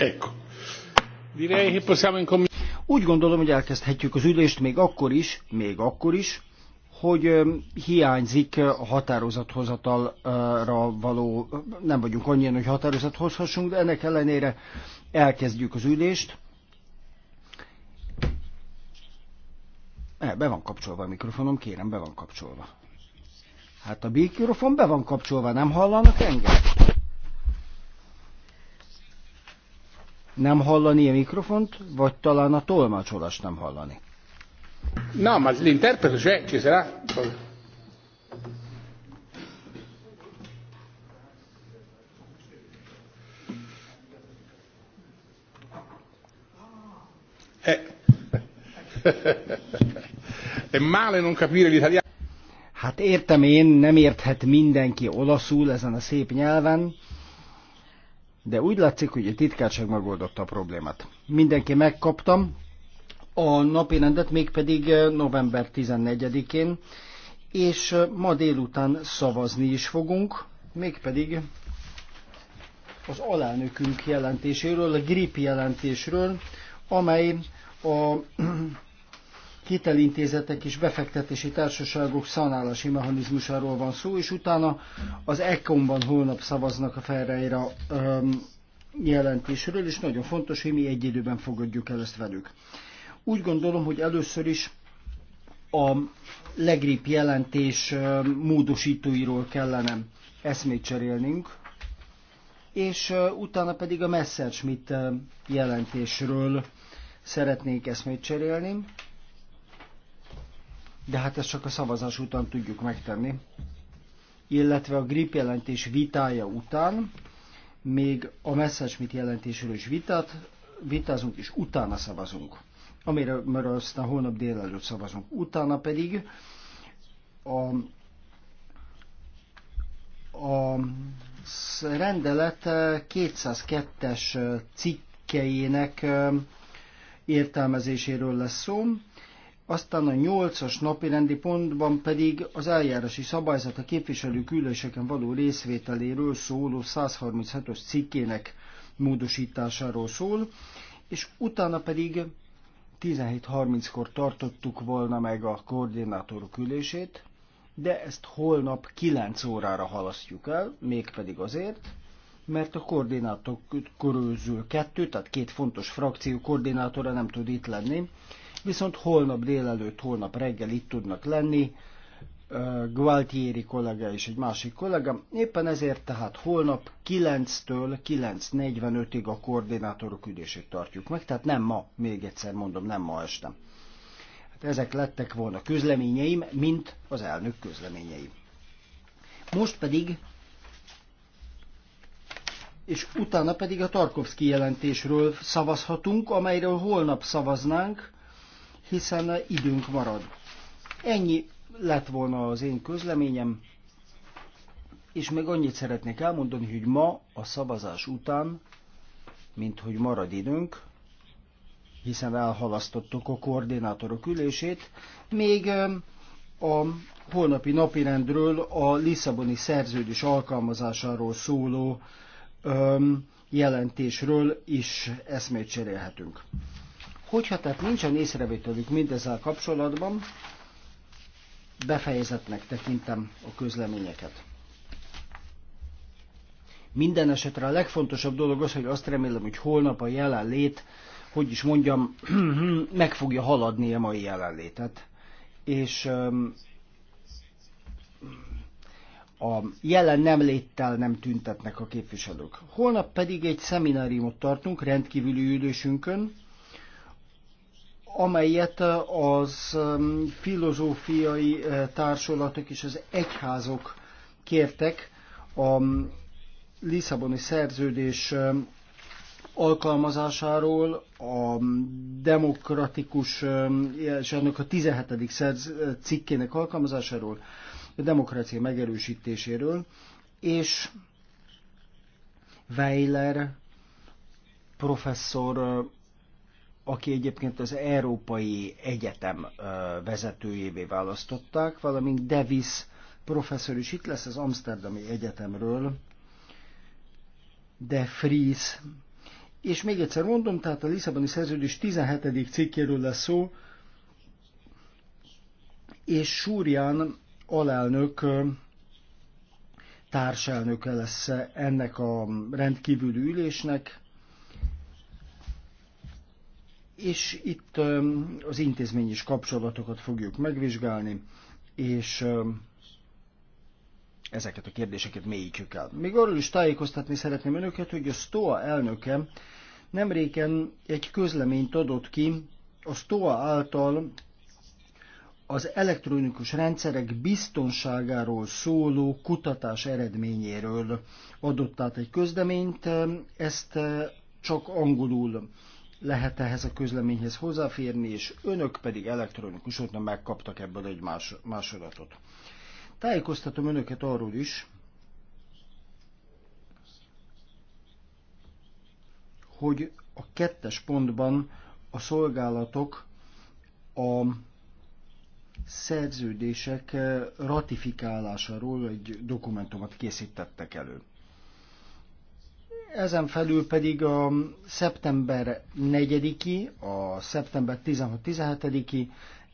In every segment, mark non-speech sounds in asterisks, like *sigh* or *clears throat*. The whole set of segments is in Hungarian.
Ecco. Direi che possiamo incominciare. Úgy gondolom, hogy elkezdhetjük az ülést még akkor is, még akkor is, hogy hiányzik a határozathozatalra való, nem vagyunk annyian, hogy határozat hozhassunk, de ennek ellenére elkezdjük az ülést. Eh, be van kapcsolva a mikrofonom, kérem, be van kapcsolva. Hát a mikrofon be van kapcsolva, nem hallanak engem? nem hallani a mikrofont, vagy talán a tolmácsolást nem hallani? Na, No, az l'interpreto c'è, ci sarà. Eh. *laughs* Hát értem én, nem érthet mindenki olaszul ezen a szép nyelven, de úgy látszik, hogy a titkárság megoldotta a problémát. Mindenki megkaptam a napi rendet, mégpedig eh, november 14-én, és eh, ma délután szavazni is fogunk, mégpedig az alelnökünk jelentéséről, a GRIP jelentésről, amely a hitelintézetek és befektetési társaságok szanálási mechanizmusáról van szó, és utána az ECOM-ban holnap szavaznak a Ferreira um, jelentésről, és nagyon fontos, hogy mi egy időben fogadjuk el ezt velük. Úgy gondolom, hogy először is a legrip jelentés módosítóiról kellene eszmét cserélnünk, és utána pedig a Messerschmitt jelentésről szeretnék eszmét cserélni de hát ezt csak a szavazás után tudjuk megtenni, illetve a grip jelentés vitája után, még a Messerschmitt jelentésről is vitát, vitázunk, és utána szavazunk, amire amiről aztán holnap délelőtt szavazunk. Utána pedig a, a rendelet 202-es cikkeinek értelmezéséről lesz szó, aztán a nyolcas napi rendi pontban pedig az eljárási szabályzat a képviselők való részvételéről szóló 137 os cikkének módosításáról szól, és utána pedig 17.30-kor tartottuk volna meg a koordinátorok ülését, de ezt holnap 9 órára halasztjuk el, mégpedig azért, mert a koordinátor körülzül kettő, tehát két fontos frakció koordinátora nem tud itt lenni, viszont holnap délelőtt, holnap reggel itt tudnak lenni. Gualtieri kollega és egy másik kollega. Éppen ezért tehát holnap 9-től 9.45-ig a koordinátorok üdését tartjuk meg, tehát nem ma, még egyszer mondom, nem ma este. Hát ezek lettek volna közleményeim, mint az elnök közleményei. Most pedig, és utána pedig a Tarkovsky jelentésről szavazhatunk, amelyről holnap szavaznánk, hiszen időnk marad. Ennyi lett volna az én közleményem, és még annyit szeretnék elmondani, hogy ma a szavazás után, mint hogy marad időnk, hiszen elhalasztottuk a koordinátorok ülését, még a holnapi napirendről a Lisszaboni szerződés alkalmazásáról szóló jelentésről is eszmét cserélhetünk. Hogyha tehát nincsen észrevételük mindezzel kapcsolatban, befejezetnek tekintem a közleményeket. Minden esetre a legfontosabb dolog az, hogy azt remélem, hogy holnap a jelenlét, hogy is mondjam, *clears throat* meg fogja haladni a mai jelenlétet. És a jelen nem léttel nem tüntetnek a képviselők. Holnap pedig egy szemináriumot tartunk rendkívüli ülésünkön, amelyet az filozófiai társulatok és az egyházok kértek a Lisszaboni szerződés alkalmazásáról, a demokratikus, és annak a 17. Szerz, cikkének alkalmazásáról, a demokrácia megerősítéséről, és Weiler professzor aki egyébként az Európai Egyetem vezetőjévé választották, valamint Davis professzor is itt lesz az Amsterdami Egyetemről, de Fries. És még egyszer mondom, tehát a Lisszaboni Szerződés 17. cikkéről lesz szó, és Súrján alelnök társelnöke lesz ennek a rendkívüli ülésnek, és itt az is kapcsolatokat fogjuk megvizsgálni, és ezeket a kérdéseket mélyítjük el. Még arról is tájékoztatni szeretném önöket, hogy a STOA elnöke nemréken egy közleményt adott ki a STOA által az elektronikus rendszerek biztonságáról szóló kutatás eredményéről adott át egy közleményt, ezt csak angolul lehet ehhez a közleményhez hozzáférni, és önök pedig elektronikus úton megkaptak ebből egy más, másolatot. Tájékoztatom önöket arról is, hogy a kettes pontban a szolgálatok a szerződések eh, ratifikálásáról egy dokumentumot készítettek elő ezen felül pedig a szeptember 4-i, a szeptember 16-17-i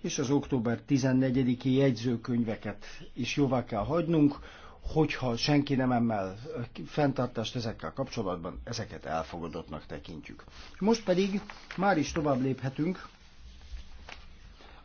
és az október 14-i jegyzőkönyveket is jóvá kell hagynunk, hogyha senki nem emel fenntartást ezekkel kapcsolatban, ezeket elfogadottnak tekintjük. Most pedig már is tovább léphetünk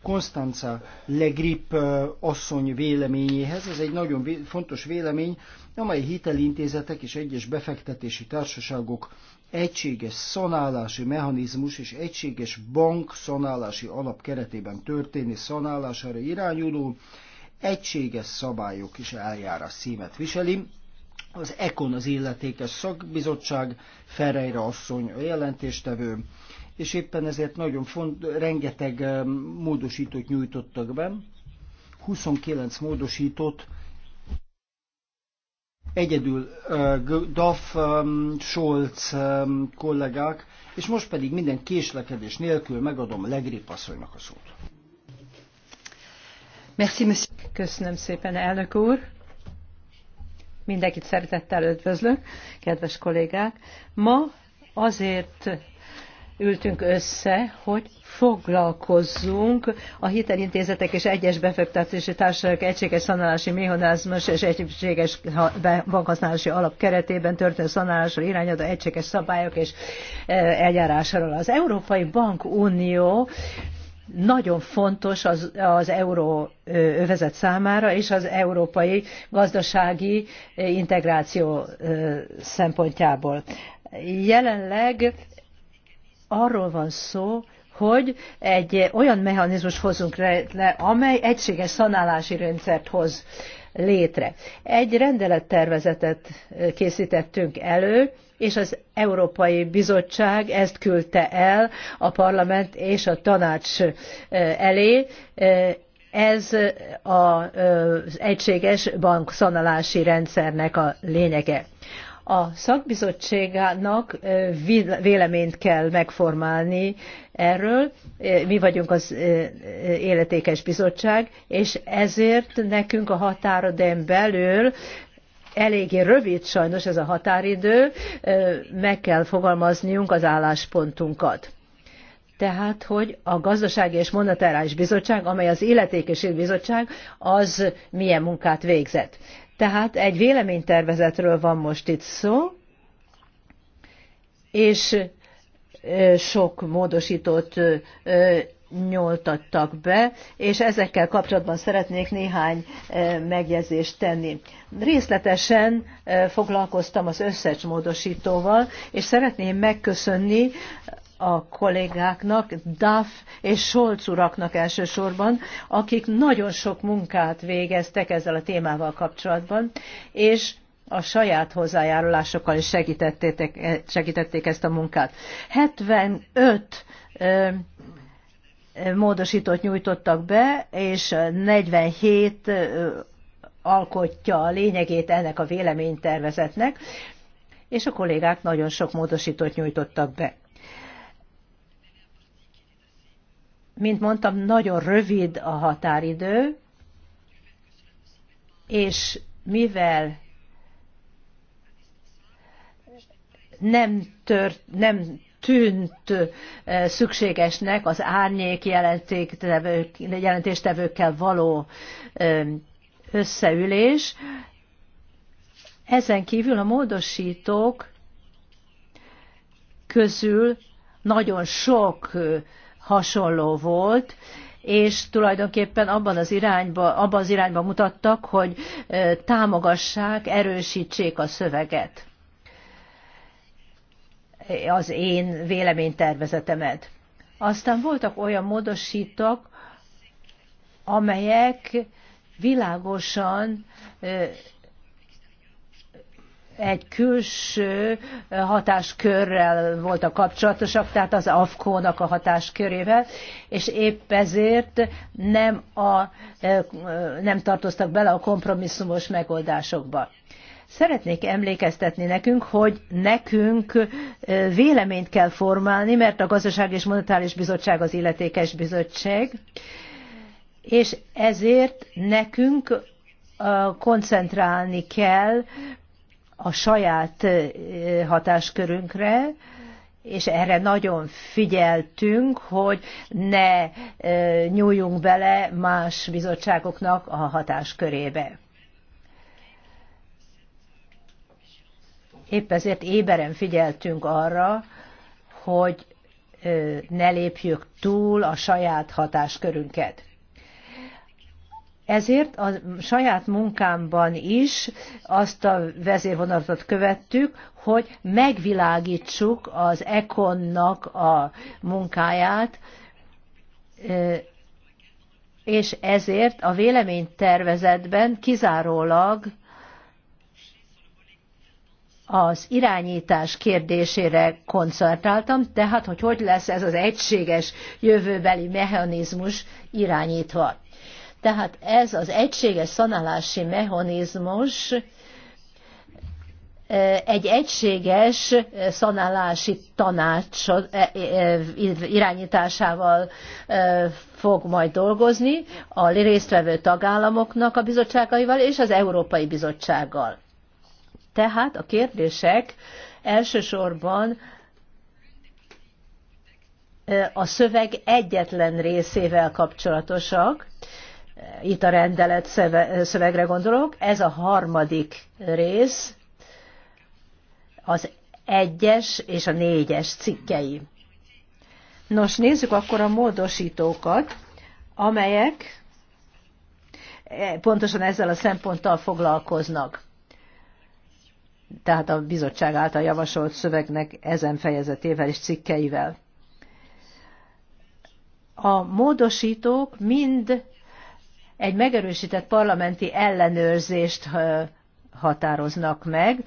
Konstanza Legrip asszony véleményéhez. Ez egy nagyon fontos vélemény, amely hitelintézetek és egyes befektetési társaságok egységes szanálási mechanizmus és egységes bank szanálási alap keretében történő szanálására irányuló egységes szabályok és eljárás szímet viseli. Az ECON az illetékes szakbizottság, Ferreira asszony a jelentéstevő, és éppen ezért nagyon font, rengeteg módosítót nyújtottak be, 29 módosítót, egyedül Daf, Duff, Scholz kollégák, és most pedig minden késlekedés nélkül megadom Legrip asszonynak a szót. Merci, monsieur. Köszönöm szépen, elnök úr. Mindenkit szeretettel üdvözlök, kedves kollégák. Ma azért ültünk össze, hogy foglalkozzunk a hitelintézetek és egyes befektetési társaságok egységes szanálási mechanizmus és egységes bankhasználási alap keretében történő szanálásról irányadó egységes szabályok és e, eljárásról. Az Európai Bank Unió nagyon fontos az, az euró övezet számára és az európai gazdasági integráció szempontjából. Jelenleg arról van szó, hogy egy olyan mechanizmus hozunk le, amely egységes szanálási rendszert hoz létre. Egy rendelettervezetet készítettünk elő, és az Európai Bizottság ezt küldte el a parlament és a tanács elé. Ez az egységes bankszanalási rendszernek a lényege. A szakbizottságának véleményt kell megformálni erről. Mi vagyunk az életékes bizottság, és ezért nekünk a határodén belül eléggé rövid sajnos ez a határidő, meg kell fogalmazniunk az álláspontunkat. Tehát, hogy a Gazdasági és Monetáris Bizottság, amely az Illetékesség Bizottság, az milyen munkát végzett. Tehát egy véleménytervezetről van most itt szó, és sok módosítót nyoltattak be, és ezekkel kapcsolatban szeretnék néhány megjegyzést tenni. Részletesen foglalkoztam az összes módosítóval, és szeretném megköszönni a kollégáknak, Duff és Scholz uraknak elsősorban, akik nagyon sok munkát végeztek ezzel a témával kapcsolatban, és a saját hozzájárulásokkal is segítették, segítették ezt a munkát. 75 ö, módosítót nyújtottak be, és 47 ö, alkotja a lényegét ennek a véleménytervezetnek, és a kollégák nagyon sok módosítót nyújtottak be. mint mondtam, nagyon rövid a határidő, és mivel nem, tört, nem tűnt szükségesnek az árnyék jelentéstevőkkel való összeülés. Ezen kívül a módosítók közül nagyon sok hasonló volt, és tulajdonképpen abban az irányba, abban az irányba mutattak, hogy támogassák, erősítsék a szöveget az én véleménytervezetemet. Aztán voltak olyan módosítók, amelyek világosan egy külső hatáskörrel voltak kapcsolatosak, tehát az AFKO-nak a hatáskörével, és épp ezért nem, a, nem tartoztak bele a kompromisszumos megoldásokba. Szeretnék emlékeztetni nekünk, hogy nekünk véleményt kell formálni, mert a Gazdaság és Monetáris Bizottság az illetékes bizottság, és ezért nekünk koncentrálni kell a saját hatáskörünkre, és erre nagyon figyeltünk, hogy ne nyúljunk bele más bizottságoknak a hatáskörébe. Épp ezért éberen figyeltünk arra, hogy ne lépjük túl a saját hatáskörünket. Ezért a saját munkámban is azt a vezérvonatot követtük, hogy megvilágítsuk az ekonnak a munkáját, és ezért a véleménytervezetben kizárólag az irányítás kérdésére koncertáltam, tehát hogy hogy lesz ez az egységes jövőbeli mechanizmus irányítva. Tehát ez az egységes szanálási mechanizmus egy egységes szanálási tanács irányításával fog majd dolgozni a résztvevő tagállamoknak a bizottságaival és az Európai Bizottsággal. Tehát a kérdések elsősorban a szöveg egyetlen részével kapcsolatosak, itt a rendelet szövegre gondolok, ez a harmadik rész, az egyes és a négyes cikkei. Nos, nézzük akkor a módosítókat, amelyek e, pontosan ezzel a szemponttal foglalkoznak. Tehát a bizottság által javasolt szövegnek ezen fejezetével és cikkeivel. A módosítók mind egy megerősített parlamenti ellenőrzést határoznak meg,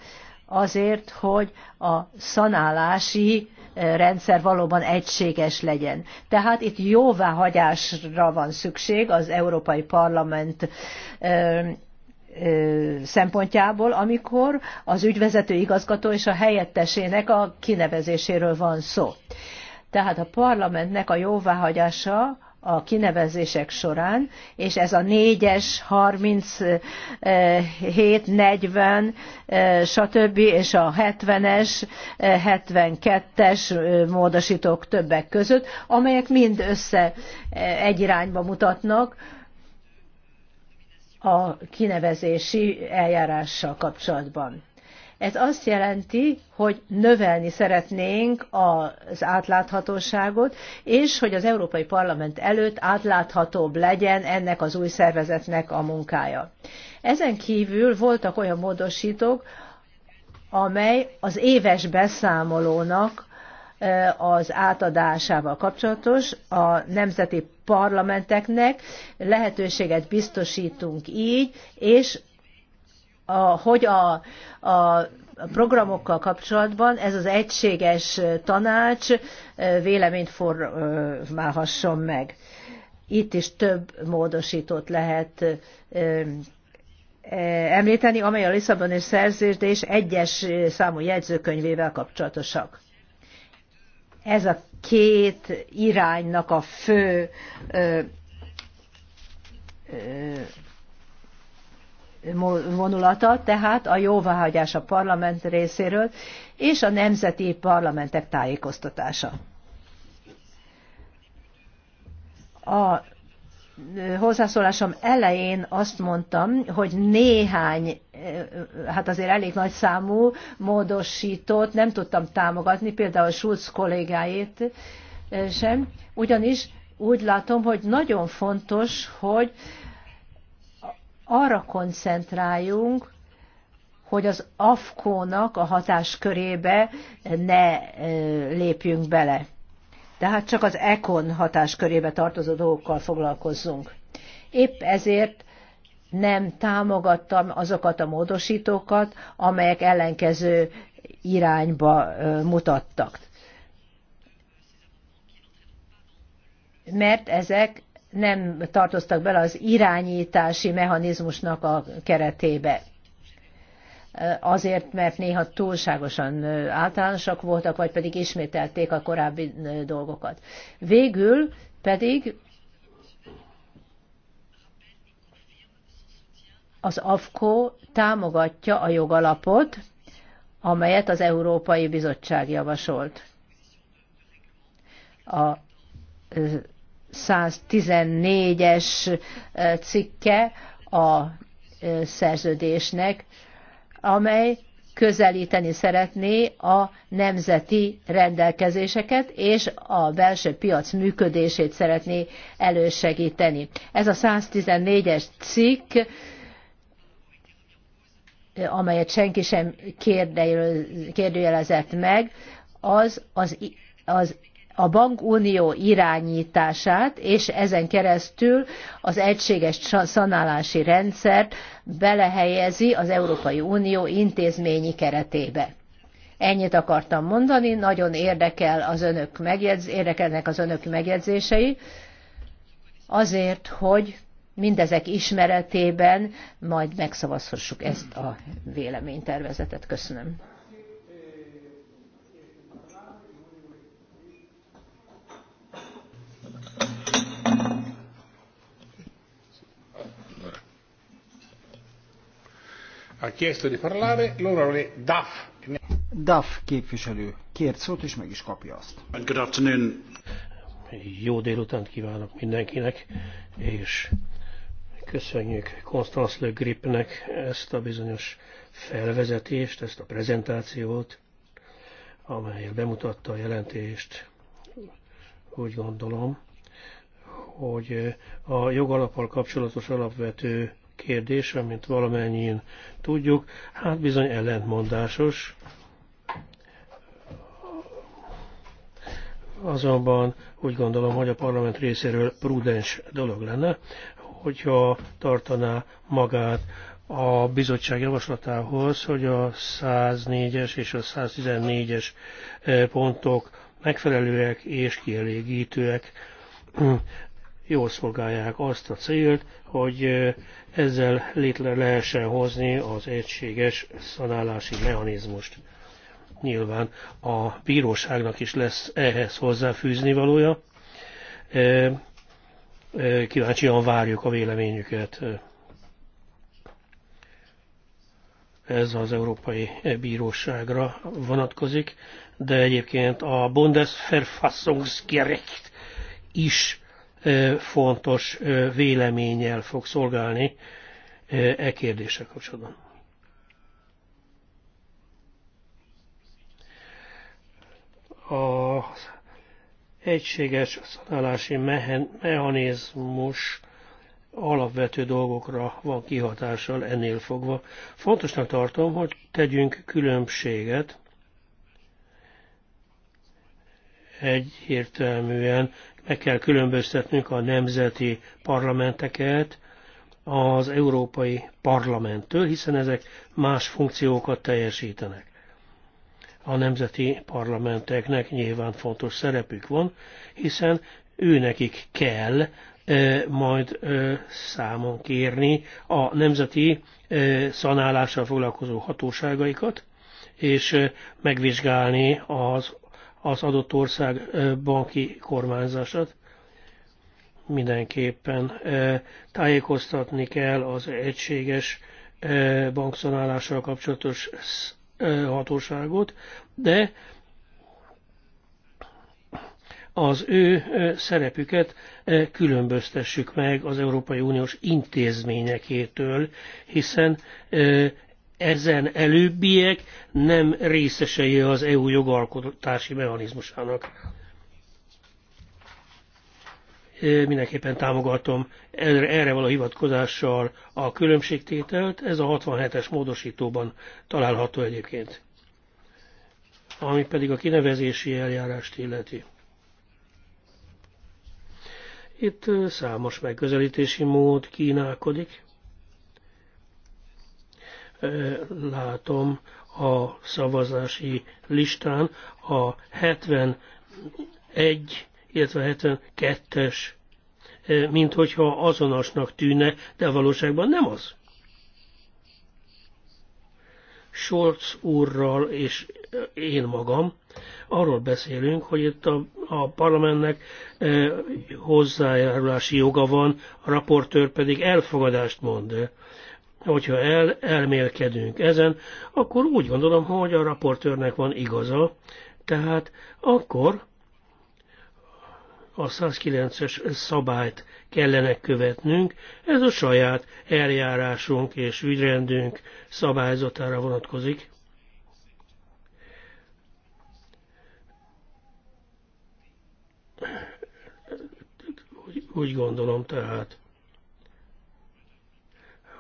azért, hogy a szanálási rendszer valóban egységes legyen. Tehát itt jóváhagyásra van szükség az Európai Parlament szempontjából, amikor az ügyvezető igazgató és a helyettesének a kinevezéséről van szó. Tehát a parlamentnek a jóváhagyása a kinevezések során, és ez a 4-es, 37, 40, stb. és a 70-es, 72-es eh, eh, módosítók többek között, amelyek mind össze eh, egy irányba mutatnak a kinevezési eljárással kapcsolatban. Ez azt jelenti, hogy növelni szeretnénk az átláthatóságot, és hogy az Európai Parlament előtt átláthatóbb legyen ennek az új szervezetnek a munkája. Ezen kívül voltak olyan módosítók, amely az éves beszámolónak az átadásával kapcsolatos a nemzeti parlamenteknek lehetőséget biztosítunk így, és a, hogy a, a programokkal kapcsolatban ez az egységes tanács véleményt formálhasson meg. Itt is több módosítót lehet említeni, amely a Lisszaboni szerződés egyes számú jegyzőkönyvével kapcsolatosak. Ez a két iránynak a fő vonulata, tehát a jóváhagyás a parlament részéről és a nemzeti parlamentek tájékoztatása. A hozzászólásom elején azt mondtam, hogy néhány, hát azért elég nagy számú módosítót nem tudtam támogatni, például Schulz kollégáit sem, ugyanis úgy látom, hogy nagyon fontos, hogy arra koncentráljunk, hogy az afkónak a hatáskörébe ne lépjünk bele. Tehát csak az ekon hatáskörébe tartozó dolgokkal foglalkozzunk. Épp ezért nem támogattam azokat a módosítókat, amelyek ellenkező irányba mutattak. Mert ezek nem tartoztak bele az irányítási mechanizmusnak a keretébe. Azért, mert néha túlságosan általánosak voltak, vagy pedig ismételték a korábbi dolgokat. Végül pedig az AFKO támogatja a jogalapot, amelyet az Európai Bizottság javasolt. A 114-es cikke a szerződésnek, amely közelíteni szeretné a nemzeti rendelkezéseket, és a belső piac működését szeretné elősegíteni. Ez a 114-es cikk, amelyet senki sem kérdőjelezett meg, az az, az a bankunió irányítását, és ezen keresztül az egységes szanálási rendszert belehelyezi az Európai Unió intézményi keretébe. Ennyit akartam mondani, nagyon érdekel az önök megjegyz, érdekelnek az önök megjegyzései, azért, hogy mindezek ismeretében majd megszavazhassuk ezt a véleménytervezetet. Köszönöm. Ha chiesto di parlare l'onorevole Duff. Duff képviselő kért szót, és meg is kapja azt. Good afternoon. Jó délutánt kívánok mindenkinek, és köszönjük Konstanz Le Gripnek ezt a bizonyos felvezetést, ezt a prezentációt, amelyel bemutatta a jelentést. Úgy gondolom, hogy a jogalapal kapcsolatos alapvető kérdés, amint valamennyien tudjuk, hát bizony ellentmondásos. Azonban úgy gondolom, hogy a parlament részéről prudens dolog lenne, hogyha tartaná magát a bizottság javaslatához, hogy a 104-es és a 114-es eh, pontok megfelelőek és kielégítőek jól szolgálják azt a célt, hogy ezzel létre lehessen hozni az egységes szanálási mechanizmust. Nyilván a bíróságnak is lesz ehhez hozzáfűzni valója. Kíváncsian várjuk a véleményüket. ez az Európai Bíróságra vonatkozik, de egyébként a Bundesverfassungsgericht is fontos véleménnyel fog szolgálni e kérdések kapcsolatban. Az egységes szanálási mechanizmus alapvető dolgokra van kihatással ennél fogva. Fontosnak tartom, hogy tegyünk különbséget egyértelműen meg kell különböztetnünk a nemzeti parlamenteket az Európai Parlamenttől, hiszen ezek más funkciókat teljesítenek. A nemzeti parlamenteknek nyilván fontos szerepük van, hiszen nekik kell e, majd e, számon kérni a nemzeti e, szanálással foglalkozó hatóságaikat, és megvizsgálni az az adott ország banki kormányzását. Mindenképpen tájékoztatni kell az egységes bankszonálással kapcsolatos hatóságot, de az ő szerepüket különböztessük meg az Európai Uniós intézményekétől, hiszen ezen előbbiek nem részesei az EU jogalkotási mechanizmusának. Mindenképpen támogatom erre, erre való hivatkozással a különbségtételt, ez a 67-es módosítóban található egyébként. Ami pedig a kinevezési eljárást illeti. Itt számos megközelítési mód kínálkodik látom a szavazási listán a 71, illetve 72-es, mint hogyha azonosnak tűne, de valóságban nem az. Scholz úrral és én magam arról beszélünk, hogy itt a, a parlamentnek e, hozzájárulási joga van, a raportőr pedig elfogadást mond hogyha el, elmélkedünk ezen, akkor úgy gondolom, hogy a raportőrnek van igaza, tehát akkor a 109-es szabályt kellene követnünk, ez a saját eljárásunk és ügyrendünk szabályzatára vonatkozik. Úgy, úgy gondolom tehát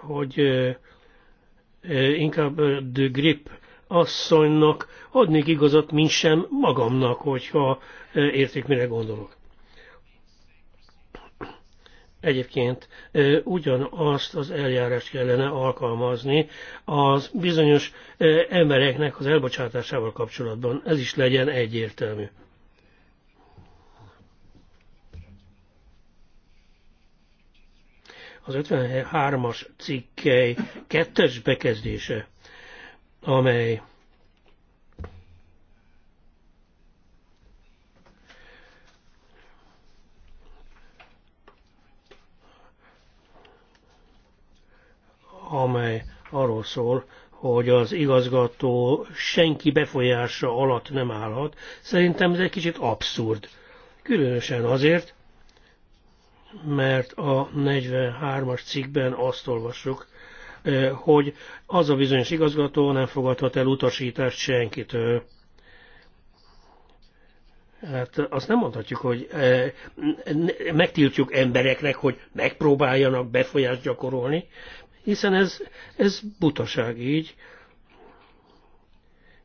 hogy inkább de grip asszonynak adnék igazat, mint sem magamnak, hogyha értik, mire gondolok. Egyébként ugyanazt az eljárást kellene alkalmazni az bizonyos embereknek az elbocsátásával kapcsolatban. Ez is legyen egyértelmű. az 53-as cikkely kettes bekezdése, amely amely arról szól, hogy az igazgató senki befolyása alatt nem állhat, szerintem ez egy kicsit abszurd. Különösen azért, mert a 43-as cikkben azt olvassuk, eh, hogy az a bizonyos igazgató nem fogadhat el utasítást senkitől. Hát azt nem mondhatjuk, hogy eh, megtiltjuk embereknek, hogy megpróbáljanak befolyást gyakorolni, hiszen ez, ez butaság így.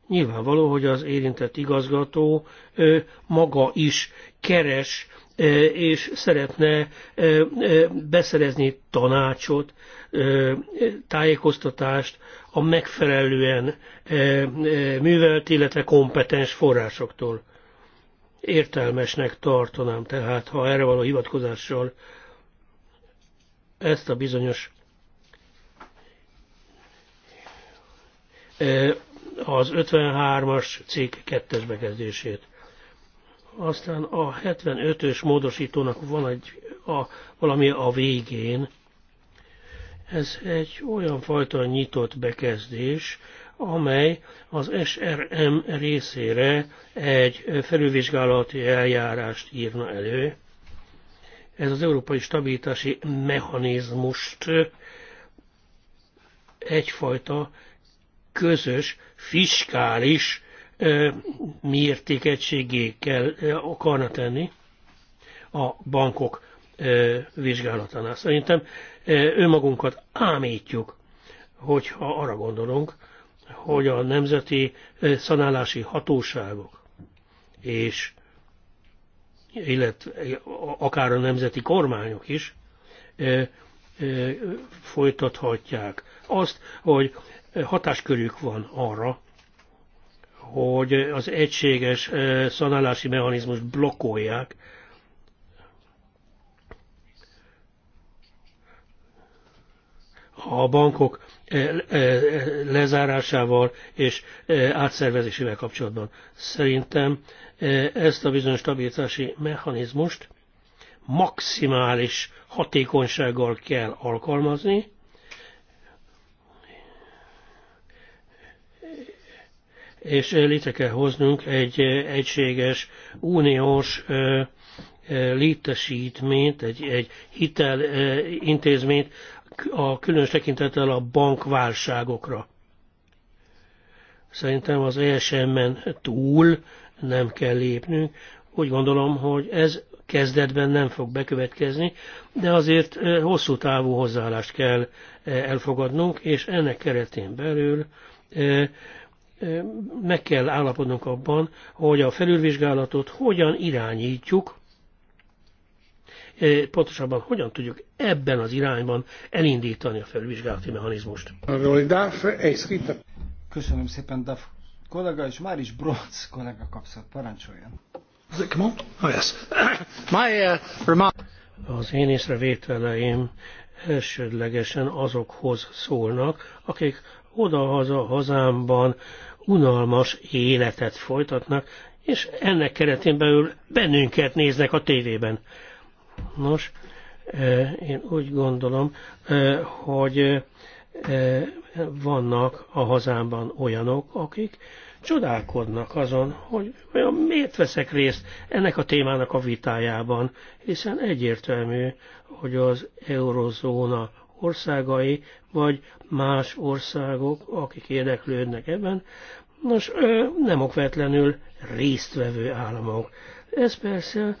Nyilvánvaló, hogy az érintett igazgató ő eh, maga is keres E, és szeretne e, e, beszerezni tanácsot, tájékoztatást a megfelelően művelt, illetve kompetens forrásoktól. Értelmesnek tartanám tehát, ha erre való hivatkozással ezt a bizonyos az 53-as cikk kettes bekezdését. Aztán a 75-ös módosítónak van egy a, valami a végén. Ez egy olyan fajta nyitott bekezdés, amely az SRM részére egy felülvizsgálati eljárást írna elő. Ez az európai stabilitási mechanizmust egyfajta közös fiskális mi értékegységé kell akarna tenni a bankok vizsgálatánál. Szerintem önmagunkat ámítjuk, hogyha arra gondolunk, hogy a nemzeti szanálási hatóságok és illetve akár a nemzeti kormányok is folytathatják azt, hogy hatáskörük van arra, hogy az egységes szanálási mechanizmus blokkolják. A bankok lezárásával és átszervezésével kapcsolatban. Szerintem ezt a bizonyos stabilitási mechanizmust maximális hatékonysággal kell alkalmazni, és létre kell hoznunk egy egységes uniós létesítményt, egy, egy hitel intézményt, a különös tekintettel a bankválságokra. Szerintem az ESM-en túl nem kell lépnünk. Úgy gondolom, hogy ez kezdetben nem fog bekövetkezni, de azért hosszú távú hozzáállást kell elfogadnunk, és ennek keretén belül meg kell állapodnunk abban, hogy a felülvizsgálatot hogyan irányítjuk, pontosabban hogyan tudjuk ebben az irányban elindítani a felülvizsgálati mechanizmust. Köszönöm szépen, Daf kollega, és már is Bronz kollega kapszott. Parancsoljon. Oh, *coughs* uh, az én észrevételeim elsődlegesen azokhoz szólnak, akik oda-haza hazámban unalmas életet folytatnak, és ennek keretén belül bennünket néznek a tévében. Nos, én úgy gondolom, hogy vannak a hazámban olyanok, akik csodálkodnak azon, hogy miért veszek részt ennek a témának a vitájában, hiszen egyértelmű, hogy az eurozóna országai, vagy más országok, akik érdeklődnek ebben, nos, nem okvetlenül résztvevő államok. Ez persze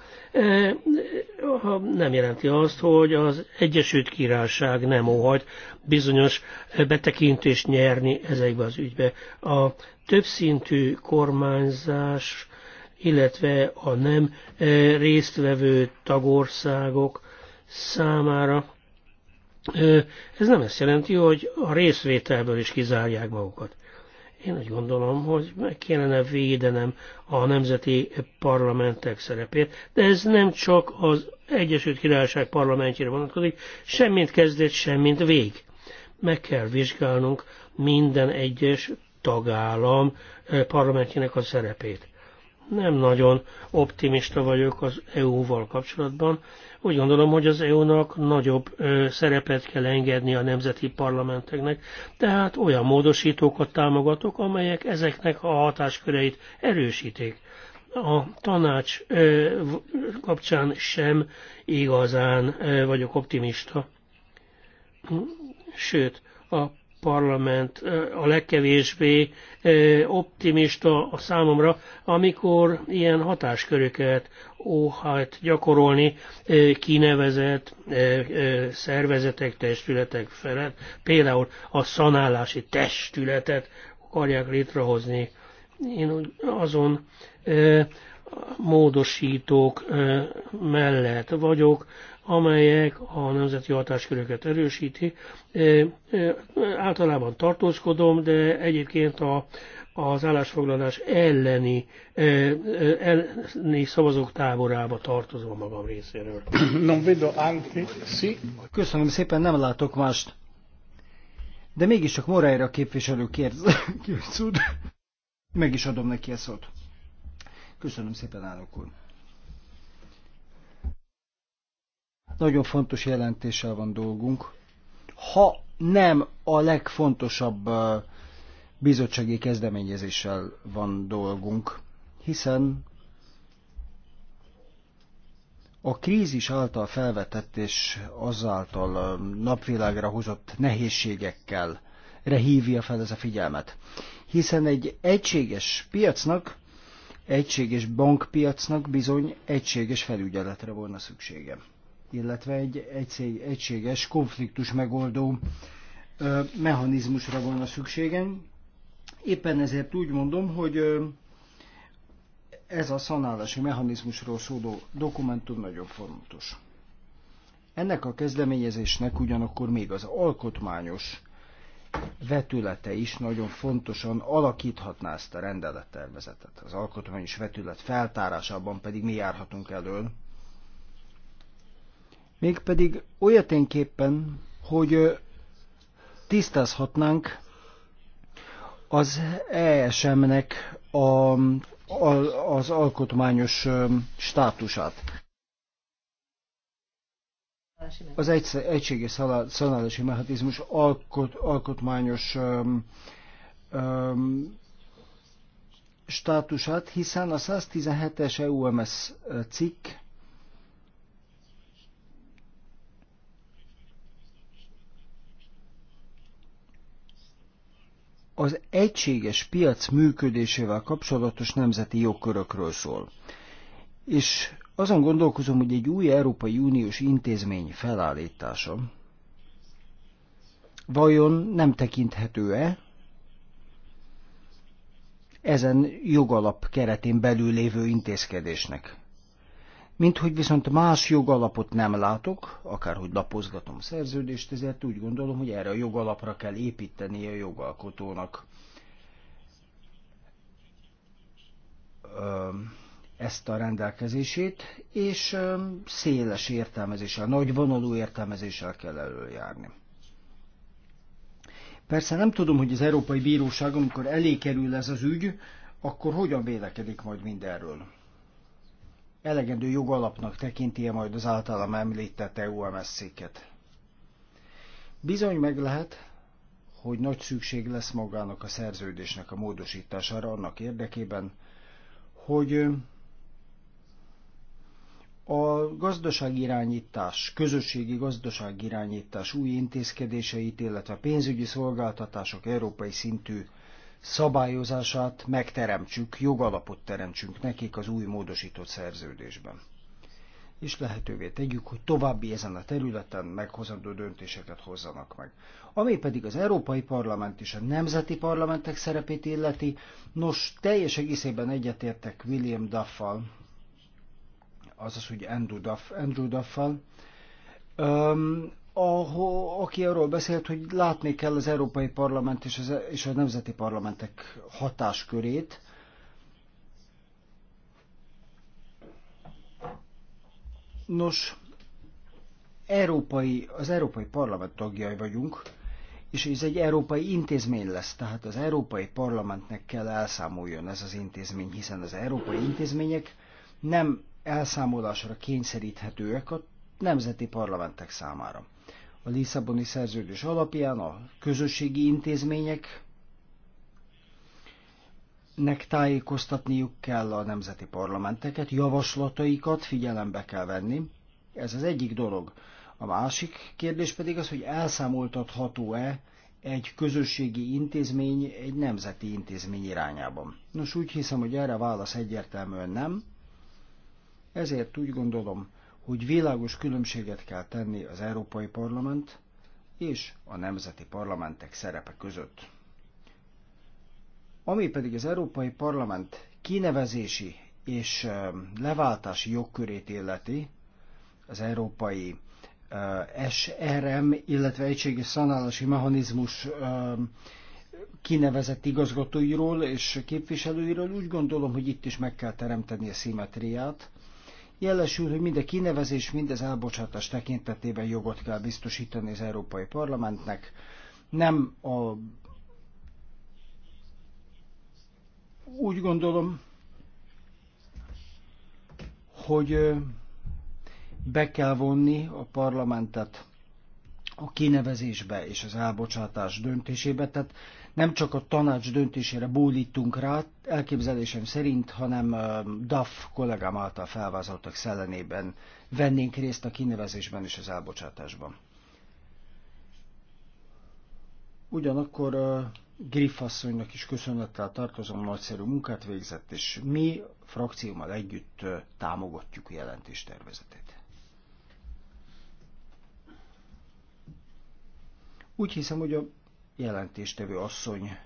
nem jelenti azt, hogy az Egyesült Királyság nem óhajt bizonyos betekintést nyerni ezekbe az ügybe. A többszintű kormányzás, illetve a nem résztvevő tagországok számára ez nem ezt jelenti, hogy a részvételből is kizárják magukat. Én úgy gondolom, hogy meg kellene védenem a nemzeti parlamentek szerepét, de ez nem csak az Egyesült Királyság parlamentjére vonatkozik, semmint kezdet, semmint vég. Meg kell vizsgálnunk minden egyes tagállam parlamentjének a szerepét. Nem nagyon optimista vagyok az EU-val kapcsolatban, úgy gondolom, hogy az EU-nak nagyobb szerepet kell engedni a nemzeti parlamenteknek, tehát olyan módosítókat támogatok, amelyek ezeknek a hatásköreit erősítik. A tanács kapcsán sem igazán vagyok optimista. Sőt, a parlament a legkevésbé optimista a számomra, amikor ilyen hatásköröket óhajt gyakorolni kinevezett szervezetek, testületek felett. Például a szanálási testületet akarják létrehozni. Én azon módosítók mellett vagyok, amelyek a nemzeti hatásköröket erősíti. Általában tartózkodom, de egyébként a az állásfoglalás elleni, elleni szavazók táborába tartozom magam részéről. *coughs* Köszönöm szépen, nem látok mást. De mégiscsak Moreira képviselő kérsz, *coughs* kérsz Meg is adom neki a szót. Köszönöm szépen, állok úr. Nagyon fontos jelentéssel van dolgunk. Ha nem a legfontosabb uh, bizottsági kezdeményezéssel van dolgunk, hiszen a krízis által felvetett és azáltal um, napvilágra hozott nehézségekkel rehívja fel ez a figyelmet. Hiszen egy egységes piacnak, egységes bankpiacnak bizony egységes felügyeletre volna szüksége. Illetve egy egységes konfliktus megoldó mechanizmusra volna szükségem, Éppen ezért úgy mondom, hogy ez a szanálási mechanizmusról szóló dokumentum nagyon fontos. Ennek a kezdeményezésnek ugyanakkor még az alkotmányos vetülete is nagyon fontosan alakíthatná ezt a rendelettervezetet. Az alkotmányos vetület feltárásában pedig mi járhatunk elől. Mégpedig olyaténképpen, hogy tisztázhatnánk az ESM-nek a, a, az alkotmányos státusát. Az egy, egységes szanálási mechanizmus alkot, alkotmányos öm, öm, státusát, hiszen a 117-es EUMS cikk az egységes piac működésével kapcsolatos nemzeti jogkörökről szól. És azon gondolkozom, hogy egy új Európai Uniós intézmény felállítása vajon nem tekinthető-e ezen jogalap keretén belül lévő intézkedésnek? Mint hogy viszont más jogalapot nem látok, akárhogy lapozgatom a szerződést, ezért úgy gondolom, hogy erre a jogalapra kell építeni a jogalkotónak. ezt a rendelkezését, és széles értelmezéssel, nagy vonalú értelmezéssel kell előjárni. Persze nem tudom, hogy az Európai Bíróság, amikor elé kerül ez az ügy, akkor hogyan vélekedik majd mindenről elegendő jogalapnak tekinti -e majd az általam említett EUMS-széket. Bizony meg lehet, hogy nagy szükség lesz magának a szerződésnek a módosítására annak érdekében, hogy a gazdaságirányítás, közösségi gazdaságirányítás új intézkedéseit, illetve pénzügyi szolgáltatások európai szintű szabályozását megteremtsük, jogalapot teremtsünk nekik az új módosított szerződésben. És lehetővé tegyük, hogy további ezen a területen meghozandó döntéseket hozzanak meg. Ami pedig az Európai Parlament és a nemzeti parlamentek szerepét illeti, nos, teljes egészében egyetértek William Duffal, azaz, hogy Andrew Duff, Andrew Duffal, ahol, aki arról beszélt, hogy látni kell az Európai Parlament és, az, és a nemzeti parlamentek hatáskörét. Nos, európai, az Európai Parlament tagjai vagyunk, és ez egy európai intézmény lesz, tehát az Európai Parlamentnek kell elszámoljon ez az intézmény, hiszen az európai intézmények nem elszámolásra kényszeríthetőek a nemzeti parlamentek számára a Lisszaboni szerződés alapján a közösségi intézmények nek tájékoztatniuk kell a nemzeti parlamenteket, javaslataikat figyelembe kell venni. Ez az egyik dolog. A másik kérdés pedig az, hogy elszámoltatható-e egy közösségi intézmény egy nemzeti intézmény irányában. Nos, úgy hiszem, hogy erre válasz egyértelműen nem. Ezért úgy gondolom, hogy világos különbséget kell tenni az Európai Parlament és a nemzeti parlamentek szerepe között. Ami pedig az Európai Parlament kinevezési és leváltási jogkörét illeti, az Európai SRM, illetve egységes szanálási mechanizmus kinevezett igazgatóiról és képviselőiről, úgy gondolom, hogy itt is meg kell teremteni a szimetriát, jelesül, hogy mind a kinevezés, mind az elbocsátás tekintetében jogot kell biztosítani az Európai Parlamentnek. Nem a... Úgy gondolom, hogy be kell vonni a parlamentet a kinevezésbe és az elbocsátás döntésébe. Tehát nem csak a tanács döntésére bólítunk rá, elképzelésem szerint, hanem DAF kollégám által felvázoltak szellemében vennénk részt a kinevezésben és az elbocsátásban. Ugyanakkor Griffasszonynak is köszönettel tartozom, nagyszerű munkát végzett, és mi frakciómmal együtt támogatjuk a jelentéstervezetét. Úgy hiszem, hogy a jelentéstevő asszony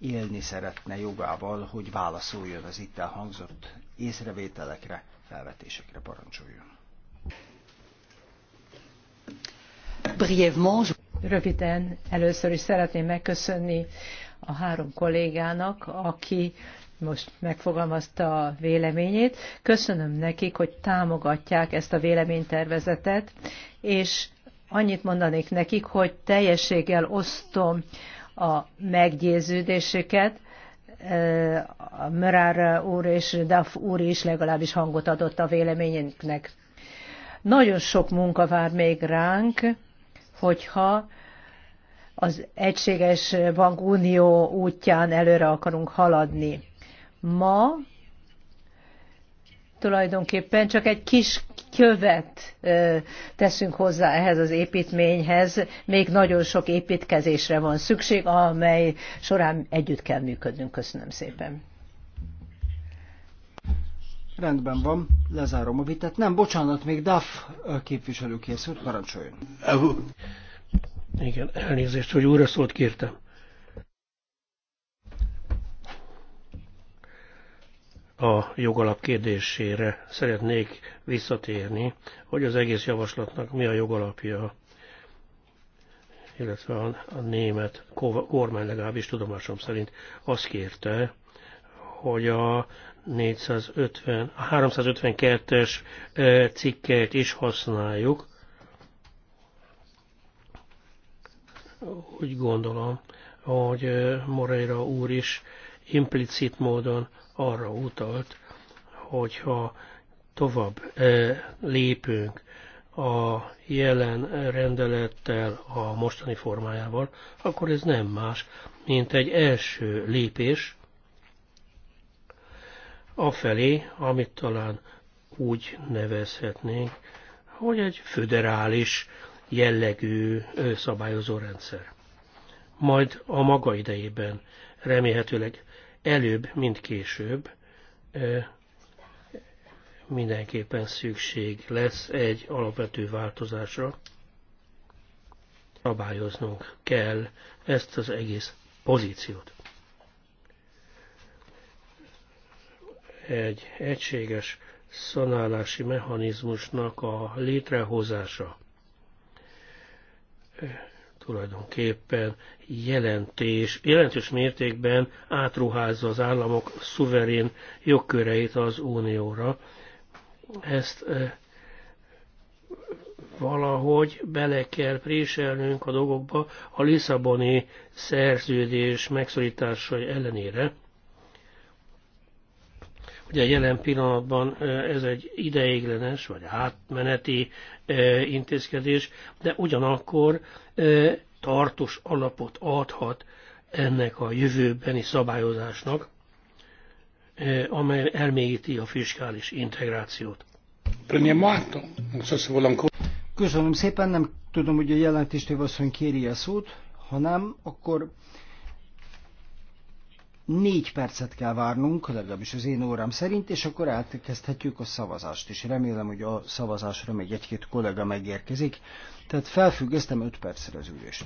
élni szeretne jogával, hogy válaszoljon az itt elhangzott észrevételekre, felvetésekre parancsoljon. Röviden először is szeretném megköszönni a három kollégának, aki most megfogalmazta a véleményét. Köszönöm nekik, hogy támogatják ezt a véleménytervezetet, és Annyit mondanék nekik, hogy teljességgel osztom a meggyőződésüket, Mörár úr és daf úr is legalábbis hangot adott a véleményünknek. Nagyon sok munka vár még ránk, hogyha az egységes bankunió útján előre akarunk haladni. Ma tulajdonképpen csak egy kis követ teszünk hozzá ehhez az építményhez, még nagyon sok építkezésre van szükség, amely során együtt kell működnünk. Köszönöm szépen. Rendben van, lezárom a vitát. Nem, bocsánat, még DAF képviselő készült, parancsoljon. Igen, elnézést, hogy újra szólt kértem. a jogalap kérdésére szeretnék visszatérni, hogy az egész javaslatnak mi a jogalapja, illetve a, a német kormány legalábbis tudomásom szerint azt kérte, hogy a 450, a 352-es cikket is használjuk. Úgy gondolom, hogy Moreira úr is implicit módon arra utalt, hogyha tovább lépünk a jelen rendelettel a mostani formájával, akkor ez nem más, mint egy első lépés afelé, amit talán úgy nevezhetnénk, hogy egy föderális jellegű szabályozó rendszer. Majd a maga idejében remélhetőleg előbb, mint később mindenképpen szükség lesz egy alapvető változásra. Szabályoznunk kell ezt az egész pozíciót. Egy egységes szanálási mechanizmusnak a létrehozása tulajdonképpen jelentés, jelentős mértékben átruházza az államok szuverén jogköreit az unióra. Ezt valahogy bele kell préselnünk a dolgokba a Lisszaboni szerződés megszorításai ellenére. Ugye jelen pillanatban ez egy ideiglenes vagy átmeneti intézkedés, de ugyanakkor tartós alapot adhat ennek a jövőbeni szabályozásnak, amely elmélyíti a fiskális integrációt. Köszönöm szépen, nem tudom, hogy a jelentéstévasszony kéri a szót, ha nem, akkor Négy percet kell várnunk, legalábbis az én óram szerint, és akkor elkezdhetjük a szavazást, és remélem, hogy a szavazásra még egy-két kollega megérkezik. Tehát felfüggesztem öt percre az ülést.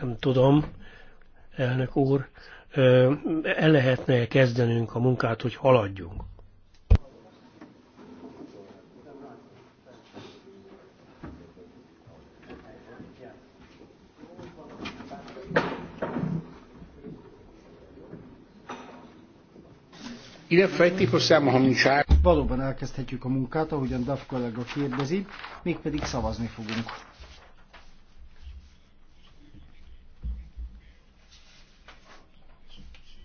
Nem tudom, elnök úr, el lehetne kezdenünk a munkát, hogy haladjunk? In effetti possiamo cominciare valóban elkezdhetjük a munkát, ahogyan Duff kollega kérdezi, mégpedig szavazni fogunk.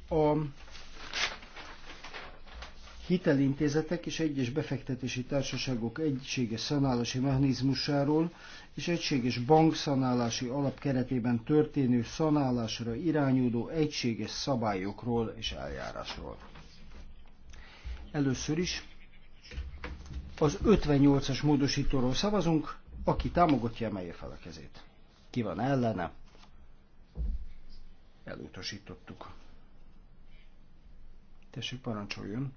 A hitelintézetek és egyes befektetési társaságok egységes szanálási mechanizmusáról és egységes bankszanálási alap keretében történő szanálásra irányuló egységes szabályokról és eljárásról. Először is az 58-as módosítóról szavazunk, aki támogatja, emelje fel a kezét. Ki van ellene? Elutasítottuk. Tessék, parancsoljon.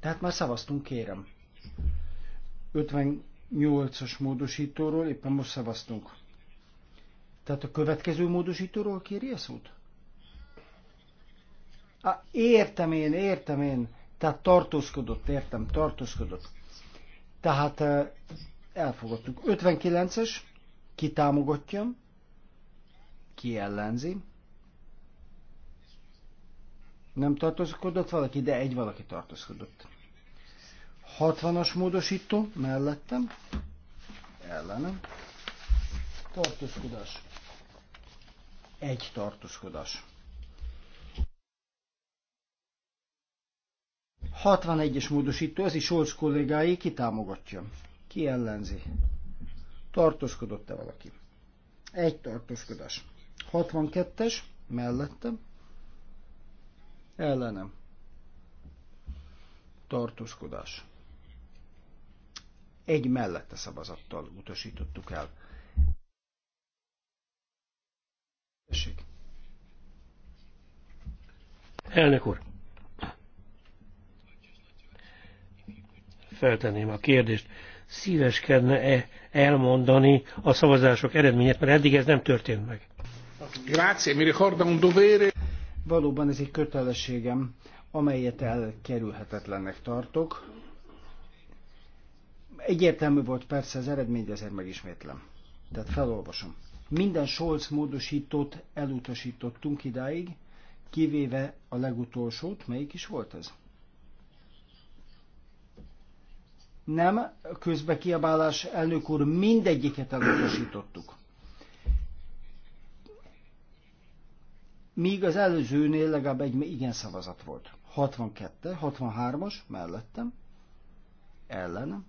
Tehát már szavaztunk, kérem. 58-as módosítóról éppen most szavaztunk. Tehát a következő módosítóról kéri a szót? A értem én, értem én. Tehát tartózkodott, értem, tartózkodott. Tehát elfogadtuk. 59-es, ki támogatja, ki ellenzi. Nem tartózkodott valaki, de egy valaki tartózkodott. 60-as módosító, mellettem, ellenem. Tartózkodás. Egy tartózkodás. 61-es módosító, ez is Solc kollégái, kitámogatja. Ki ellenzi? Tartózkodott-e valaki? Egy tartózkodás. 62-es, mellettem, ellenem. Tartózkodás. Egy mellette szavazattal utasítottuk el. Tessék. Elnök úr, feltenném a kérdést, szíveskedne-e elmondani a szavazások eredményét, mert eddig ez nem történt meg. Grazie, mi ricorda un dovere. Valóban ez egy kötelességem, amelyet elkerülhetetlennek tartok. Egyértelmű volt persze az eredmény, de ezért megismétlem. Tehát felolvasom. Minden Scholz módosítót elutasítottunk idáig, kivéve a legutolsót, melyik is volt ez? Nem, közbekiabálás, elnök úr, mindegyiket elutasítottuk. Míg az előzőnél legalább egy igen szavazat volt. 62, 63-as, mellettem, ellenem.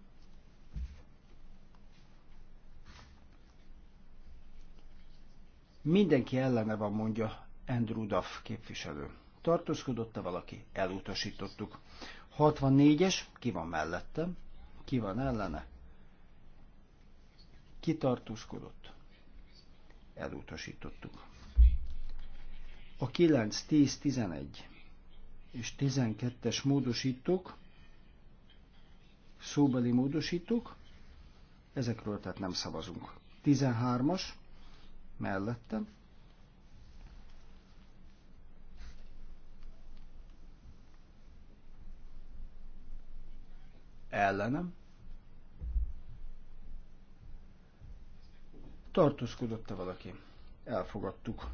Mindenki ellene van, mondja Andrew Duff képviselő. Tartózkodott-e valaki? Elutasítottuk. 64-es, ki van mellettem? ki van ellene, kitartóskodott, elutasítottuk. A 9, 10, 11 és 12-es módosítók, szóbeli módosítók, ezekről tehát nem szavazunk. 13-as, mellettem, ellenem, tartózkodott-e valaki? Elfogadtuk.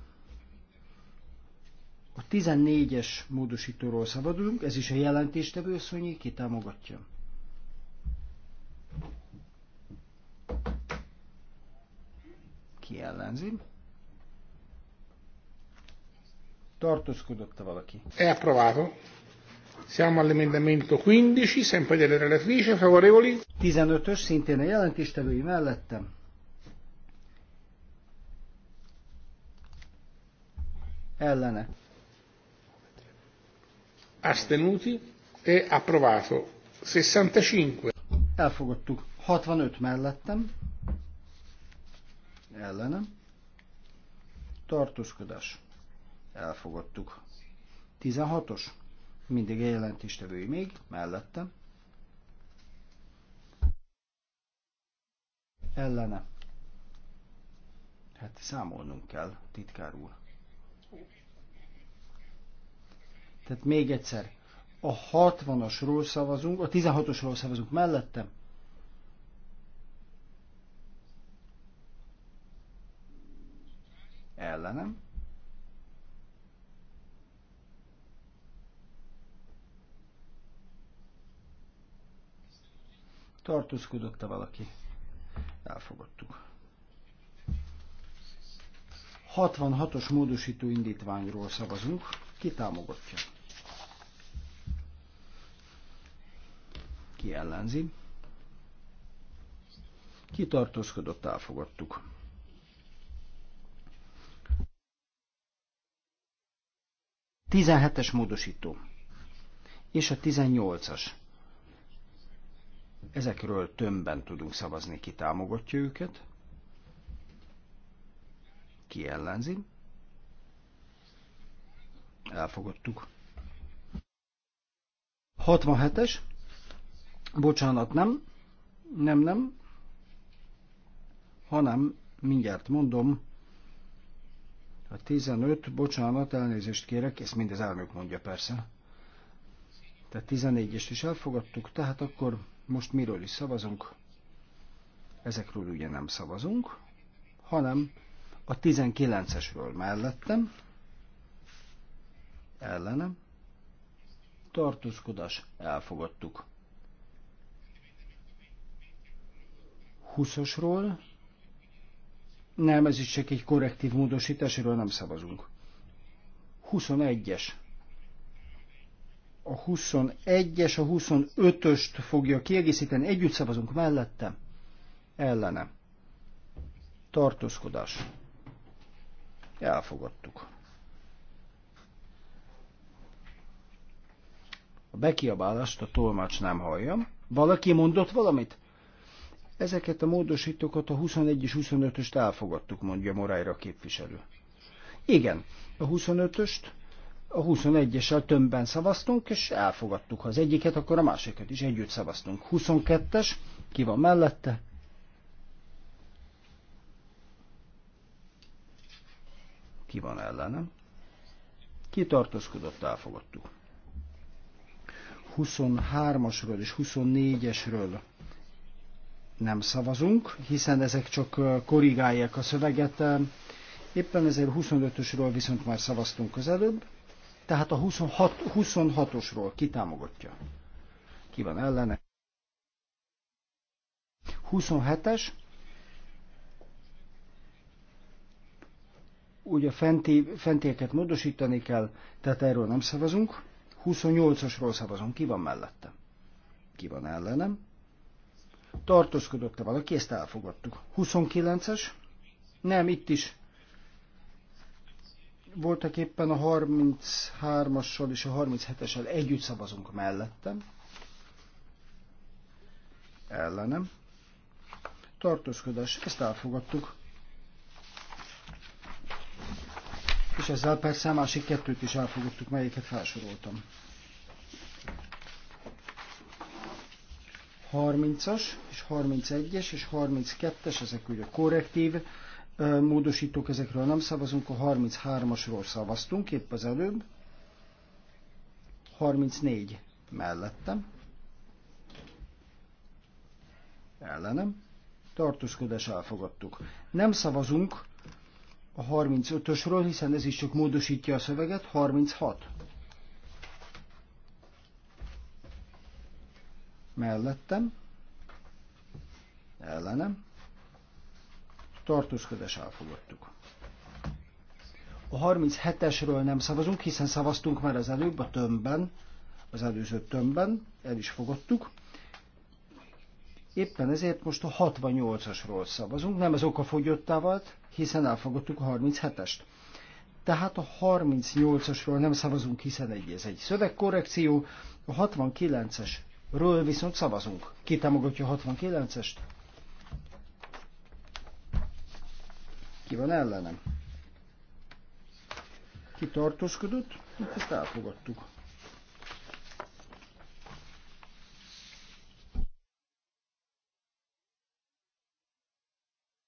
A 14-es módosítóról szabadulunk, ez is a jelentéstevő szonyi, ki támogatja. Ki ellenzi? Tartózkodott-e valaki? Elpróbálom. Siamo all'emendamento 15, sempre della relatrice, favorevoli? 15-ös, szintén a jelentéstevői mellettem. Ellene. Astenuti e approvato. 65. Elfogadtuk. 65 mellettem. Ellene. Tartózkodás. Elfogadtuk. 16-os mindig a jelentéstevői még, mellettem. Ellene. Hát számolnunk kell, titkár úr. Tehát még egyszer, a 60-asról szavazunk, a 16-osról szavazunk mellettem. Ellenem. Tartózkodott-e valaki? Elfogadtuk. 66-os módosító indítványról szavazunk. Ki támogatja? Ki ellenzi? Ki tartózkodott? Elfogadtuk. Tizenhetes módosító és a 18-as. Ezekről tömbben tudunk szavazni, ki támogatja őket, ki ellenzi. Elfogadtuk. 67-es. Bocsánat, nem. Nem, nem. Hanem, mindjárt mondom, a 15, bocsánat, elnézést kérek, ezt mind az elnök mondja persze. Tehát 14-est is elfogadtuk, tehát akkor most miről is szavazunk? Ezekről ugye nem szavazunk, hanem a 19-esről mellettem, ellenem, tartózkodás, elfogadtuk. 20-osról, nem, ez is csak egy korrektív módosításról nem szavazunk. 21-es a 21-es, a 25-öst fogja kiegészíteni. Együtt szavazunk mellette. Ellene. Tartózkodás. Elfogadtuk. A bekiabálást a tolmács nem hallja. Valaki mondott valamit? Ezeket a módosítókat a 21 és 25-öst elfogadtuk, mondja Morájra képviselő. Igen, a 25-öst a 21-essel tömbben szavaztunk, és elfogadtuk. Ha az egyiket, akkor a másikat is együtt szavaztunk. 22-es, ki van mellette? Ki van ellenem? Ki tartózkodott, elfogadtuk. 23-asról és 24-esről nem szavazunk, hiszen ezek csak korrigálják a szöveget. Éppen ezért 25-ösről viszont már szavaztunk az előbb, tehát a 26, 26-osról ki támogatja? Ki van ellene? 27-es. a fenti, fentieket módosítani kell, tehát erről nem szavazunk. 28-osról szavazunk. Ki van mellette? Ki van ellenem? Tartózkodott-e valaki? Ezt elfogadtuk. 29-es? Nem, itt is voltak éppen a 33-assal és a 37-essel együtt szavazunk mellettem. Ellenem. Tartózkodás. Ezt elfogadtuk. És ezzel persze a másik kettőt is elfogadtuk, melyiket felsoroltam. 30-as, és 31-es, és 32-es, ezek ugye korrektív módosítók, ezekről nem szavazunk, a 33-asról szavaztunk épp az előbb. 34 mellettem. Ellenem. Tartózkodás elfogadtuk. Nem szavazunk a 35-ösről, hiszen ez is csak módosítja a szöveget. 36. Mellettem. Ellenem tartózkodás elfogadtuk. A 37-esről nem szavazunk, hiszen szavaztunk már az előbb a tömbben, az előző tömbben, el is fogadtuk. Éppen ezért most a 68-asról szavazunk, nem az oka fogyottá volt, hiszen elfogadtuk a 37-est. Tehát a 38-asról nem szavazunk, hiszen egy, ez egy szövegkorrekció, a 69-esről viszont szavazunk. Ki támogatja a 69-est? Ki van ellenem? Ki tartózkodott? Hát ezt elfogadtuk.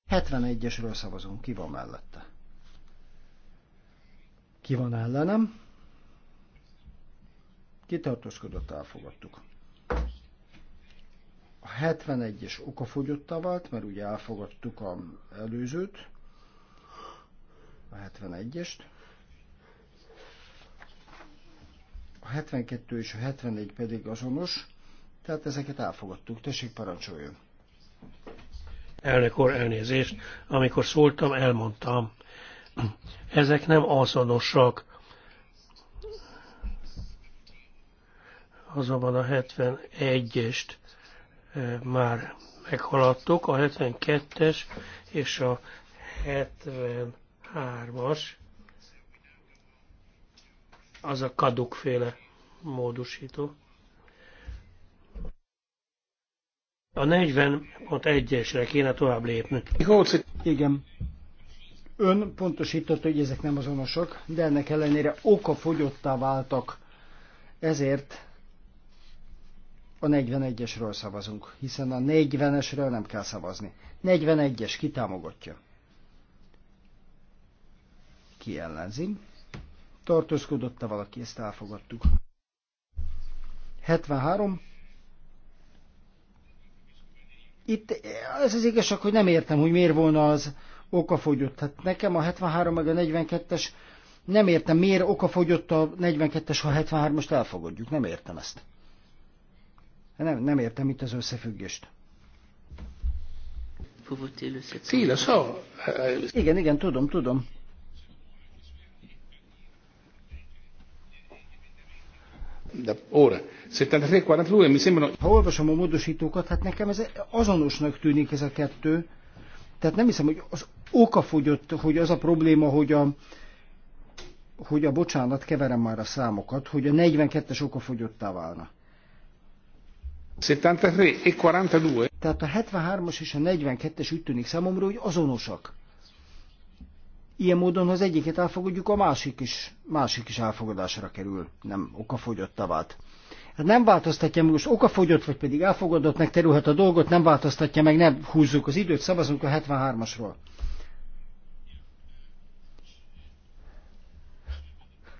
Hetvenegyesről szavazunk. Ki van mellette? Ki van ellenem? Kitartóskodott, elfogadtuk. A 71-es okafogyottá vált, mert ugye elfogadtuk az előzőt a 71-est. A 72 és a 74 pedig azonos, tehát ezeket elfogadtuk. Tessék, parancsoljon! Elnök úr, elnézést, amikor szóltam, elmondtam. Ezek nem azonosak. Azonban a 71-est eh, már meghaladtuk, a 72-es és a 70 hármas, az a kadukféle módosító. A 40.1-esre kéne tovább lépni. Igen. Ön pontosította, hogy ezek nem azonosak, de ennek ellenére fogyottá váltak. Ezért a 41-esről szavazunk, hiszen a 40-esről nem kell szavazni. 41-es kitámogatja. Ki ellenzi? Tartózkodott-e valaki? Ezt elfogadtuk. 73. Itt ez az igazság, hogy nem értem, hogy miért volna az okafogyott. Hát nekem a 73 meg a 42-es nem értem, miért okafogyott a 42-es, ha 73 ost elfogadjuk. Nem értem ezt. Nem, nem értem itt az összefüggést. Igen, igen, tudom, tudom. De óra. Szerintem 42 mi sembrano... Ha olvasom a módosítókat, hát nekem ez azonosnak tűnik ez a kettő. Tehát nem hiszem, hogy az oka fogyott, hogy az a probléma, hogy a, hogy a bocsánat, keverem már a számokat, hogy a 42-es fogyottá válna. 73 és 42. Tehát a 73-as és a 42-es úgy tűnik számomra, hogy azonosak. Ilyen módon, ha az egyiket elfogadjuk, a másik is, másik is elfogadásra kerül, nem okafogyottá vált. Hát nem változtatja meg, most okafogyott, vagy pedig elfogadottnak terülhet a dolgot, nem változtatja meg, nem húzzuk az időt, szavazunk a 73-asról.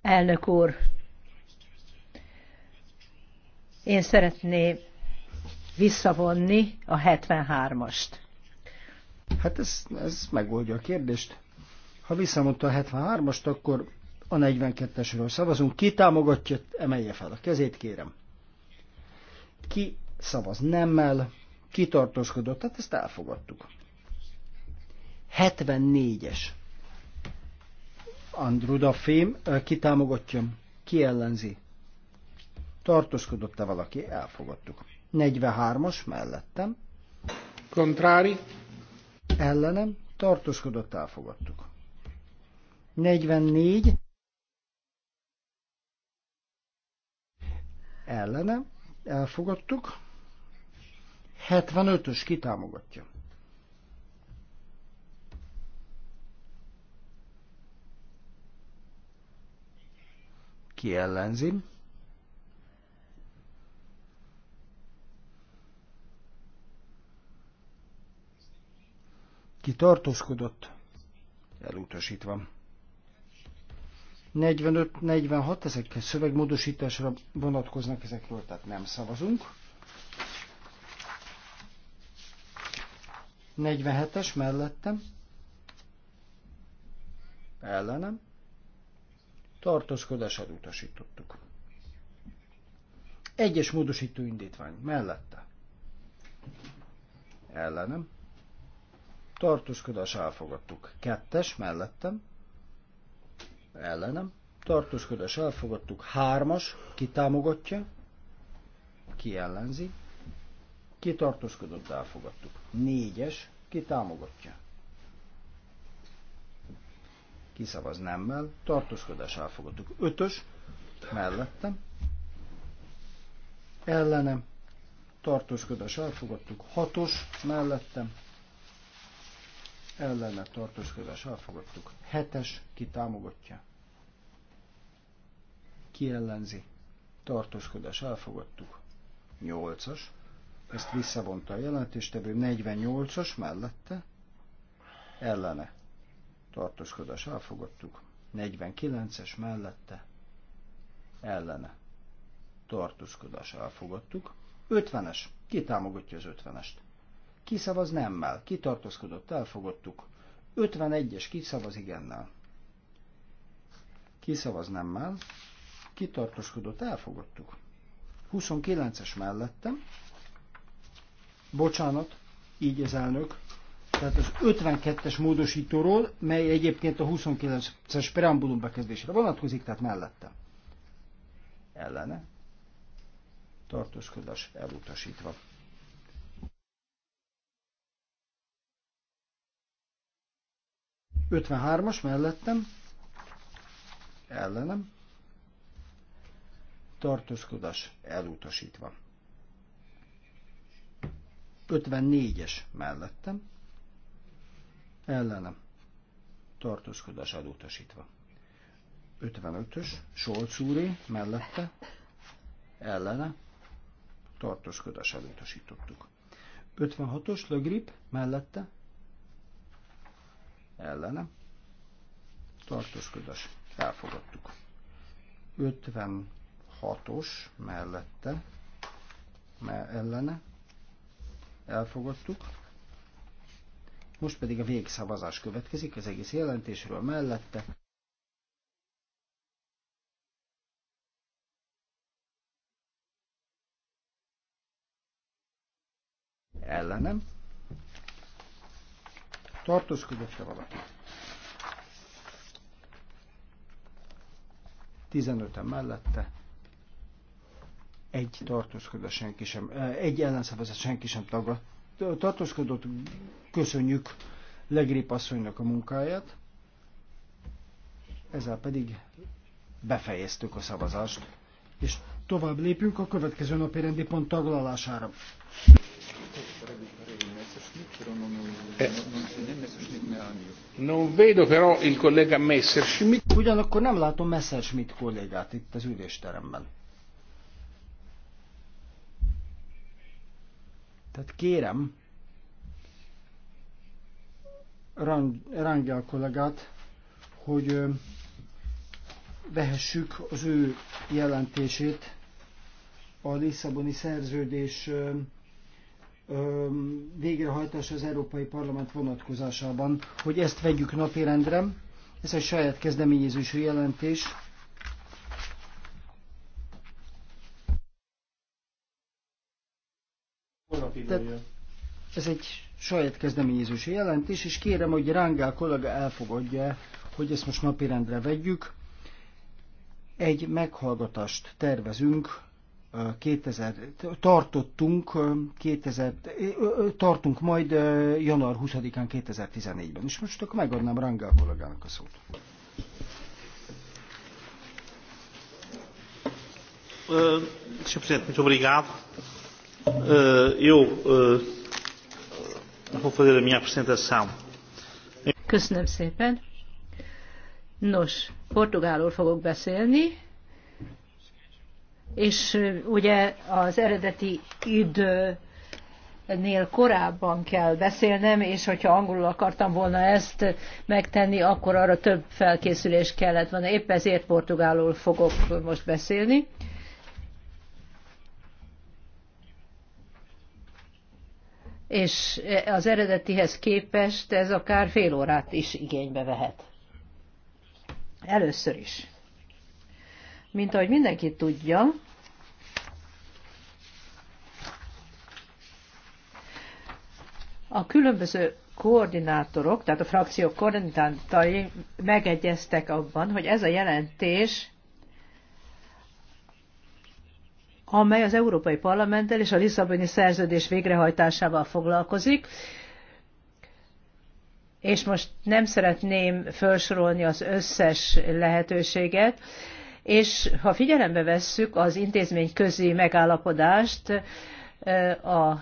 Elnök úr, én szeretném visszavonni a 73-ast. Hát ez, ez megoldja a kérdést. Ha visszamondta a 73-ast, akkor a 42-esről szavazunk. Ki támogatja, emelje fel a kezét, kérem. Ki szavaz nemmel, ki tartózkodott, tehát ezt elfogadtuk. 74-es. Andruda fém, ki támogatja, ki ellenzi. Tartózkodott-e valaki? Elfogadtuk. 43-as mellettem. Kontrári. Ellenem. Tartózkodott, elfogadtuk. 44 ellene elfogadtuk. 75-ös kitámogatja. Ki ellenzi? Ki tartózkodott? Elutasítva. 45-46, ezek szövegmódosításra vonatkoznak ezekről, tehát nem szavazunk. 47-es mellettem, ellenem, tartózkodását utasítottuk. Egyes módosító indítvány mellette, ellenem, tartózkodás elfogadtuk. Kettes mellettem, ellenem, tartózkodás elfogadtuk, hármas, ki támogatja, ki ellenzi, ki tartózkodott, elfogadtuk, négyes, ki támogatja, ki szavaz nemmel, tartózkodás elfogadtuk, ötös, mellettem, ellenem, tartózkodás elfogadtuk, hatos, mellettem, ellene tartózkodás elfogadtuk. Hetes, ki támogatja, ki ellenzi, tartózkodás elfogadtuk. Nyolcas, ezt visszavonta a jelentéstevő, 48-as mellette, ellene, tartózkodás elfogadtuk. 49-es mellette, ellene, tartózkodás elfogadtuk. 50-es, ki támogatja az 50-est? kiszavaz nemmel, kitartózkodott, elfogadtuk. 51-es kiszavaz igennel, kiszavaz nemmel, kitartózkodott, elfogadtuk. 29-es mellettem, bocsánat, így az elnök, tehát az 52-es módosítóról, mely egyébként a 29-es preambulum bekezdésére vonatkozik, tehát mellette. Ellene. Tartózkodás elutasítva. 53-as mellettem, ellenem, tartózkodás elutasítva. 54-es mellettem, ellenem, tartózkodás elutasítva. 55-ös, Solc úré, mellette, ellene, tartózkodás elutasítottuk. 56-os, Le Grip, mellette, ellene tartózkodás elfogadtuk. 56-os mellette ellene elfogadtuk. Most pedig a végszavazás következik az egész jelentésről mellette. Ellenem Tartózkodott-e valaki? 15-en mellette. Egy tartózkodott senki sem, egy ellenszavazat senki sem tagad. Tartózkodott, köszönjük Legrip asszonynak a munkáját. Ezzel pedig befejeztük a szavazást, és tovább lépünk a következő napi rendi pont taglalására. Non vedo però il collega Messerschmidt. Ugyanakkor nem látom Messerschmidt kollégát itt az ülésteremben. Tehát kérem Rangel kollégát, hogy vehessük az ő jelentését a Lisszaboni szerződés végrehajtás az Európai Parlament vonatkozásában, hogy ezt vegyük napirendre. Ez egy saját kezdeményezésű jelentés. ez egy saját kezdeményezésű jelentés, és kérem, hogy Rángál kollega elfogadja, hogy ezt most napirendre vegyük. Egy meghallgatást tervezünk 2000, tartottunk, 2000, tartunk majd január 20-án 2014-ben. És most akkor megadnám Rangel kollégának a szót. Uh, Sr. Presidente, muito obrigado. Uh, a minha Köszönöm szépen. Nos, portugálul fogok beszélni és ugye az eredeti idő nél korábban kell beszélnem, és hogyha angolul akartam volna ezt megtenni, akkor arra több felkészülés kellett volna. Épp ezért portugálul fogok most beszélni. És az eredetihez képest ez akár fél órát is igénybe vehet. Először is. Mint ahogy mindenki tudja, a különböző koordinátorok, tehát a frakciók koordinátai megegyeztek abban, hogy ez a jelentés, amely az Európai Parlamenttel és a Lisszaboni szerződés végrehajtásával foglalkozik, és most nem szeretném felsorolni az összes lehetőséget, és ha figyelembe vesszük az intézmény megállapodást a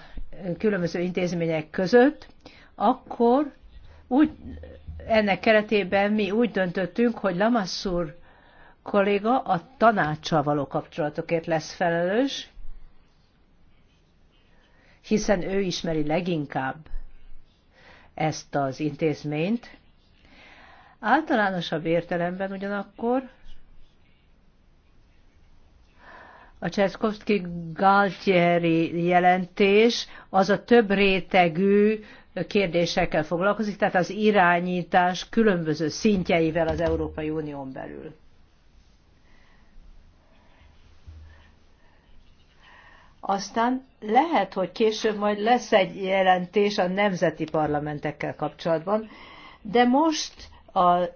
különböző intézmények között, akkor úgy, ennek keretében mi úgy döntöttünk, hogy Lamassur kolléga a tanácssal való kapcsolatokért lesz felelős, hiszen ő ismeri leginkább ezt az intézményt. Általánosabb értelemben ugyanakkor A Cseszkowski Galtieri jelentés az a több rétegű kérdésekkel foglalkozik, tehát az irányítás különböző szintjeivel az Európai Unión belül. Aztán lehet, hogy később majd lesz egy jelentés a nemzeti parlamentekkel kapcsolatban, de most az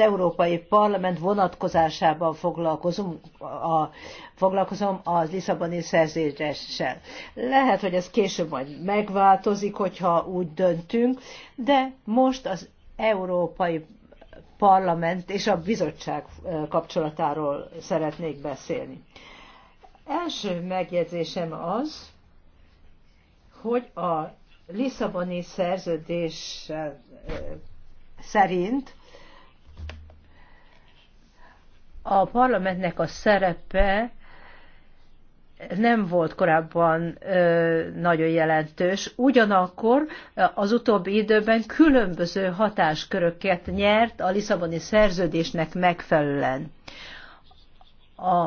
Európai Parlament vonatkozásában foglalkozom a, foglalkozom a Lisszaboni szerződéssel. Lehet, hogy ez később majd megváltozik, hogyha úgy döntünk, de most az Európai Parlament és a bizottság kapcsolatáról szeretnék beszélni. Első megjegyzésem az, hogy a Lisszaboni szerződés szerint a parlamentnek a szerepe nem volt korábban ö, nagyon jelentős. Ugyanakkor az utóbbi időben különböző hatásköröket nyert a Lisszaboni szerződésnek megfelelően. A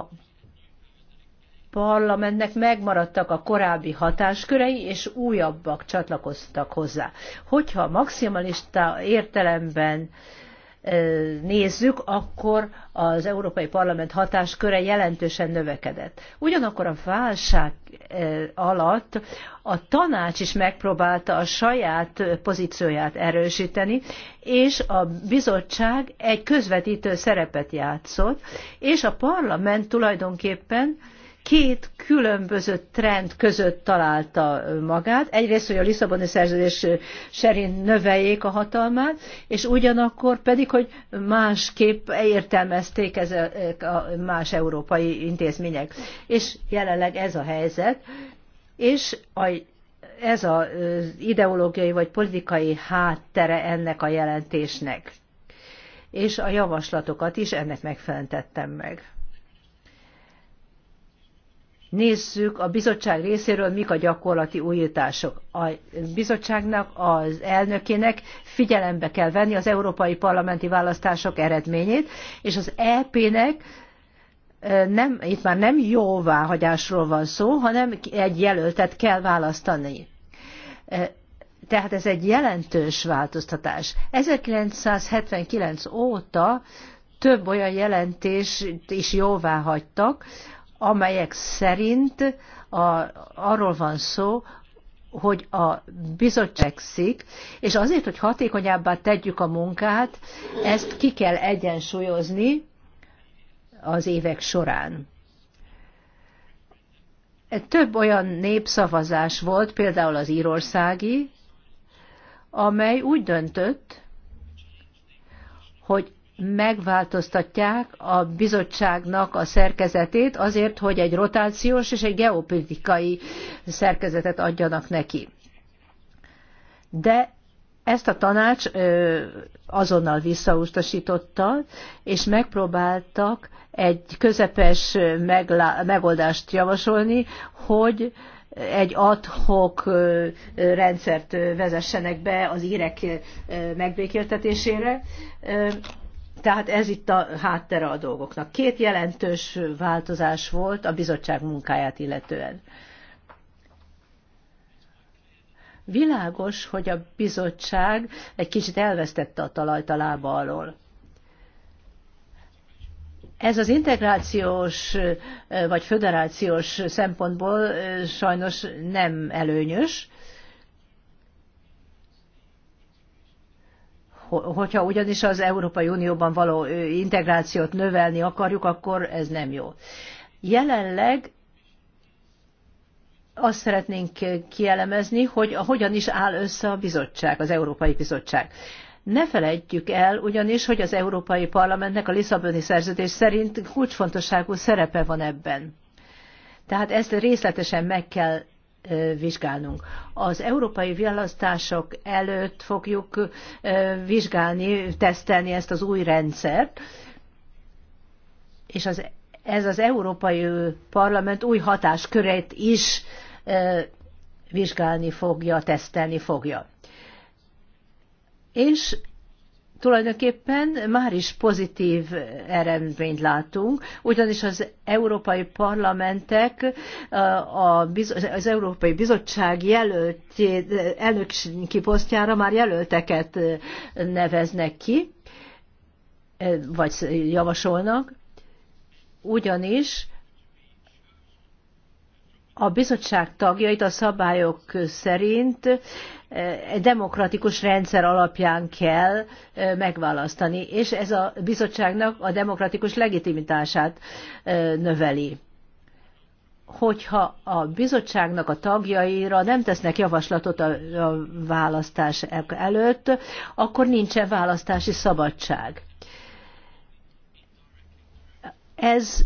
parlamentnek megmaradtak a korábbi hatáskörei, és újabbak csatlakoztak hozzá. Hogyha maximalista értelemben ö, nézzük, akkor az Európai Parlament hatásköre jelentősen növekedett. Ugyanakkor a válság alatt a tanács is megpróbálta a saját pozícióját erősíteni, és a bizottság egy közvetítő szerepet játszott, és a parlament tulajdonképpen két különböző trend között találta magát. Egyrészt, hogy a Lisszaboni szerződés szerint növeljék a hatalmát, és ugyanakkor pedig, hogy másképp értelmezték ezek a más európai intézmények. És jelenleg ez a helyzet, és a ez az ideológiai vagy politikai háttere ennek a jelentésnek. És a javaslatokat is ennek megfeleltettem meg nézzük a bizottság részéről, mik a gyakorlati újítások. A bizottságnak, az elnökének figyelembe kell venni az európai parlamenti választások eredményét, és az EP-nek nem, itt már nem jóváhagyásról van szó, hanem egy jelöltet kell választani. Tehát ez egy jelentős változtatás. 1979 óta több olyan jelentést is jóvá hagytak, amelyek szerint a, arról van szó, hogy a bizottság szik, és azért, hogy hatékonyabbá tegyük a munkát, ezt ki kell egyensúlyozni az évek során. Több olyan népszavazás volt, például az írországi, amely úgy döntött, hogy megváltoztatják a bizottságnak a szerkezetét azért, hogy egy rotációs és egy geopolitikai szerkezetet adjanak neki. De ezt a tanács azonnal visszautasította, és megpróbáltak egy közepes megoldást javasolni, hogy egy adhok rendszert vezessenek be az írek megbékéltetésére, tehát ez itt a háttere a dolgoknak. Két jelentős változás volt a bizottság munkáját illetően. Világos, hogy a bizottság egy kicsit elvesztette a talajt a lába alól. Ez az integrációs vagy föderációs szempontból sajnos nem előnyös, Hogyha ugyanis az Európai Unióban való integrációt növelni akarjuk, akkor ez nem jó. Jelenleg azt szeretnénk kielemezni, hogy hogyan is áll össze a bizottság, az Európai Bizottság. Ne felejtjük el ugyanis, hogy az Európai Parlamentnek a Lisszaboni szerződés szerint kulcsfontosságú szerepe van ebben. Tehát ezt részletesen meg kell vizsgálnunk. Az európai választások előtt fogjuk vizsgálni, tesztelni ezt az új rendszert, és az, ez az Európai Parlament új hatáskörét is vizsgálni fogja, tesztelni fogja. És tulajdonképpen már is pozitív eredményt látunk, ugyanis az európai parlamentek, az Európai Bizottság jelölt, elnöki posztjára már jelölteket neveznek ki, vagy javasolnak, ugyanis a bizottság tagjait a szabályok szerint eh, egy demokratikus rendszer alapján kell eh, megválasztani, és ez a bizottságnak a demokratikus legitimitását eh, növeli. Hogyha a bizottságnak a tagjaira nem tesznek javaslatot a, választás előtt, akkor nincsen választási szabadság. Ez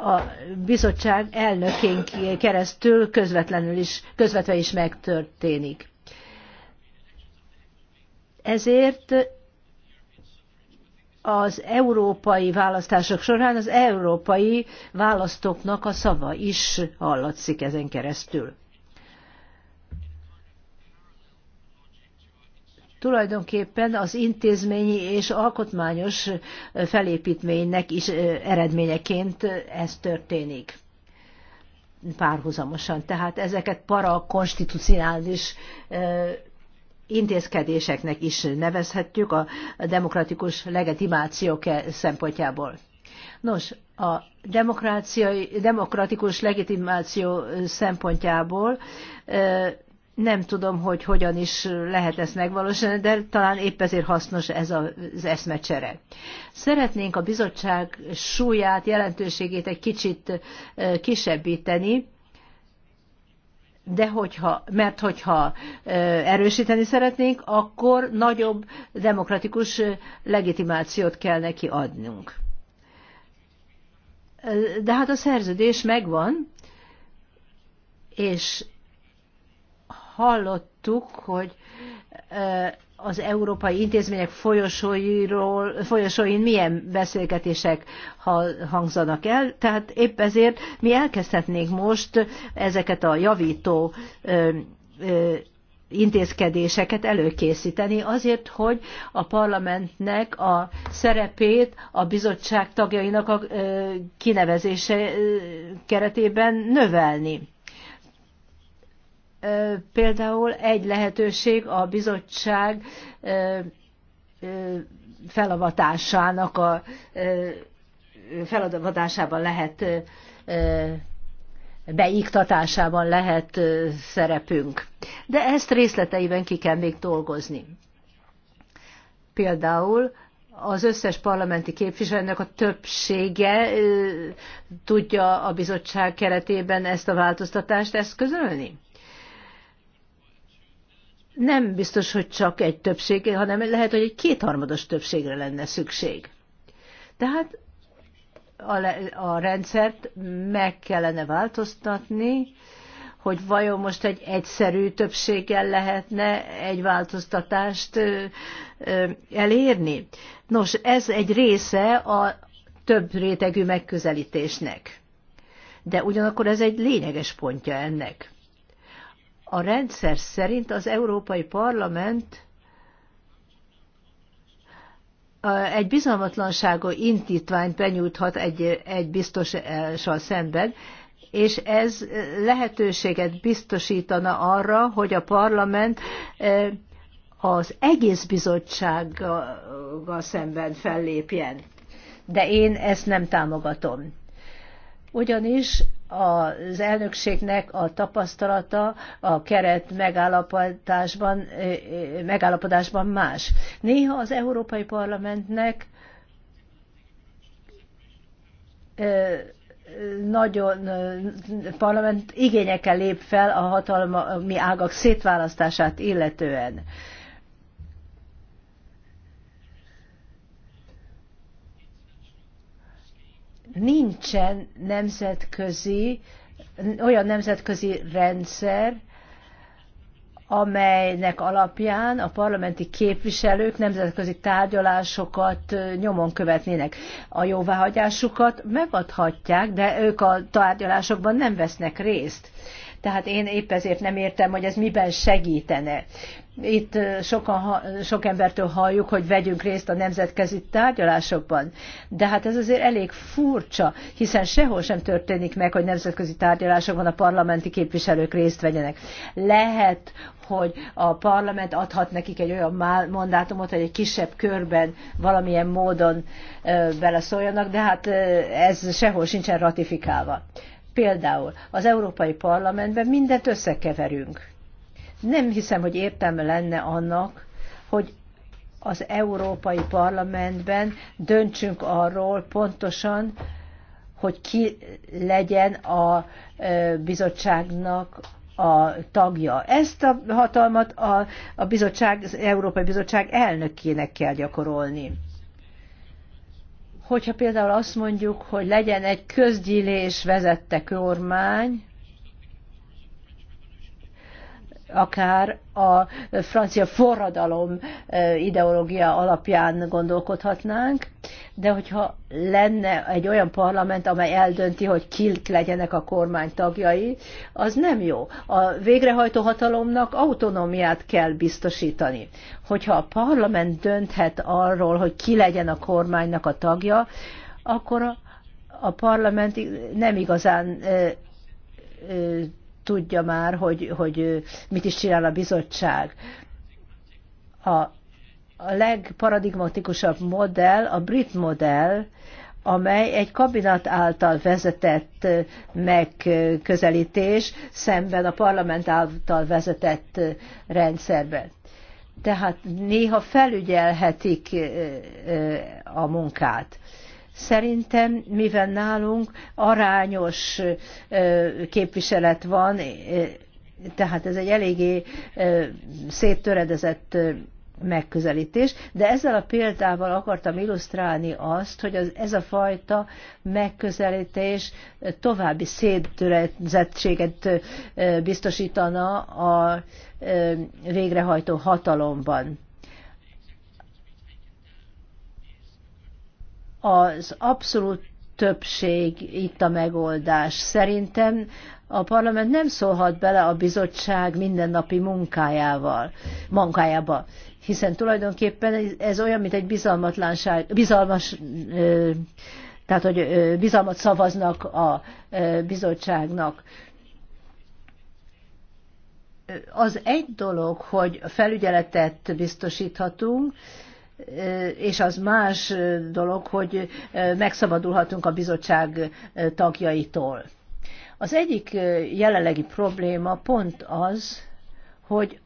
a bizottság elnökén keresztül közvetlenül is, közvetve is megtörténik. Ezért az európai választások során az európai választóknak a szava is hallatszik ezen keresztül. tulajdonképpen az intézményi és alkotmányos felépítménynek is eredményeként ez történik párhuzamosan. Tehát ezeket para konstitucionális intézkedéseknek is nevezhetjük a demokratikus legitimáció szempontjából. Nos, a demokratikus legitimáció szempontjából nem tudom, hogy hogyan is lehet ezt megvalósítani, de talán épp ezért hasznos ez az eszmecsere. Szeretnénk a bizottság súlyát, jelentőségét egy kicsit kisebbíteni, de hogyha, mert hogyha erősíteni szeretnénk, akkor nagyobb demokratikus legitimációt kell neki adnunk. De hát a szerződés megvan, és hallottuk, hogy az európai intézmények folyosóiról, folyosóin milyen beszélgetések hangzanak el, tehát épp ezért mi elkezdhetnénk most ezeket a javító intézkedéseket előkészíteni azért, hogy a parlamentnek a szerepét a bizottság tagjainak a kinevezése keretében növelni Például egy lehetőség a bizottság felavatásának a feladatásában lehet beiktatásában lehet szerepünk. De ezt részleteiben ki kell még dolgozni. Például az összes parlamenti képviselőnek a többsége tudja a bizottság keretében ezt a változtatást eszközölni? nem biztos, hogy csak egy többség, hanem lehet, hogy egy kétharmados többségre lenne szükség. Tehát a, a rendszert meg kellene változtatni, hogy vajon most egy egyszerű többséggel lehetne egy változtatást elérni. Nos, ez egy része a több rétegű megközelítésnek. De ugyanakkor ez egy lényeges pontja ennek. A rendszer szerint az Európai Parlament egy bizalmatlansága indítványt benyújthat egy, egy biztossal szemben, és ez lehetőséget biztosítana arra, hogy a parlament e, az egész bizottsággal szemben fellépjen. De én ezt nem támogatom. Ugyanis az elnökségnek a tapasztalata a keret megállapodásban, megállapodásban más. Néha az Európai Parlamentnek nagyon parlament igényekkel lép fel a hatalmi ágak szétválasztását illetően. nincsen nemzetközi, olyan nemzetközi rendszer, amelynek alapján a parlamenti képviselők nemzetközi tárgyalásokat nyomon követnének. A jóváhagyásukat megadhatják, de ők a tárgyalásokban nem vesznek részt. Tehát én épp ezért nem értem, hogy ez miben segítene. Itt sokan, sok embertől halljuk, hogy vegyünk részt a nemzetközi tárgyalásokban, de hát ez azért elég furcsa, hiszen sehol sem történik meg, hogy nemzetközi tárgyalásokban a parlamenti képviselők részt vegyenek. Lehet, hogy a parlament adhat nekik egy olyan mandátumot, hogy egy kisebb körben valamilyen módon beleszóljanak, de hát ez sehol sincsen ratifikálva. Például az Európai Parlamentben mindent összekeverünk. Nem hiszem, hogy értelme lenne annak, hogy az Európai Parlamentben döntsünk arról pontosan, hogy ki legyen a bizottságnak a tagja. Ezt a hatalmat a, a bizottság, az Európai Bizottság elnökének kell gyakorolni. Hogyha például azt mondjuk, hogy legyen egy közgyűlés vezette kormány, akár a francia forradalom e, ideológia alapján gondolkodhatnánk, de hogyha lenne egy olyan parlament, amely eldönti, hogy kik legyenek a kormány tagjai, az nem jó. A végrehajtó hatalomnak autonómiát kell biztosítani. Hogyha a parlament dönthet arról, hogy ki legyen a kormánynak a tagja, akkor a, a parlament nem igazán e, e, tudja már, hogy, hogy mit is csinál a bizottság. A, a legparadigmatikusabb modell a brit modell, amely egy kabinat által vezetett megközelítés szemben a parlament által vezetett rendszerben. Tehát néha felügyelhetik a munkát Szerintem, mivel nálunk arányos képviselet van, tehát ez egy eléggé széttöredezett megközelítés, de ezzel a példával akartam illusztrálni azt, hogy az, ez a fajta megközelítés további széttöredezettséget biztosítana a végrehajtó hatalomban. az abszolút többség itt a megoldás. Szerintem a parlament nem szólhat bele a bizottság mindennapi munkájával, munkájába, hiszen tulajdonképpen ez olyan, mint egy bizalmatlanság, bizalmas, tehát hogy bizalmat szavaznak a bizottságnak az egy dolog, hogy felügyeletet biztosíthatunk, és az más dolog, hogy megszabadulhatunk a bizottság tagjaitól. Az egyik jelenlegi probléma pont az, hogy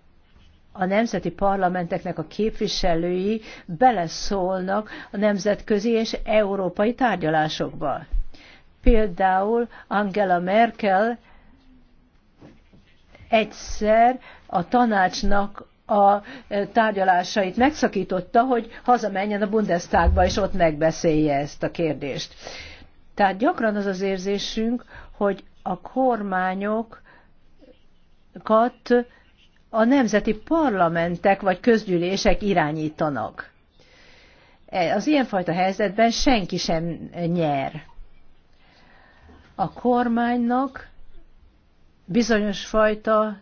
a nemzeti parlamenteknek a képviselői beleszólnak a nemzetközi és európai tárgyalásokba. Például Angela Merkel egyszer a tanácsnak a e, tárgyalásait megszakította, hogy hazamenjen a Bundestagba, és ott megbeszélje ezt a kérdést. Tehát gyakran az az érzésünk, hogy a kormányokat a nemzeti parlamentek vagy közgyűlések irányítanak. E, az ilyenfajta helyzetben senki sem nyer. A kormánynak bizonyos fajta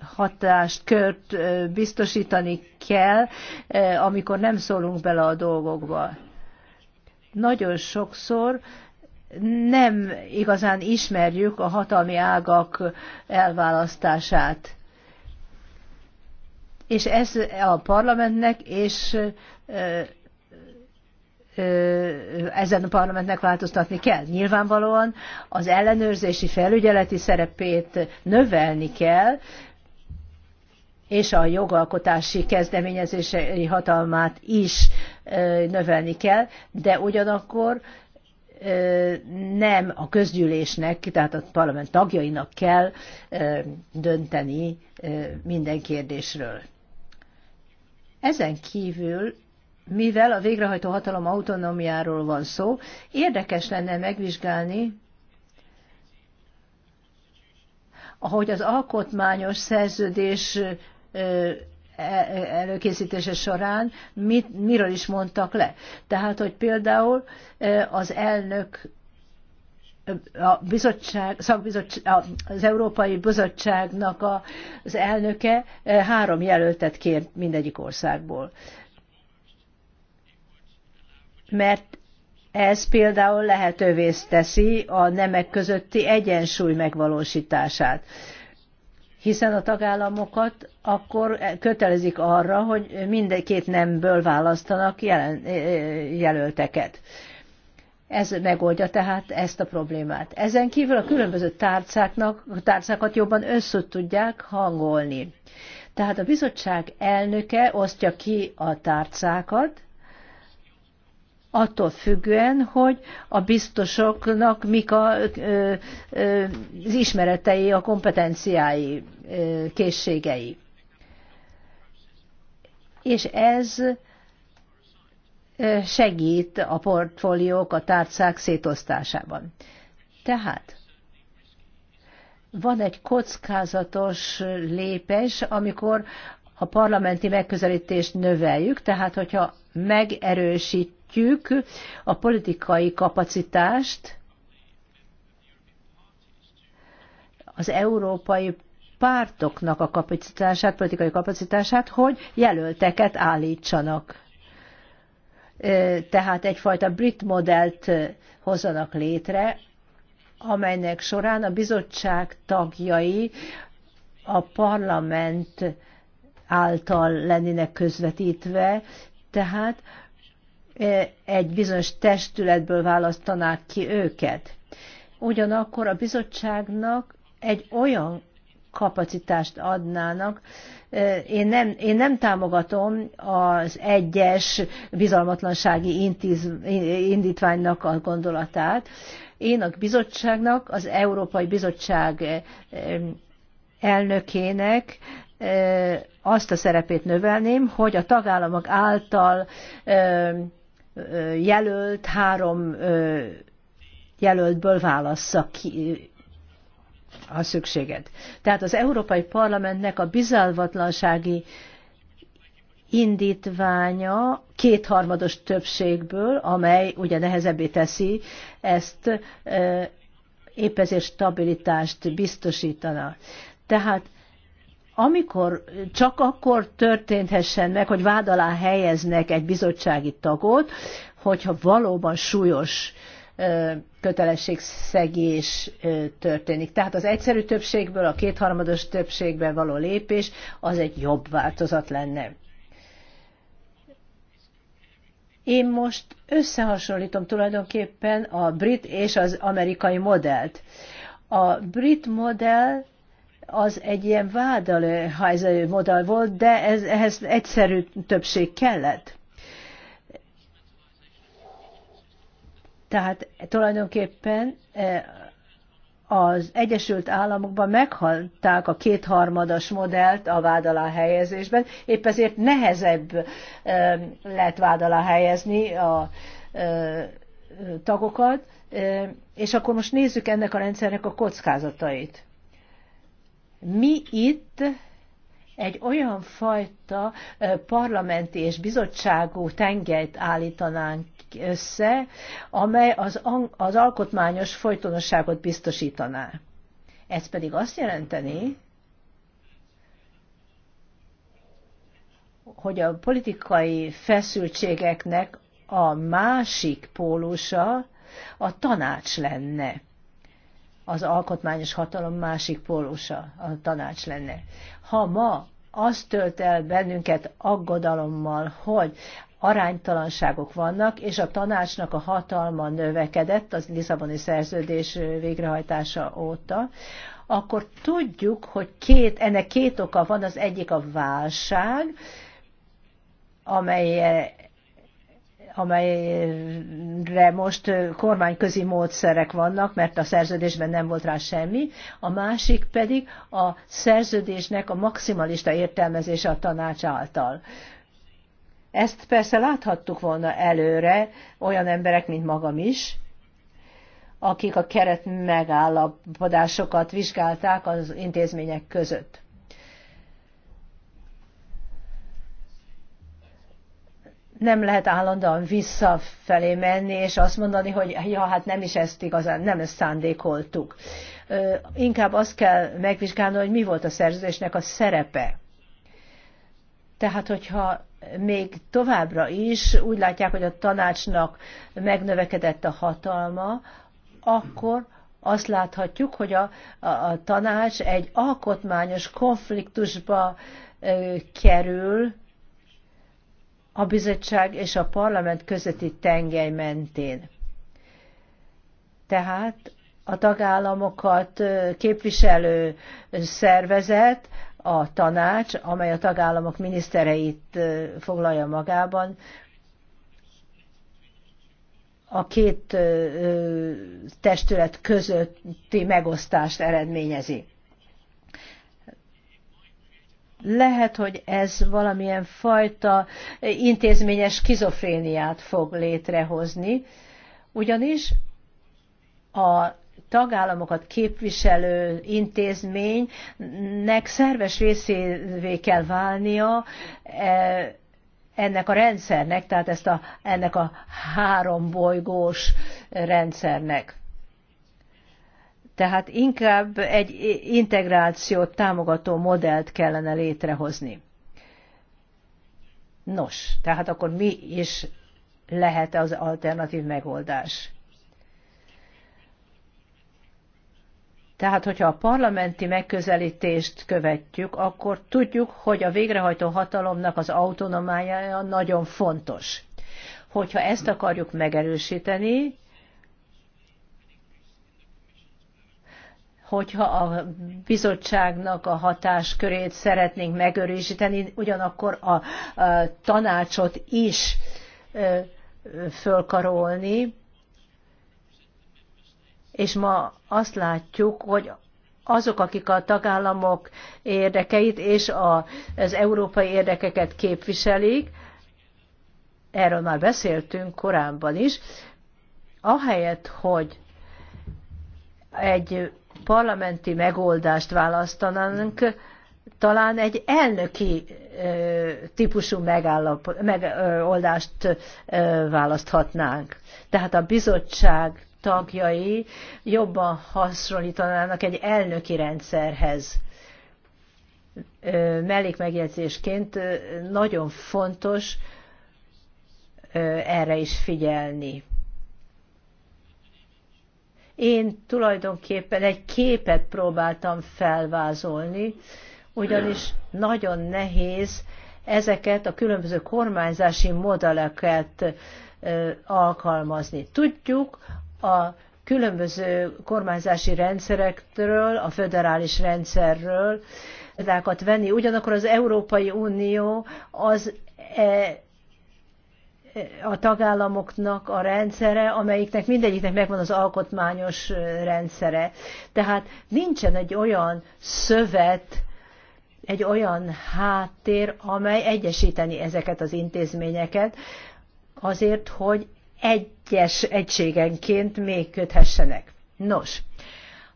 hatást, kört biztosítani kell, amikor nem szólunk bele a dolgokba. Nagyon sokszor nem igazán ismerjük a hatalmi ágak elválasztását. És ez a parlamentnek és ezen a parlamentnek változtatni kell. Nyilvánvalóan az ellenőrzési felügyeleti szerepét növelni kell, és a jogalkotási kezdeményezési hatalmát is növelni kell, de ugyanakkor nem a közgyűlésnek, tehát a parlament tagjainak kell dönteni minden kérdésről. Ezen kívül, mivel a végrehajtó hatalom autonómiáról van szó, érdekes lenne megvizsgálni, ahogy az alkotmányos szerződés E, e, előkészítése során mit, miről is mondtak le. Tehát, hogy például az elnök a bizottság, szakbizottság, az Európai Bizottságnak a, az elnöke három jelöltet kért mindegyik országból. Mert ez például lehetővé teszi a nemek közötti egyensúly megvalósítását hiszen a tagállamokat akkor kötelezik arra, hogy mindkét nemből választanak jelen, eh, eh, jelölteket. Ez megoldja tehát ezt a problémát. Ezen kívül a különböző tárcáknak, tárcákat jobban összött tudják hangolni. Tehát a bizottság elnöke osztja ki a tárcákat, attól függően, hogy a biztosoknak mik a, az ismeretei, a kompetenciái, készségei. És ez segít a portfóliók, a tárcák szétosztásában. Tehát van egy kockázatos lépés, amikor a parlamenti megközelítést növeljük, tehát hogyha megerősít növekedjük a politikai kapacitást az európai pártoknak a kapacitását, politikai kapacitását, hogy jelölteket állítsanak. Tehát egyfajta brit modellt hozzanak létre, amelynek során a bizottság tagjai a parlament által lennének közvetítve, tehát egy bizonyos testületből választanák ki őket. Ugyanakkor a bizottságnak egy olyan kapacitást adnának. Én nem, én nem támogatom az egyes bizalmatlansági intiz, indítványnak a gondolatát. Én a bizottságnak, az Európai Bizottság elnökének azt a szerepét növelném, hogy a tagállamok által jelölt három jelöltből válassza ki a szükséget. Tehát az Európai Parlamentnek a bizalvatlansági indítványa kétharmados többségből, amely ugye nehezebbé teszi ezt, épp ezért stabilitást biztosítana. Tehát amikor csak akkor történhessen meg, hogy vád alá helyeznek egy bizottsági tagot, hogyha valóban súlyos kötelességszegés történik. Tehát az egyszerű többségből a kétharmados többségbe való lépés az egy jobb változat lenne. Én most összehasonlítom tulajdonképpen a brit és az amerikai modellt. A brit modell az egy ilyen ha ez egy modell volt, de ez, ehhez egyszerű többség kellett. Tehát tulajdonképpen az Egyesült Államokban meghalták a kétharmadas modellt a vád alá helyezésben, épp ezért nehezebb lett vád alá helyezni a tagokat, és akkor most nézzük ennek a rendszernek a kockázatait. Mi itt egy olyan fajta parlamenti és bizottságú tengelyt állítanánk össze, amely az, az alkotmányos folytonosságot biztosítaná. Ez pedig azt jelenteni, hogy a politikai feszültségeknek a másik pólusa a tanács lenne az alkotmányos hatalom másik pólusa, a tanács lenne. Ha ma az tölt el bennünket aggodalommal, hogy aránytalanságok vannak, és a tanácsnak a hatalma növekedett az Lisszaboni szerződés végrehajtása óta, akkor tudjuk, hogy két, ennek két oka van, az egyik a válság, amely amelyre most kormányközi módszerek vannak, mert a szerződésben nem volt rá semmi, a másik pedig a szerződésnek a maximalista értelmezése a tanács által. Ezt persze láthattuk volna előre olyan emberek, mint magam is, akik a keret megállapodásokat vizsgálták az intézmények között. nem lehet állandóan visszafelé menni, és azt mondani, hogy ja, hát nem is ezt igazán, nem ezt szándékoltuk. Inkább azt kell megvizsgálni, hogy mi volt a szerződésnek a szerepe. Tehát, hogyha még továbbra is úgy látják, hogy a tanácsnak megnövekedett a hatalma, akkor azt láthatjuk, hogy a, a, a tanács egy alkotmányos konfliktusba ö, kerül, a bizottság és a parlament közötti tengely mentén. Tehát a tagállamokat képviselő szervezet, a tanács, amely a tagállamok minisztereit foglalja magában, a két testület közötti megosztást eredményezi lehet, hogy ez valamilyen fajta intézményes skizofréniát fog létrehozni, ugyanis a tagállamokat képviselő intézménynek szerves részévé kell válnia e, ennek a rendszernek, tehát ezt a, ennek a három bolygós rendszernek. Tehát inkább egy integrációt támogató modellt kellene létrehozni. Nos, tehát akkor mi is lehet az alternatív megoldás? Tehát, hogyha a parlamenti megközelítést követjük, akkor tudjuk, hogy a végrehajtó hatalomnak az autonomája nagyon fontos. Hogyha ezt akarjuk megerősíteni, hogyha a bizottságnak a hatáskörét szeretnénk megőrizíteni, ugyanakkor a, a tanácsot is ö, fölkarolni, és ma azt látjuk, hogy azok, akik a tagállamok érdekeit és a, az európai érdekeket képviselik, erről már beszéltünk korábban is, ahelyett, hogy egy parlamenti megoldást választanánk, talán egy elnöki típusú megoldást választhatnánk. Tehát a bizottság tagjai jobban hasonlítanának egy elnöki rendszerhez. Mellékmegjegyzésként nagyon fontos erre is figyelni. Én tulajdonképpen egy képet próbáltam felvázolni, ugyanis nagyon nehéz ezeket a különböző kormányzási modelleket alkalmazni. Tudjuk a különböző kormányzási rendszerektől, a föderális rendszerről venni, ugyanakkor az Európai Unió az e, a tagállamoknak a rendszere, amelyiknek mindegyiknek megvan az alkotmányos rendszere. Tehát nincsen egy olyan szövet, egy olyan háttér, amely egyesíteni ezeket az intézményeket, azért, hogy egyes egységenként még köthessenek. Nos,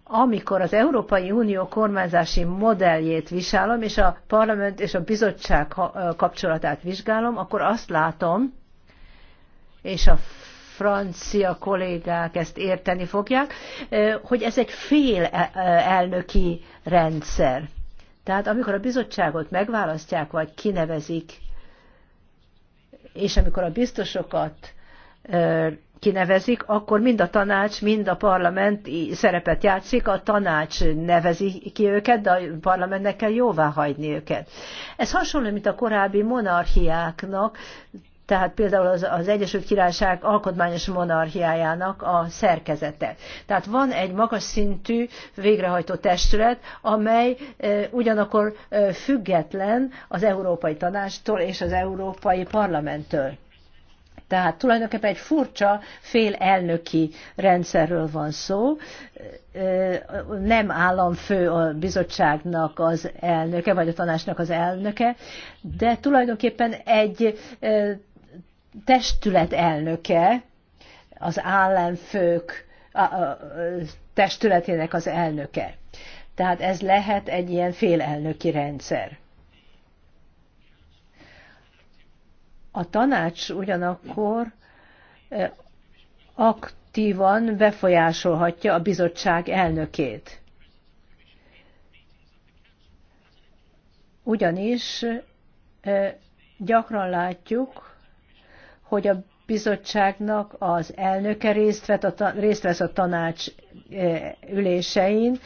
amikor az Európai Unió kormányzási modelljét vizsgálom, és a parlament és a bizottság kapcsolatát vizsgálom, akkor azt látom, és a francia kollégák ezt érteni fogják, hogy ez egy fél elnöki rendszer. Tehát amikor a bizottságot megválasztják, vagy kinevezik, és amikor a biztosokat kinevezik, akkor mind a tanács, mind a parlament szerepet játszik, a tanács nevezi ki őket, de a parlamentnek kell jóvá hagyni őket. Ez hasonló, mint a korábbi monarchiáknak, tehát például az, az Egyesült Királyság alkotmányos monarchiájának a szerkezete. Tehát van egy magas szintű végrehajtó testület, amely e, ugyanakkor e, független az Európai Tanástól és az Európai Parlamenttől. Tehát tulajdonképpen egy furcsa fél elnöki rendszerről van szó. Nem államfő a bizottságnak az elnöke, vagy a tanácsnak az elnöke, de tulajdonképpen egy testület elnöke, az államfők testületének az elnöke. Tehát ez lehet egy ilyen félelnöki rendszer. A tanács ugyanakkor aktívan befolyásolhatja a bizottság elnökét. Ugyanis gyakran látjuk, hogy a bizottságnak az elnöke részt, vett a, részt vesz a tanács e, ülésein,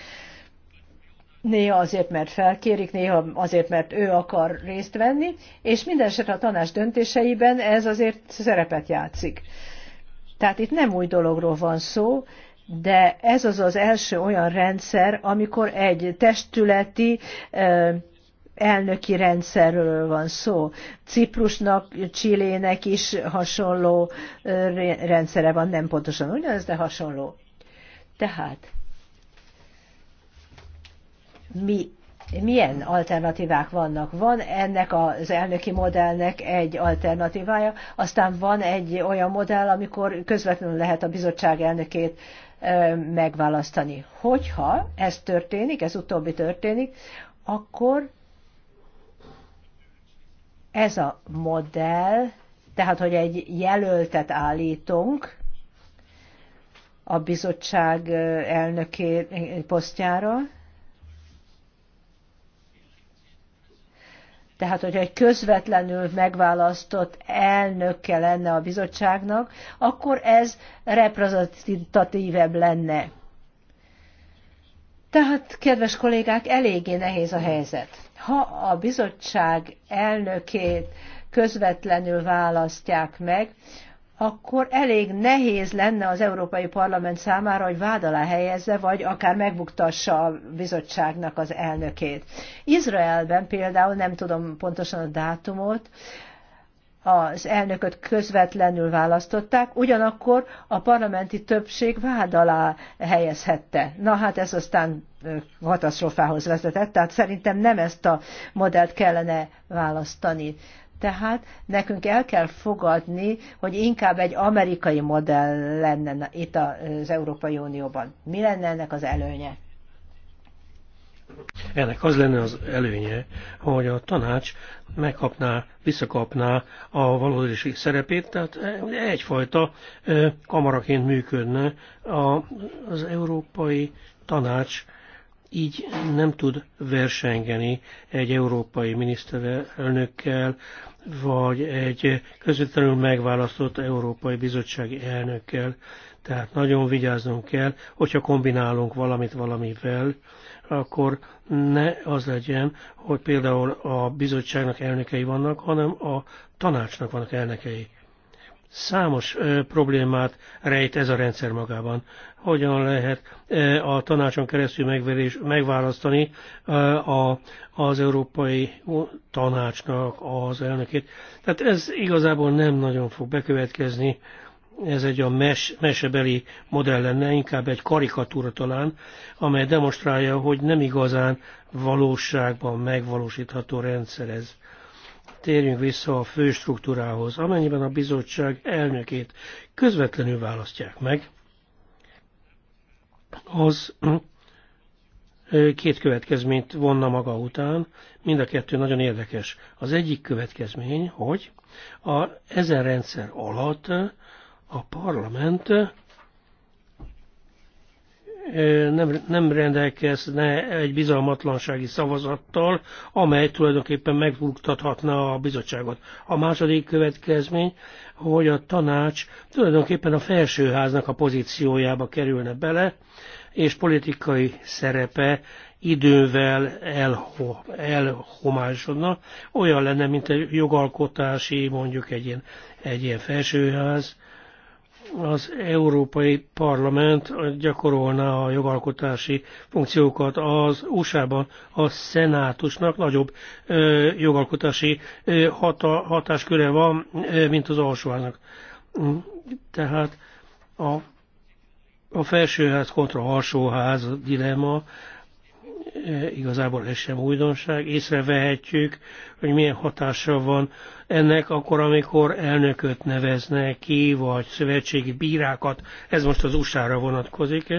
néha azért, mert felkérik, néha azért, mert ő akar részt venni, és minden esetre a tanács döntéseiben ez azért szerepet játszik. Tehát itt nem új dologról van szó, de ez az az első olyan rendszer, amikor egy testületi e, elnöki rendszerről van szó. Ciprusnak, Csillének is hasonló rendszere van, nem pontosan ugyanaz, de hasonló. Tehát mi, milyen alternatívák vannak? Van ennek az elnöki modellnek egy alternatívája, aztán van egy olyan modell, amikor közvetlenül lehet a bizottság elnökét megválasztani. Hogyha ez történik, ez utóbbi történik, akkor ez a modell, tehát hogy egy jelöltet állítunk a bizottság elnöki posztjára, tehát hogyha egy közvetlenül megválasztott elnökke lenne a bizottságnak, akkor ez reprezentatívebb lenne. Tehát, kedves kollégák, eléggé nehéz a helyzet. Ha a bizottság elnökét közvetlenül választják meg, akkor elég nehéz lenne az Európai Parlament számára, hogy vád alá helyezze, vagy akár megbuktassa a bizottságnak az elnökét. Izraelben például, nem tudom pontosan a dátumot, az elnököt közvetlenül választották, ugyanakkor a parlamenti többség vád alá helyezhette. Na hát ez aztán katasztrofához vezetett, tehát szerintem nem ezt a modellt kellene választani. Tehát nekünk el kell fogadni, hogy inkább egy amerikai modell lenne itt az Európai Unióban. Mi lenne ennek az előnye? Ennek az lenne az előnye, hogy a tanács megkapná, visszakapná a valódi szerepét, tehát eh, egyfajta eh, kamaraként működne az Európai Tanács így nem tud versengeni egy európai miniszterelnökkel, vagy egy közvetlenül megválasztott európai bizottsági elnökkel. Tehát nagyon vigyáznunk kell, hogyha kombinálunk valamit valamivel, akkor ne az legyen, hogy például a bizottságnak elnökei vannak, hanem a tanácsnak vannak elnökei. Számos ö, problémát rejt ez a rendszer magában. Hogyan lehet ö, a tanácson keresztül megverés, megválasztani ö, a, az Európai Tanácsnak az elnökét. Tehát ez igazából nem nagyon fog bekövetkezni, ez egy a mes, mesebeli modell lenne, inkább egy karikatúra talán, amely demonstrálja, hogy nem igazán valóságban megvalósítható rendszer ez. Térjünk vissza a fő struktúrához, amennyiben a bizottság elnökét közvetlenül választják meg, az két következményt vonna maga után, mind a kettő nagyon érdekes. Az egyik következmény, hogy a, ezen rendszer alatt a parlament nem, nem rendelkezne egy bizalmatlansági szavazattal, amely tulajdonképpen megbuktathatna a bizottságot. A második következmény, hogy a tanács tulajdonképpen a felsőháznak a pozíciójába kerülne bele, és politikai szerepe idővel elho, elhomásodna. Olyan lenne, mint egy jogalkotási, mondjuk egy ilyen, egy ilyen felsőház, az Európai Parlament gyakorolná a jogalkotási funkciókat az USA-ban a szenátusnak nagyobb jogalkotási hata, hatásköre van, mint az alsóháznak. Mm, tehát a, a felsőház kontra alsóház dilemma, igazából ez sem újdonság, észrevehetjük, hogy milyen hatása van ennek akkor, amikor elnököt neveznek ki, vagy szövetségi bírákat, ez most az USA-ra vonatkozik,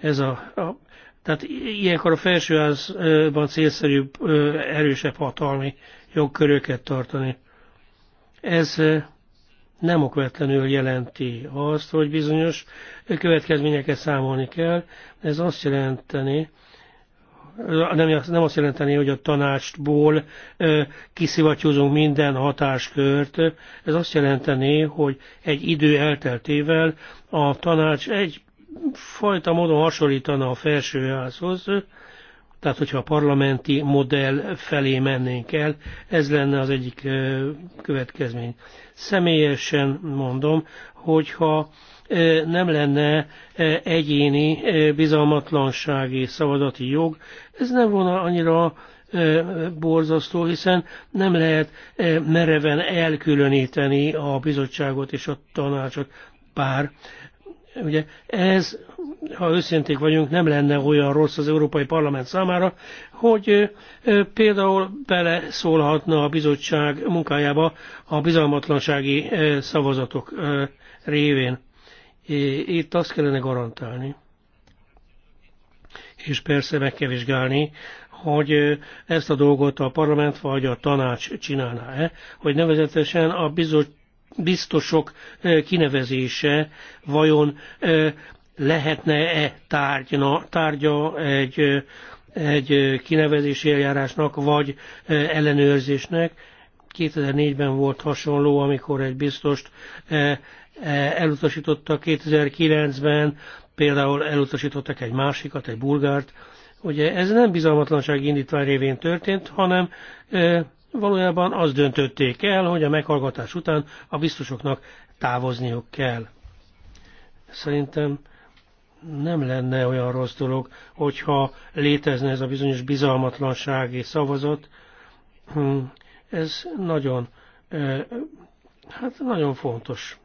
ez a, a tehát ilyenkor a felsőházban célszerűbb erősebb hatalmi jogköröket tartani. Ez nem okvetlenül jelenti azt, hogy bizonyos következményeket számolni kell, ez azt jelenteni, nem, nem azt jelenteni, hogy a tanácsból kiszivattyúzunk minden hatáskört. Ez azt jelenteni, hogy egy idő elteltével a tanács egy fajta módon hasonlítana a felsőházhoz, tehát hogyha a parlamenti modell felé mennénk el, ez lenne az egyik következmény. Személyesen mondom, hogyha nem lenne egyéni bizalmatlansági szavazati jog. Ez nem volna annyira borzasztó, hiszen nem lehet mereven elkülöníteni a bizottságot és a tanácsot, bár ugye ez, ha őszinték vagyunk, nem lenne olyan rossz az Európai Parlament számára, hogy például beleszólhatna a bizottság munkájába a bizalmatlansági szavazatok révén. Itt azt kellene garantálni, és persze meg kell vizsgálni, hogy ezt a dolgot a parlament vagy a tanács csinálná-e, hogy nevezetesen a bizot, biztosok kinevezése vajon lehetne-e tárgyna, tárgya egy, egy kinevezési eljárásnak, vagy ellenőrzésnek. 2004-ben volt hasonló, amikor egy biztost elutasítottak 2009-ben, például elutasítottak egy másikat, egy bulgárt. Ugye ez nem bizalmatlansági indítvány révén történt, hanem valójában azt döntötték el, hogy a meghallgatás után a biztosoknak távozniuk kell. Szerintem nem lenne olyan rossz dolog, hogyha létezne ez a bizonyos bizalmatlansági szavazat. Hm, ez nagyon, hát nagyon fontos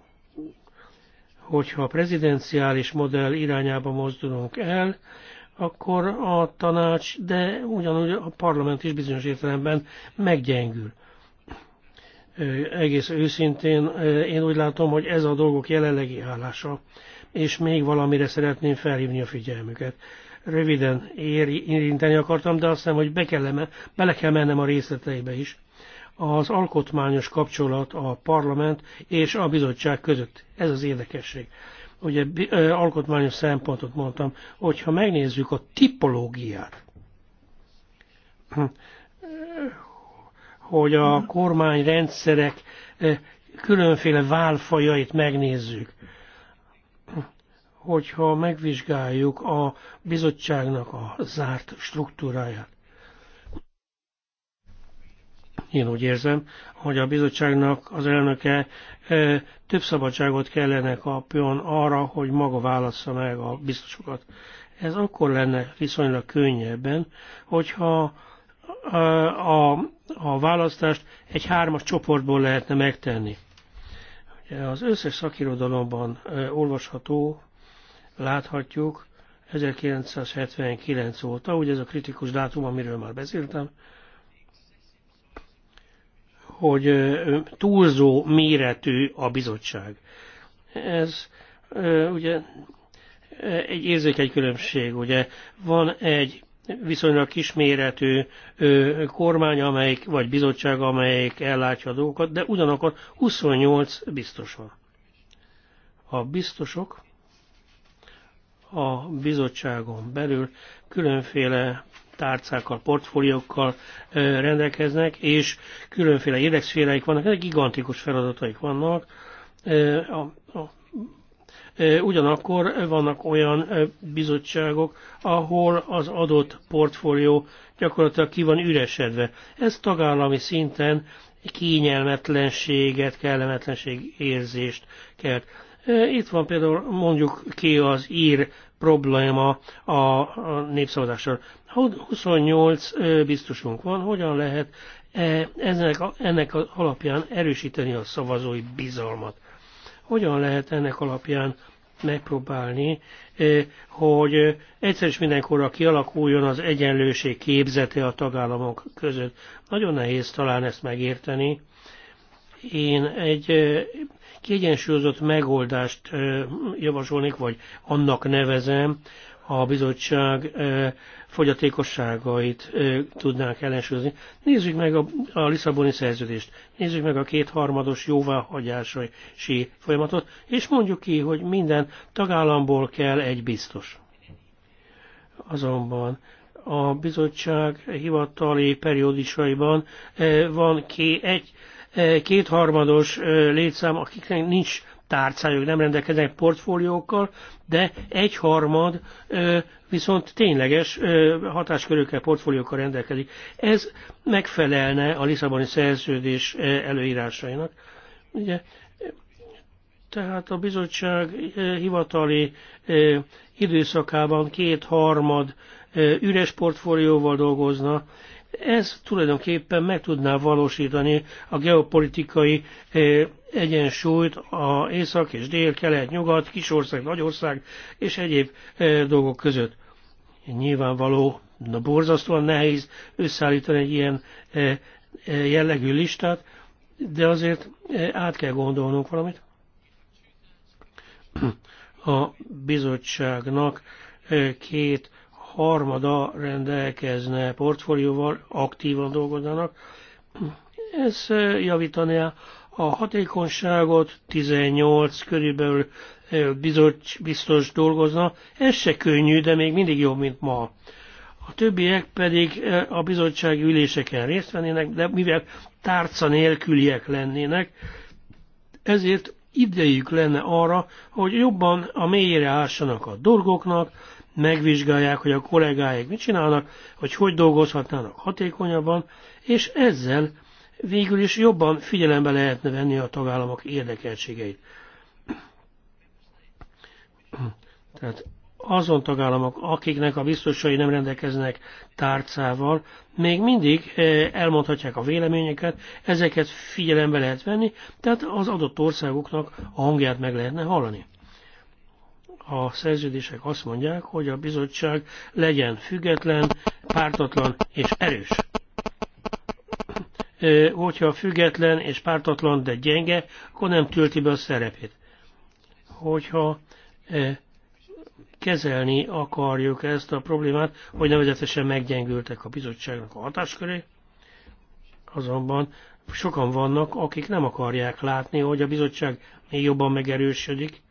hogyha a prezidenciális modell irányába mozdulunk el, akkor a tanács, de ugyanúgy a parlament is bizonyos értelemben meggyengül. Egész őszintén én úgy látom, hogy ez a dolgok jelenlegi állása, és még valamire szeretném felhívni a figyelmüket. Röviden érinteni akartam, de azt hiszem, hogy be kell, bele kell mennem a részleteibe is az alkotmányos kapcsolat a parlament és a bizottság között. Ez az érdekesség. Ugye alkotmányos szempontot mondtam, hogyha megnézzük a tipológiát, hogy a kormányrendszerek különféle válfajait megnézzük, hogyha megvizsgáljuk a bizottságnak a zárt struktúráját, én úgy érzem, hogy a bizottságnak az elnöke több szabadságot kellene kapjon arra, hogy maga válassza meg a biztosokat. Ez akkor lenne viszonylag könnyebben, hogyha a, a választást egy hármas csoportból lehetne megtenni. Az összes szakirodalomban olvasható, láthatjuk, 1979 óta, ugye ez a kritikus dátum, amiről már beszéltem, hogy túlzó méretű a bizottság. Ez ugye egy érzékeny különbség, ugye van egy viszonylag kisméretű kormány, amelyik, vagy bizottság, amelyik ellátja a dolgokat, de ugyanakkor 28 biztos van. A biztosok a bizottságon belül különféle tárcákkal, portfóliókkal rendelkeznek, és különféle érdekszféreik vannak, ezek gigantikus feladataik vannak. Ugyanakkor vannak olyan bizottságok, ahol az adott portfólió gyakorlatilag ki van üresedve. Ez tagállami szinten kényelmetlenséget, kellemetlenség érzést kelt. Itt van például mondjuk ki az ír probléma a népszavazással. 28 biztosunk van, hogyan lehet e, ennek, ennek alapján erősíteni a szavazói bizalmat. Hogyan lehet ennek alapján megpróbálni, hogy egyszer is mindenkorra kialakuljon az egyenlőség képzete a tagállamok között. Nagyon nehéz talán ezt megérteni, én egy kiegyensúlyozott megoldást javasolnék, vagy annak nevezem, a bizottság fogyatékosságait tudnánk ellensúlyozni. Nézzük meg a, a Lisszaboni szerződést, nézzük meg a kétharmados jóváhagyási folyamatot, és mondjuk ki, hogy minden tagállamból kell egy biztos. Azonban a bizottság hivatali periódisaiban van ki egy E, kétharmados e, létszám, akiknek nincs tárcájuk, nem rendelkeznek portfóliókkal, de egyharmad e, viszont tényleges hatáskörökkel, portfóliókkal rendelkezik. Ez megfelelne a Lisszaboni szerződés előírásainak. Ugye, tehát a bizottság hivatali időszakában kétharmad üres portfólióval dolgozna, ez tulajdonképpen meg tudná valósítani a geopolitikai eh, egyensúlyt a észak és dél, kelet, nyugat, kisország, nagyország és egyéb eh, dolgok között. Nyilvánvaló, na borzasztóan nehéz összeállítani egy ilyen eh, jellegű listát, de azért át kell gondolnunk valamit. A bizottságnak két harmada rendelkezne portfólióval, aktívan dolgoznának. Ez javítaná a hatékonyságot, 18 körülbelül biztos, biztos dolgozna. Ez se könnyű, de még mindig jobb, mint ma. A többiek pedig a bizottsági üléseken részt vennének, de mivel tárca nélküliek lennének, ezért idejük lenne arra, hogy jobban a mélyére ássanak a dolgoknak, megvizsgálják, hogy a kollégáik mit csinálnak, hogy hogy dolgozhatnának hatékonyabban, és ezzel végül is jobban figyelembe lehetne venni a tagállamok érdekeltségeit. Tehát azon tagállamok, akiknek a biztosai nem rendelkeznek tárcával, még mindig eh, elmondhatják a véleményeket, ezeket figyelembe lehet venni, tehát az adott országoknak a hangját meg lehetne hallani a szerződések azt mondják, hogy a bizottság legyen független, pártatlan és erős. Hogyha független és pártatlan, de gyenge, akkor nem tölti be a szerepét. Hogyha kezelni akarjuk ezt a problémát, hogy nevezetesen meggyengültek a bizottságnak a hatásköré, azonban sokan vannak, akik nem akarják látni, hogy a bizottság még jobban megerősödik,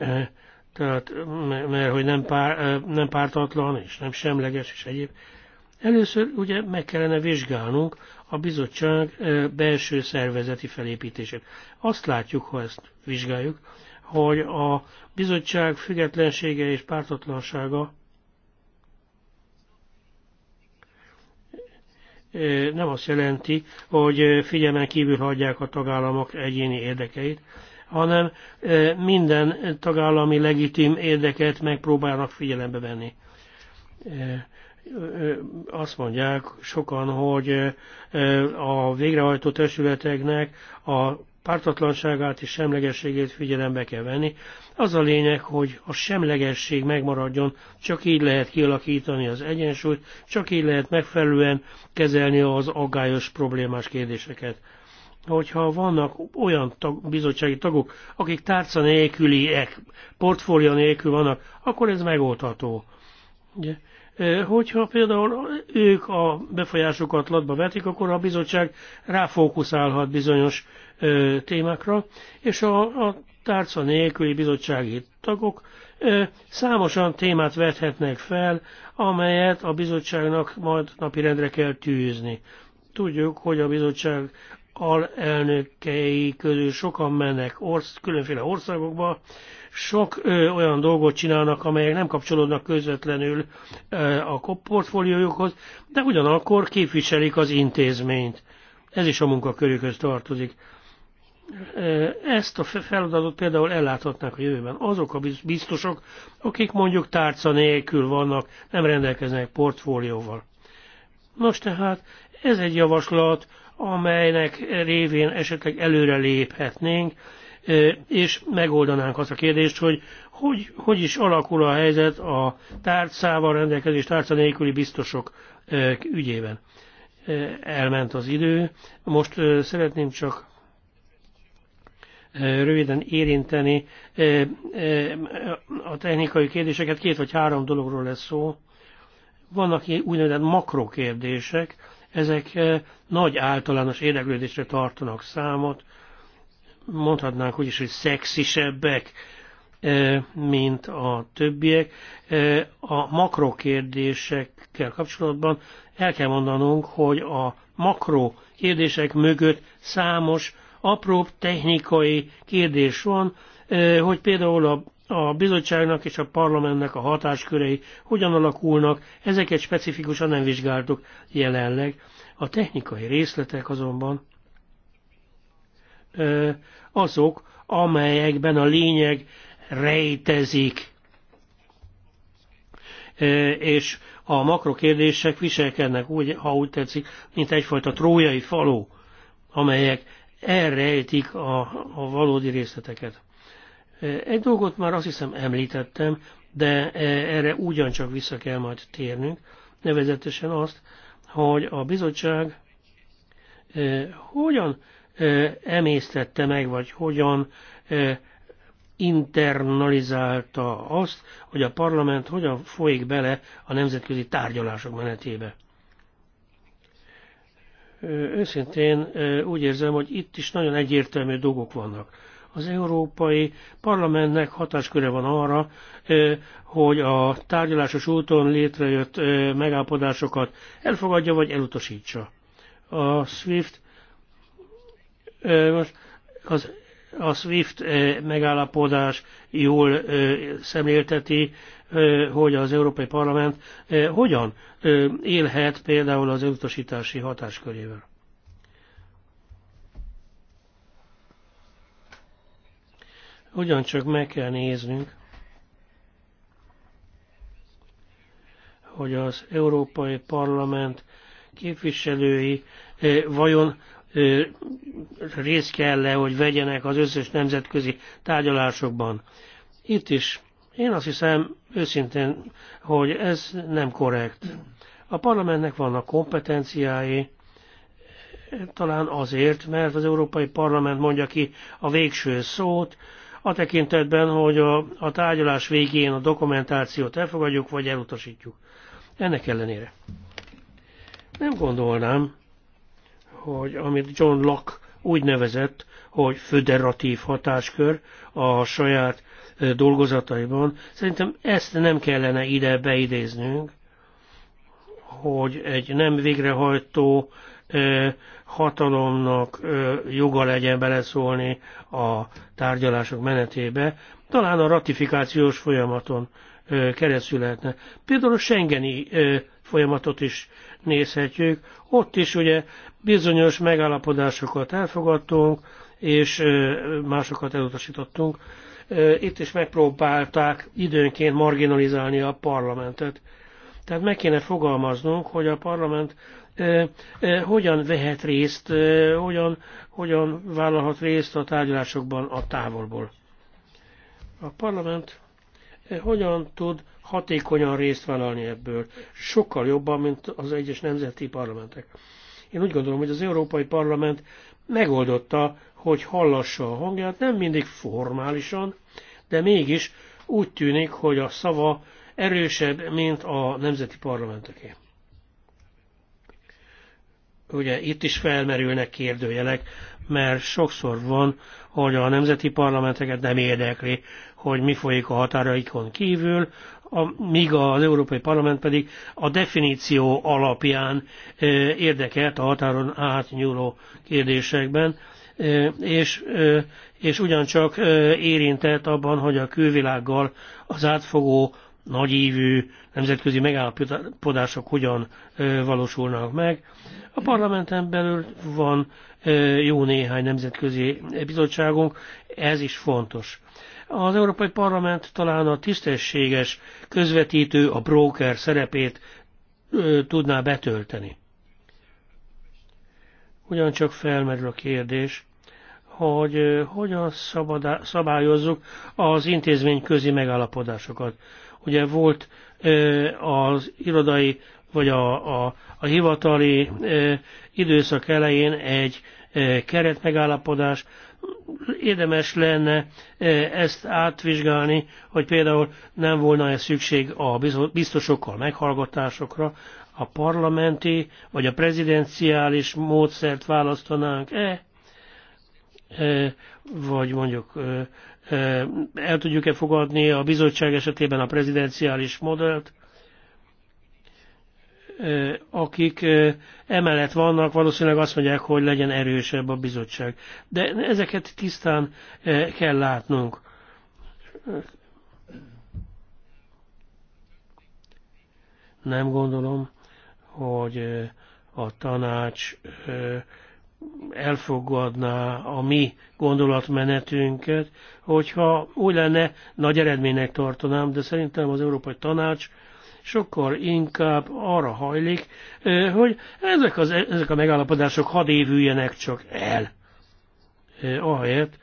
E, tehát, mert hogy nem, pár, e, nem pártatlan és nem semleges és egyéb. Először ugye meg kellene vizsgálnunk a bizottság e, belső szervezeti felépítését. Azt látjuk, ha ezt vizsgáljuk, hogy a bizottság függetlensége és pártatlansága nem azt jelenti, hogy figyelmen kívül hagyják a tagállamok egyéni érdekeit, hanem minden tagállami legitim érdeket megpróbálnak figyelembe venni. Azt mondják sokan, hogy a végrehajtó testületeknek a pártatlanságát és semlegességét figyelembe kell venni. Az a lényeg, hogy a semlegesség megmaradjon, csak így lehet kialakítani az egyensúlyt, csak így lehet megfelelően kezelni az aggályos problémás kérdéseket hogyha vannak olyan tag, bizottsági tagok, akik tárca nélküliek, portfólia nélkül vannak, akkor ez megoldható. Ugye? Hogyha például ők a befolyásokat latba vetik, akkor a bizottság ráfókuszálhat bizonyos ö, témákra, és a, a tárca nélküli bizottsági tagok ö, számosan témát vethetnek fel, amelyet a bizottságnak majd napirendre kell tűzni tudjuk, hogy a bizottság alelnökei közül sokan mennek orsz, különféle országokba, sok ö, olyan dolgot csinálnak, amelyek nem kapcsolódnak közvetlenül ö, a portfóliójukhoz, de ugyanakkor képviselik az intézményt. Ez is a munkakörükhöz tartozik. Ezt a feladatot például elláthatnák a jövőben azok a biztosok, akik mondjuk tárca nélkül vannak, nem rendelkeznek portfólióval. Nos tehát, ez egy javaslat, amelynek révén esetleg előre léphetnénk, és megoldanánk azt a kérdést, hogy hogy, hogy is alakul a helyzet a tárcával rendelkezés, tárca nélküli biztosok ügyében. Elment az idő. Most szeretném csak röviden érinteni a technikai kérdéseket. Két vagy három dologról lesz szó. Vannak úgynevezett makrokérdések, ezek eh, nagy általános érdeklődésre tartanak számot, mondhatnánk úgyis, hogy szexisebbek, eh, mint a többiek. Eh, a makrokérdésekkel kapcsolatban el kell mondanunk, hogy a makro kérdések mögött számos apró technikai kérdés van, hogy például a a bizottságnak és a parlamentnek a hatáskörei hogyan alakulnak, ezeket specifikusan nem vizsgáltuk jelenleg. A technikai részletek azonban azok, amelyekben a lényeg rejtezik, és a makrokérdések viselkednek úgy, ha úgy tetszik, mint egyfajta trójai faló, amelyek elrejtik a, a valódi részleteket. Egy dolgot már azt hiszem említettem, de e, erre ugyancsak vissza kell majd térnünk, nevezetesen azt, hogy a bizottság e, hogyan e, emésztette meg, vagy hogyan internalizálta azt, hogy a parlament hogyan folyik bele a nemzetközi tárgyalások menetébe. Őszintén úgy érzem, hogy itt is nagyon egyértelmű dolgok vannak. Az Európai Parlamentnek hatásköre van arra, hogy a tárgyalásos úton létrejött megállapodásokat elfogadja vagy elutasítsa. A SWIFT most az a SWIFT megállapodás jól szemlélteti, hogy az Európai Parlament hogyan élhet például az elutasítási hatáskörével. ugyancsak meg kell néznünk, hogy az Európai Parlament képviselői eh, vajon eh, részt kell le, hogy vegyenek az összes nemzetközi tárgyalásokban. Itt is én azt hiszem őszintén, hogy ez nem korrekt. A parlamentnek vannak kompetenciái, eh, talán azért, mert az Európai Parlament mondja ki a végső szót, a tekintetben, hogy a, a tárgyalás végén a dokumentációt elfogadjuk, vagy elutasítjuk. Ennek ellenére. Nem gondolnám, hogy amit John Locke úgy nevezett, hogy föderatív hatáskör a saját dolgozataiban, szerintem ezt nem kellene ide beidéznünk, hogy egy nem végrehajtó hatalomnak joga legyen beleszólni a tárgyalások menetébe, talán a ratifikációs folyamaton keresztül lehetne. Például a Schengeni folyamatot is nézhetjük. Ott is ugye bizonyos megállapodásokat elfogadtunk, és másokat elutasítottunk. Itt is megpróbálták időnként marginalizálni a parlamentet. Tehát meg kéne fogalmaznunk, hogy a parlament hogyan vehet részt, hogyan, hogyan vállalhat részt a tárgyalásokban a távolból. A parlament hogyan tud hatékonyan részt vállalni ebből, sokkal jobban, mint az egyes nemzeti parlamentek. Én úgy gondolom, hogy az Európai Parlament megoldotta, hogy hallassa a hangját, nem mindig formálisan, de mégis úgy tűnik, hogy a szava erősebb, mint a nemzeti parlamenteké ugye itt is felmerülnek kérdőjelek, mert sokszor van, hogy a nemzeti parlamenteket nem érdekli, hogy mi folyik a határaikon kívül, a, míg az Európai Parlament pedig a definíció alapján e, érdekelt a határon átnyúló kérdésekben, e, és, e, és ugyancsak e, érintett abban, hogy a külvilággal az átfogó nagyívű nemzetközi megállapodások hogyan valósulnak meg. A parlamenten belül van jó néhány nemzetközi bizottságunk, ez is fontos. Az Európai Parlament talán a tisztességes közvetítő, a broker szerepét tudná betölteni. Ugyancsak felmerül a kérdés, hogy hogyan szabályozzuk az intézményközi megállapodásokat. Ugye volt az irodai vagy a, a, a hivatali időszak elején egy keretmegállapodás. Érdemes lenne ezt átvizsgálni, hogy például nem volna-e szükség a biztosokkal meghallgatásokra, a parlamenti vagy a prezidenciális módszert választanánk-e, vagy mondjuk el tudjuk-e fogadni a bizottság esetében a prezidenciális modellt, akik emellett vannak, valószínűleg azt mondják, hogy legyen erősebb a bizottság. De ezeket tisztán kell látnunk. Nem gondolom, hogy a tanács elfogadná a mi gondolatmenetünket, hogyha úgy lenne, nagy eredménynek tartanám, de szerintem az Európai Tanács sokkal inkább arra hajlik, hogy ezek, az, ezek a megállapodások hadd évüljenek csak el. Ahelyett,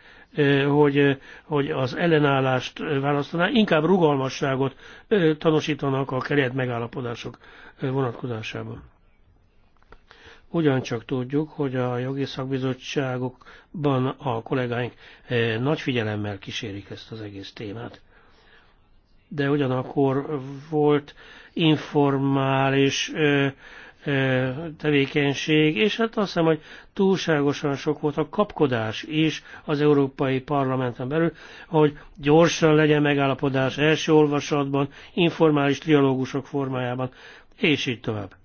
hogy, hogy az ellenállást választaná, inkább rugalmasságot tanúsítanak a keret megállapodások vonatkozásában. Ugyancsak tudjuk, hogy a jogi szakbizottságokban a kollégáink eh, nagy figyelemmel kísérik ezt az egész témát. De ugyanakkor volt informális eh, eh, tevékenység, és hát azt hiszem, hogy túlságosan sok volt a kapkodás is az Európai Parlamenten belül, hogy gyorsan legyen megállapodás első olvasatban, informális trialógusok formájában, és így tovább.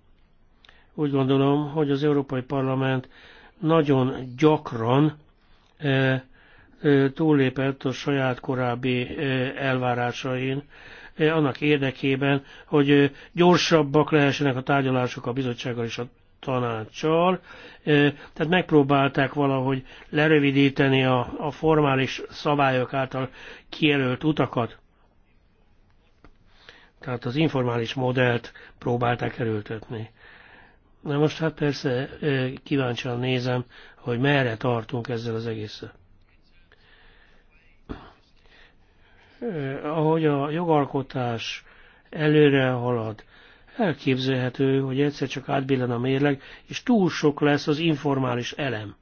Úgy gondolom, hogy az Európai Parlament nagyon gyakran eh, eh, túllépett a saját korábbi eh, elvárásain, annak érdekében, hogy gyorsabbak lehessenek a tárgyalások a bizottsággal és a tanácssal. Tehát megpróbálták valahogy lerövidíteni a, a formális szabályok által kijelölt utakat. Tehát az informális modellt próbálták erőltetni. Na most hát persze kíváncsian nézem, hogy merre tartunk ezzel az egésszel. Ahogy a jogalkotás előre halad, elképzelhető, hogy egyszer csak átbillen a mérleg, és túl sok lesz az informális elem.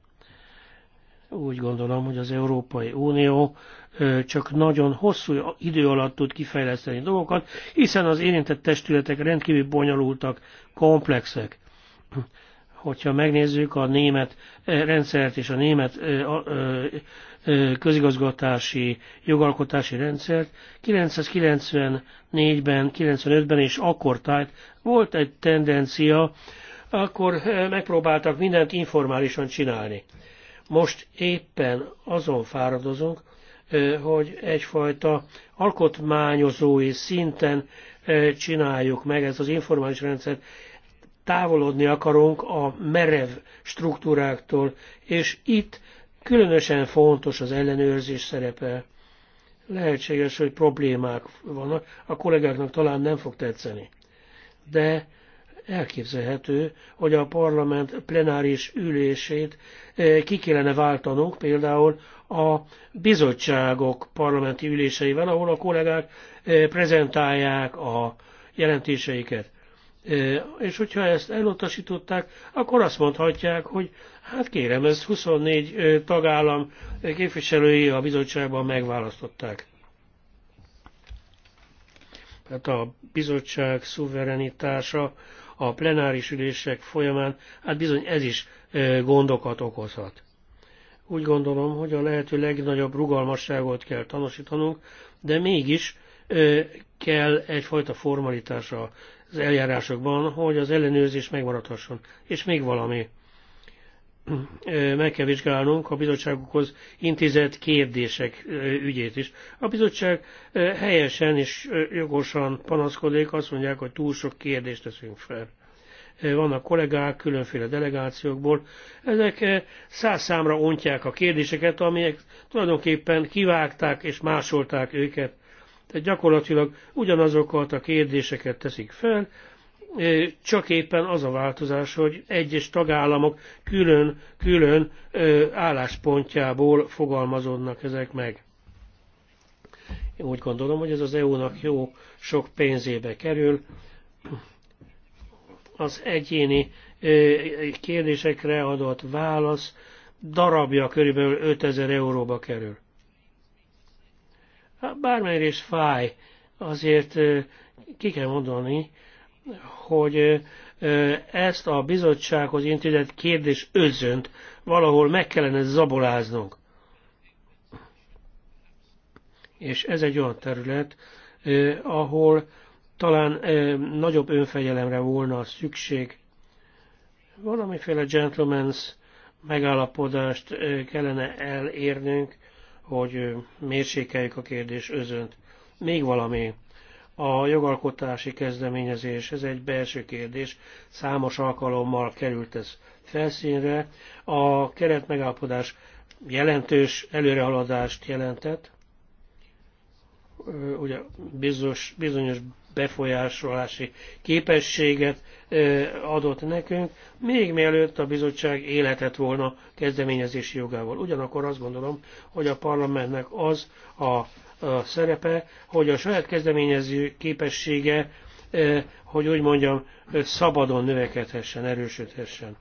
Úgy gondolom, hogy az Európai Unió csak nagyon hosszú idő alatt tud kifejleszteni dolgokat, hiszen az érintett testületek rendkívül bonyolultak, komplexek Hogyha megnézzük a német eh, rendszert és a német eh, eh, közigazgatási, jogalkotási rendszert, 994-ben, 95-ben és akkor tájt volt egy tendencia, akkor megpróbáltak mindent informálisan csinálni. Most éppen azon fáradozunk, hogy egyfajta alkotmányozói szinten csináljuk meg ezt az informális rendszert, távolodni akarunk a merev struktúráktól, és itt különösen fontos az ellenőrzés szerepe. Lehetséges, hogy problémák vannak, a kollégáknak talán nem fog tetszeni. De elképzelhető, hogy a parlament plenáris ülését eh, ki kellene váltanunk például a bizottságok parlamenti üléseivel, ahol a kollégák eh, prezentálják a jelentéseiket. És hogyha ezt elutasították, akkor azt mondhatják, hogy hát kérem, ezt 24 tagállam képviselői a bizottságban megválasztották. Tehát a bizottság szuverenitása a plenáris ülések folyamán, hát bizony ez is gondokat okozhat. Úgy gondolom, hogy a lehető legnagyobb rugalmasságot kell tanúsítanunk, de mégis kell egyfajta formalitásra az eljárásokban, hogy az ellenőrzés megmaradhasson. És még valami. Meg kell vizsgálnunk a bizottságokhoz intézett kérdések ügyét is. A bizottság helyesen és jogosan panaszkodik, azt mondják, hogy túl sok kérdést teszünk fel vannak kollégák különféle delegációkból, ezek száz számra ontják a kérdéseket, amelyek tulajdonképpen kivágták és másolták őket tehát gyakorlatilag ugyanazokat a kérdéseket teszik fel, csak éppen az a változás, hogy egyes tagállamok külön-külön álláspontjából fogalmazódnak ezek meg. Én úgy gondolom, hogy ez az EU-nak jó sok pénzébe kerül. Az egyéni kérdésekre adott válasz darabja körülbelül 5000 euróba kerül. Hát bármennyire is fáj, azért ki kell mondani, hogy ezt a bizottsághoz intézett kérdés özönt valahol meg kellene zaboláznunk. És ez egy olyan terület, ahol talán nagyobb önfegyelemre volna a szükség. Valamiféle gentleman's megállapodást kellene elérnünk, hogy mérsékeljük a kérdés özönt. Még valami. A jogalkotási kezdeményezés, ez egy belső kérdés, számos alkalommal került ez felszínre. A keretmegállapodás jelentős előrehaladást jelentett, ugye bizonyos, bizonyos befolyásolási képességet adott nekünk, még mielőtt a bizottság életet volna kezdeményezési jogával. Ugyanakkor azt gondolom, hogy a parlamentnek az a a szerepe, hogy a saját kezdeményező képessége, hogy úgy mondjam, szabadon növekedhessen, erősödhessen.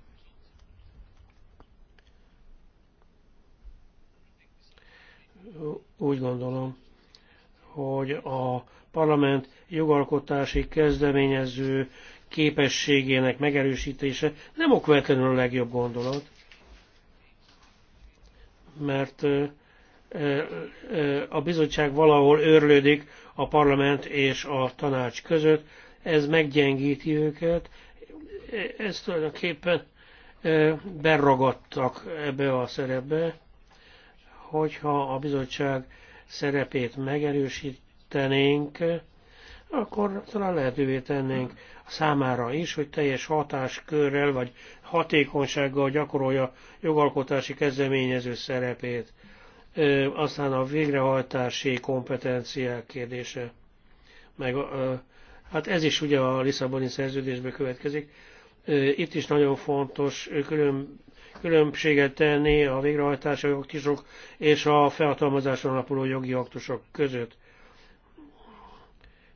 Úgy gondolom, hogy a parlament jogalkotási kezdeményező képességének megerősítése nem okvetlenül a legjobb gondolat, mert a bizottság valahol őrlődik a parlament és a tanács között, ez meggyengíti őket, ez tulajdonképpen berragadtak ebbe a szerepbe, hogyha a bizottság szerepét megerősít, tennénk, akkor talán lehetővé tennénk a számára is, hogy teljes hatáskörrel vagy hatékonysággal gyakorolja jogalkotási kezdeményező szerepét. Aztán a végrehajtási kompetenciák kérdése, meg hát ez is ugye a Lisszaboni szerződésbe következik. Itt is nagyon fontos külön, különbséget tenni a végrehajtási jogtisok és a felhatalmazáson alapuló jogi aktusok között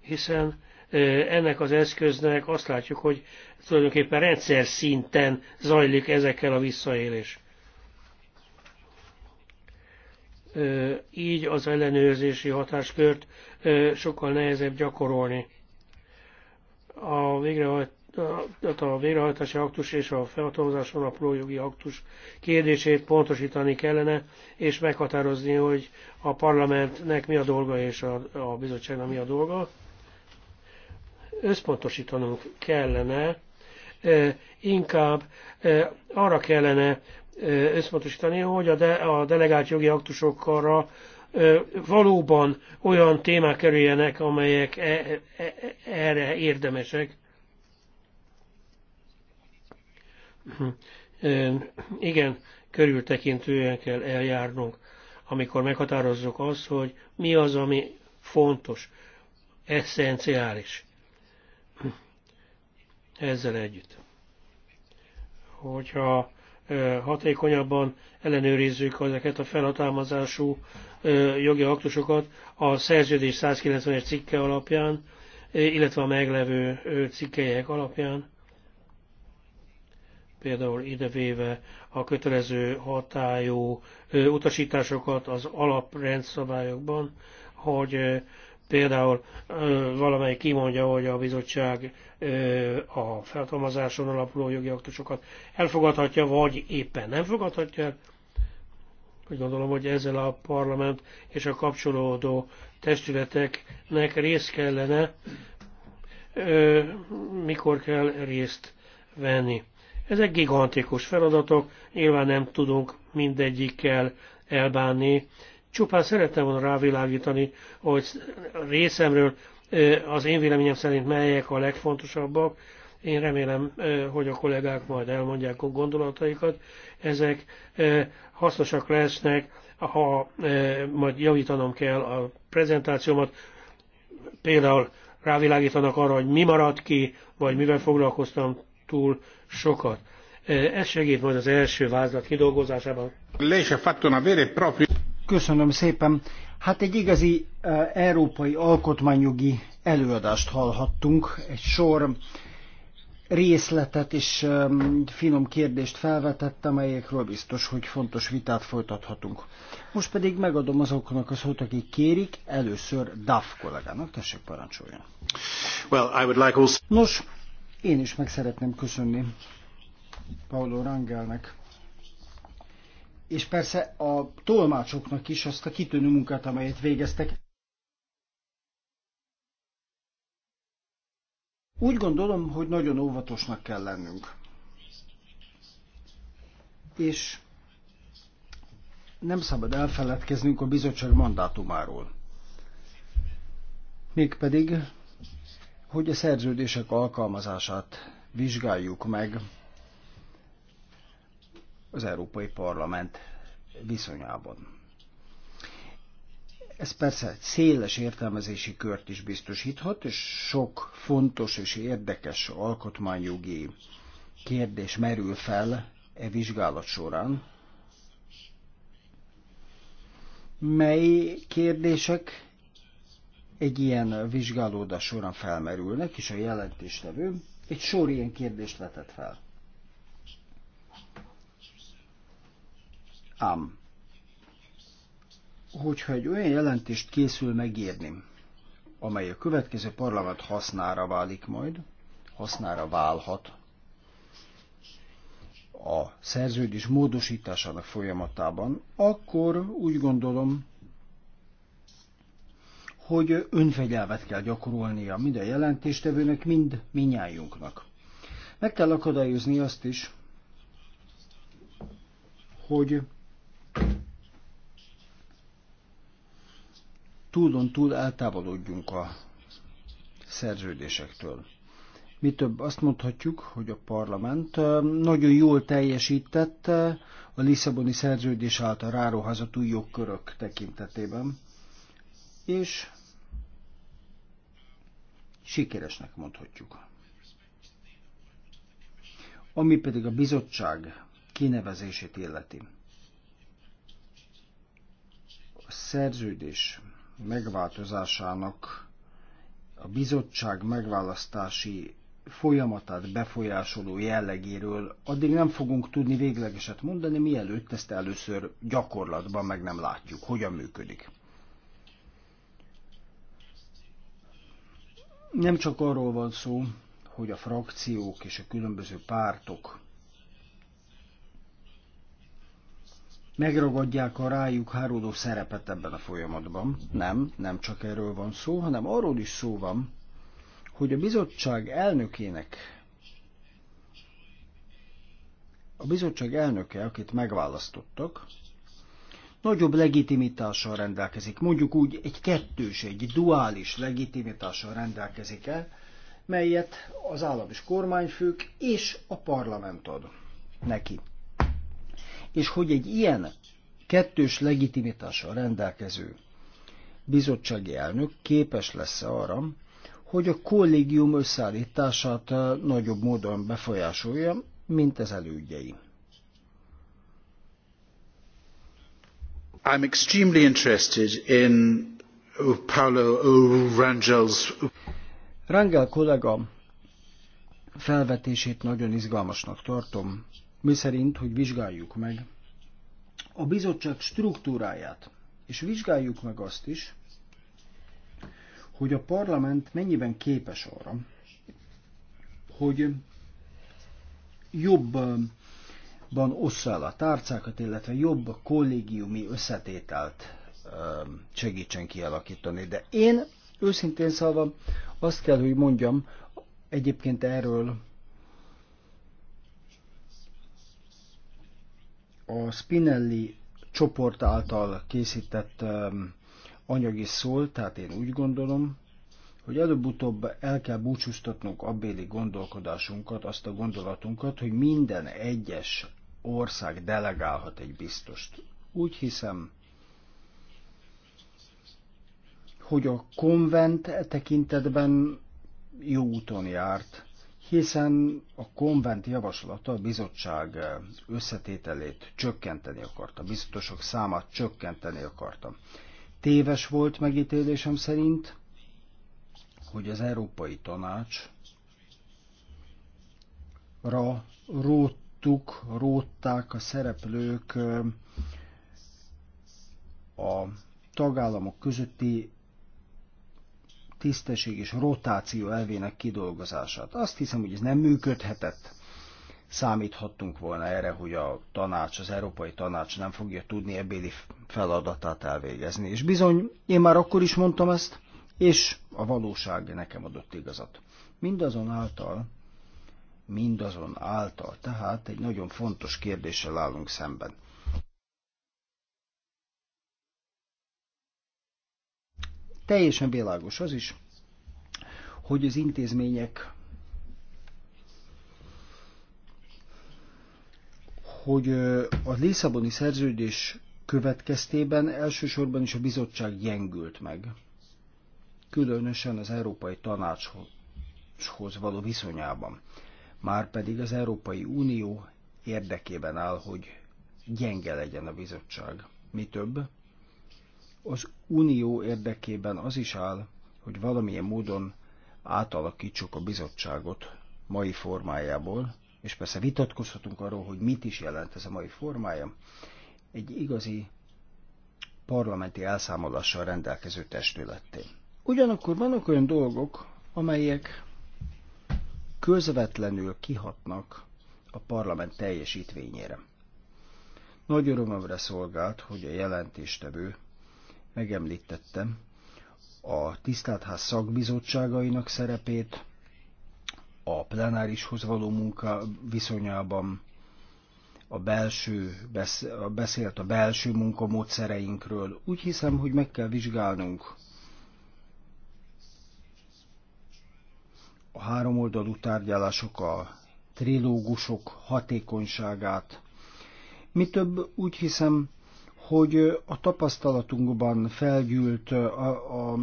hiszen ennek az eszköznek azt látjuk, hogy tulajdonképpen rendszer szinten zajlik ezekkel a visszaélés. Így az ellenőrzési hatáskört sokkal nehezebb gyakorolni. A, végrehajt, a végrehajtási aktus és a felhatalmazáson a jogi aktus kérdését pontosítani kellene, és meghatározni, hogy a parlamentnek mi a dolga és a, a bizottságnak mi a dolga összpontosítanunk kellene, inkább arra kellene összpontosítani, hogy a, de, a delegált jogi aktusokra valóban olyan témák kerüljenek, amelyek e, e, e, erre érdemesek. Igen, körültekintően kell eljárnunk, amikor meghatározzuk azt, hogy mi az, ami fontos, eszenciális ezzel együtt. Hogyha hatékonyabban ellenőrizzük ezeket a felhatalmazású jogi aktusokat a szerződés 190-es cikke alapján, illetve a meglevő cikkelyek alapján, például idevéve a kötelező hatályú utasításokat az alaprendszabályokban, hogy Például valamelyik kimondja, hogy a bizottság a feltalmazáson alapuló jogi aktusokat elfogadhatja, vagy éppen nem fogadhatja. Úgy gondolom, hogy ezzel a parlament és a kapcsolódó testületeknek részt kellene, mikor kell részt venni. Ezek gigantikus feladatok, nyilván nem tudunk mindegyikkel elbánni, Csupán szerettem volna rávilágítani, hogy részemről az én véleményem szerint melyek a legfontosabbak. Én remélem, hogy a kollégák majd elmondják a gondolataikat. Ezek hasznosak lesznek, ha majd javítanom kell a prezentációmat. Például rávilágítanak arra, hogy mi maradt ki, vagy mivel foglalkoztam túl sokat. Ez segít majd az első vázlat kidolgozásában. Lése ci ha fatto Köszönöm szépen. Hát egy igazi e, európai alkotmányjogi előadást hallhattunk, egy sor részletet és e, finom kérdést felvetett, amelyekről biztos, hogy fontos vitát folytathatunk. Most pedig megadom azoknak a szót, akik kérik, először DAF kollégának, tessék parancsoljon. Well, I would like also... Nos, én is meg szeretném köszönni Paulo Rangelnek és persze a tolmácsoknak is azt a kitűnő munkát, amelyet végeztek. Úgy gondolom, hogy nagyon óvatosnak kell lennünk. És nem szabad elfeledkeznünk a bizottság mandátumáról. Mégpedig, hogy a szerződések alkalmazását vizsgáljuk meg az Európai Parlament viszonyában. Ez persze széles értelmezési kört is biztosíthat, és sok fontos és érdekes alkotmányjogi kérdés merül fel e vizsgálat során, mely kérdések egy ilyen vizsgálódás során felmerülnek, és a jelentéstevő egy sor ilyen kérdést vetett fel. Ám, hogyha egy olyan jelentést készül megírni, amely a következő parlament hasznára válik majd, hasznára válhat a szerződés módosításának folyamatában, akkor úgy gondolom, hogy önfegyelmet kell gyakorolnia mind a jelentéstevőnek, mind minnyájunknak. Meg kell akadályozni azt is, hogy túlon túl eltávolodjunk a szerződésektől. Mi több azt mondhatjuk, hogy a parlament nagyon jól teljesített a Lisszaboni szerződés által ráruházatú jogkörök tekintetében, és sikeresnek mondhatjuk. Ami pedig a bizottság kinevezését illeti. A szerződés megváltozásának a bizottság megválasztási folyamatát befolyásoló jellegéről addig nem fogunk tudni véglegeset mondani, mielőtt ezt először gyakorlatban meg nem látjuk, hogyan működik. Nem csak arról van szó, hogy a frakciók és a különböző pártok megragadják a rájuk háruló szerepet ebben a folyamatban. Nem, nem csak erről van szó, hanem arról is szó van, hogy a bizottság elnökének a bizottság elnöke, akit megválasztottak, nagyobb legitimitással rendelkezik, mondjuk úgy egy kettős, egy duális legitimitással rendelkezik el, melyet az állam és kormányfők és a parlament ad neki és hogy egy ilyen kettős legitimitással rendelkező bizottsági elnök képes lesz arra, hogy a kollégium összeállítását eh, nagyobb módon befolyásolja, mint az elődjei. I'm extremely interested in uh, Paolo Rangel's... Rangel kollega felvetését nagyon izgalmasnak tartom, mi szerint, hogy vizsgáljuk meg a bizottság struktúráját, és vizsgáljuk meg azt is, hogy a parlament mennyiben képes arra, hogy jobban ossza el a tárcákat, illetve jobb kollégiumi összetételt segítsen kialakítani. De én őszintén szólva azt kell, hogy mondjam, egyébként erről a Spinelli csoport által készített um, anyag is szól, tehát én úgy gondolom, hogy előbb-utóbb el kell búcsúztatnunk abbéli gondolkodásunkat, azt a gondolatunkat, hogy minden egyes ország delegálhat egy biztost. Úgy hiszem, hogy a konvent tekintetben jó úton járt, hiszen a konvent javaslata a bizottság összetételét csökkenteni akarta, a biztosok számát csökkenteni akarta. Téves volt megítélésem szerint, hogy az Európai Tanács ra róttuk, rótták a szereplők a tagállamok közötti tisztesség és rotáció elvének kidolgozását. Azt hiszem, hogy ez nem működhetett. Számíthattunk volna erre, hogy a tanács, az Európai Tanács nem fogja tudni ebédi feladatát elvégezni. És bizony, én már akkor is mondtam ezt, és a valóság nekem adott igazat. Mindazonáltal, mindazonáltal, tehát egy nagyon fontos kérdéssel állunk szemben. Teljesen világos az is, hogy az intézmények hogy a Lisszaboni szerződés következtében elsősorban is a bizottság gyengült meg. Különösen az Európai Tanácshoz való viszonyában. Márpedig az Európai Unió érdekében áll, hogy gyenge legyen a bizottság. Mi több, az unió érdekében az is áll, hogy valamilyen módon átalakítsuk a bizottságot mai formájából, és persze vitatkozhatunk arról, hogy mit is jelent ez a mai formája, egy igazi parlamenti elszámolással rendelkező testületté. Ugyanakkor vannak olyan dolgok, amelyek közvetlenül kihatnak a parlament teljesítményére. Nagy örömömre szolgált, hogy a jelentéstevő megemlítettem, a tisztátház szakbizottságainak szerepét, a plenárishoz való munka viszonyában, a belső, beszélt a belső munkamódszereinkről. Úgy hiszem, hogy meg kell vizsgálnunk a háromoldalú tárgyalások, a trilógusok hatékonyságát. Mi több, úgy hiszem, hogy a tapasztalatunkban felgyűlt a, a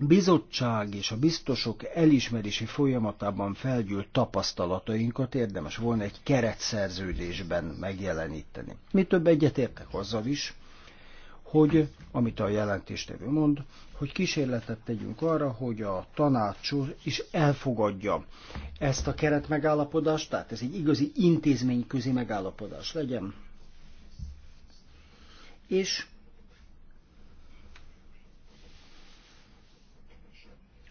bizottság és a biztosok elismerési folyamatában felgyűlt tapasztalatainkat érdemes volna egy keretszerződésben megjeleníteni. Mi több egyetértek azzal is, hogy, amit a jelentéstevő mond, hogy kísérletet tegyünk arra, hogy a tanács is elfogadja ezt a keretmegállapodást, tehát ez egy igazi intézményközi megállapodás legyen, és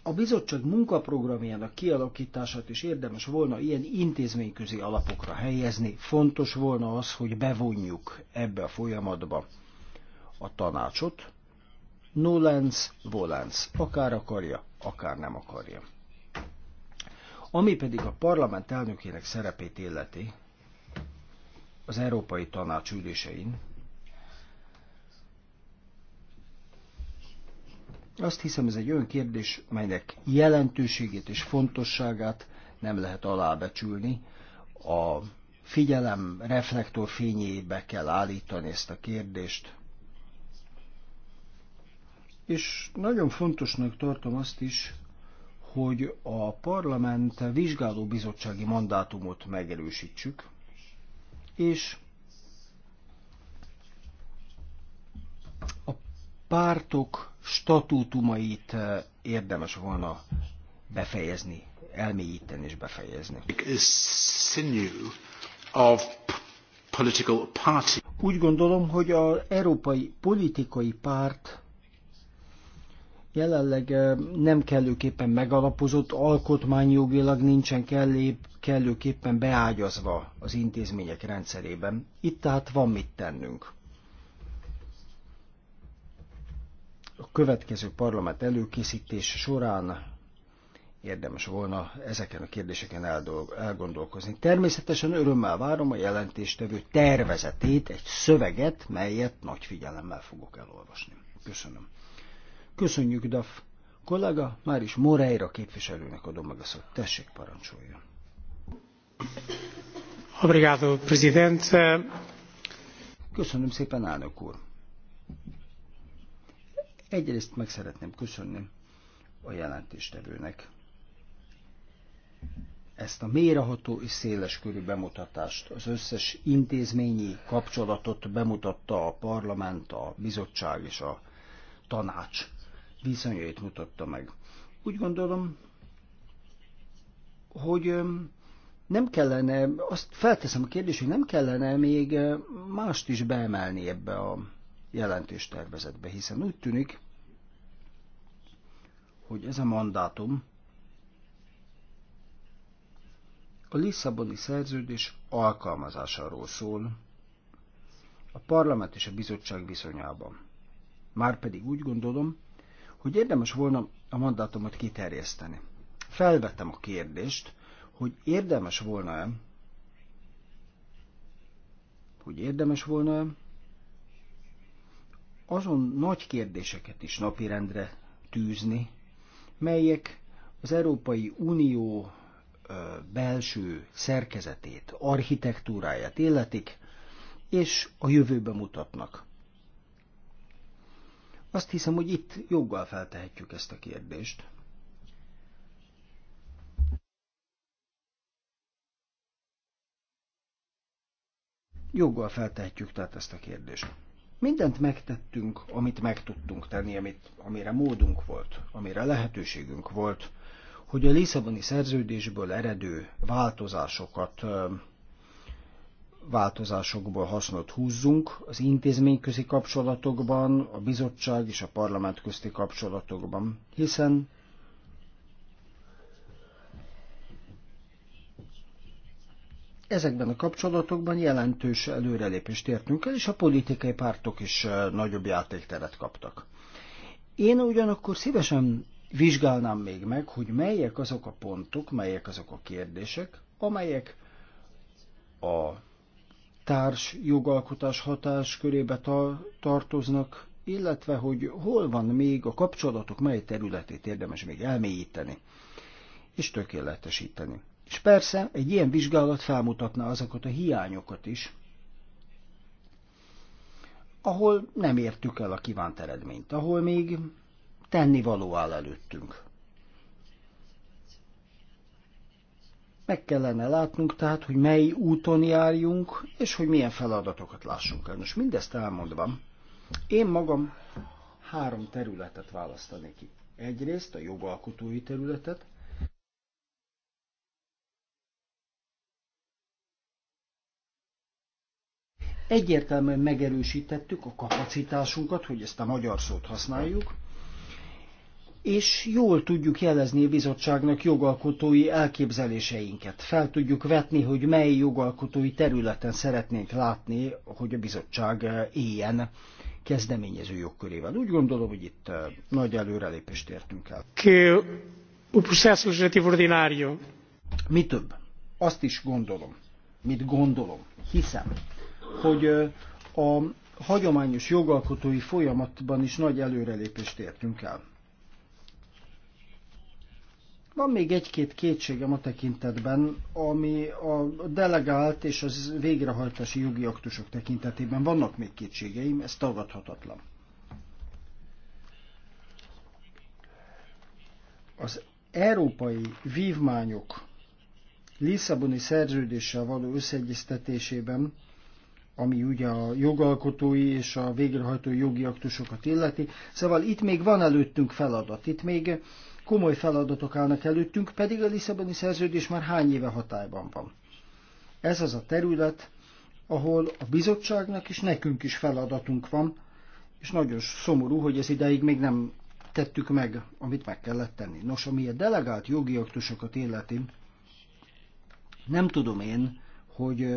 a bizottság munkaprogramjának kialakítását is érdemes volna ilyen intézményközi alapokra helyezni. Fontos volna az, hogy bevonjuk ebbe a folyamatba a tanácsot. Nolens, volens, akár akarja, akár nem akarja. Ami pedig a parlament elnökének szerepét illeti, az Európai Tanács ülésein, Azt hiszem, ez egy olyan kérdés, melynek jelentőségét és fontosságát nem lehet alábecsülni. A figyelem reflektor fényébe kell állítani ezt a kérdést. És nagyon fontosnak tartom azt is, hogy a parlament vizsgáló bizottsági mandátumot megerősítsük, és a pártok statútumait eh, érdemes volna befejezni, elmélyíteni és befejezni. Úgy gondolom, hogy az európai politikai párt jelenleg eh, nem kellőképpen megalapozott, alkotmányjogilag nincsen kellé, kellőképpen beágyazva az intézmények rendszerében. Itt tehát van mit tennünk. a következő parlament előkészítés során érdemes volna ezeken a kérdéseken elgondolkozni. Természetesen örömmel várom a jelentéstevő tervezetét, egy szöveget, melyet nagy figyelemmel fogok elolvasni. Köszönöm. Köszönjük, Daf. Kollega, már is Moreira képviselőnek adom meg a szót. Tessék, parancsoljon. Obrigado, presidente. Köszönöm szépen, elnök úr. Egyrészt meg szeretném köszönni a jelentéstevőnek ezt a méreható és széles körű bemutatást, az összes intézményi kapcsolatot bemutatta a parlament, a bizottság és a tanács viszonyait mutatta meg. Úgy gondolom, hogy nem kellene, azt felteszem a kérdést, hogy nem kellene még mást is beemelni ebbe a jelentéstervezetbe, hiszen úgy tűnik, hogy ez a mandátum a Lisszaboni szerződés alkalmazásáról szól a parlament és a bizottság viszonyában. Márpedig úgy gondolom, hogy érdemes volna a mandátumot kiterjeszteni. Felvettem a kérdést, hogy érdemes volna-e, hogy érdemes volna -e azon nagy kérdéseket is napirendre tűzni, melyek az Európai Unió belső szerkezetét, architektúráját illetik, és a jövőbe mutatnak. Azt hiszem, hogy itt joggal feltehetjük ezt a kérdést. Joggal feltehetjük tehát ezt a kérdést. Mindent megtettünk, amit meg tudtunk tenni, amit, amire módunk volt, amire lehetőségünk volt, hogy a Lisszaboni szerződésből eredő változásokat változásokból hasznot húzzunk az intézményközi kapcsolatokban, a bizottság és a parlament közti kapcsolatokban, hiszen Ezekben a kapcsolatokban jelentős előrelépést értünk el, és a politikai pártok is nagyobb játékteret kaptak. Én ugyanakkor szívesen vizsgálnám még meg, hogy melyek azok a pontok, melyek azok a kérdések, amelyek a társ jogalkotás hatás körébe ta- tartoznak, illetve hogy hol van még a kapcsolatok, mely területét érdemes még elmélyíteni és tökéletesíteni. És persze egy ilyen vizsgálat felmutatná azokat a hiányokat is, ahol nem értük el a kívánt eredményt, ahol még tennivaló áll előttünk. Meg kellene látnunk tehát, hogy mely úton járjunk, és hogy milyen feladatokat lássunk el. Most mindezt elmondva, én magam három területet választanék ki. Egyrészt a jogalkotói területet, Egyértelműen megerősítettük a kapacitásunkat, hogy ezt a magyar szót használjuk, és jól tudjuk jelezni a bizottságnak jogalkotói elképzeléseinket. Fel tudjuk vetni, hogy mely jogalkotói területen szeretnénk látni, hogy a bizottság éljen kezdeményező jogkörével. Úgy gondolom, hogy itt eh, nagy előrelépést értünk el. Mi több? Azt is gondolom, mit gondolom, hiszem, hogy a hagyományos jogalkotói folyamatban is nagy előrelépést értünk el. Van még egy-két kétségem a tekintetben, ami a delegált és az végrehajtási jogi aktusok tekintetében vannak még kétségeim, ez tagadhatatlan. Az európai vívmányok Lisszaboni szerződéssel való összeegyeztetésében ami ugye a jogalkotói és a végrehajtó jogi aktusokat illeti. Szóval itt még van előttünk feladat, itt még komoly feladatok állnak előttünk, pedig a Lisszaboni szerződés már hány éve hatályban van. Ez az a terület, ahol a bizottságnak és nekünk is feladatunk van, és nagyon szomorú, hogy ez ideig még nem tettük meg, amit meg kellett tenni. Nos, ami a delegált jogi aktusokat illeti, nem tudom én, hogy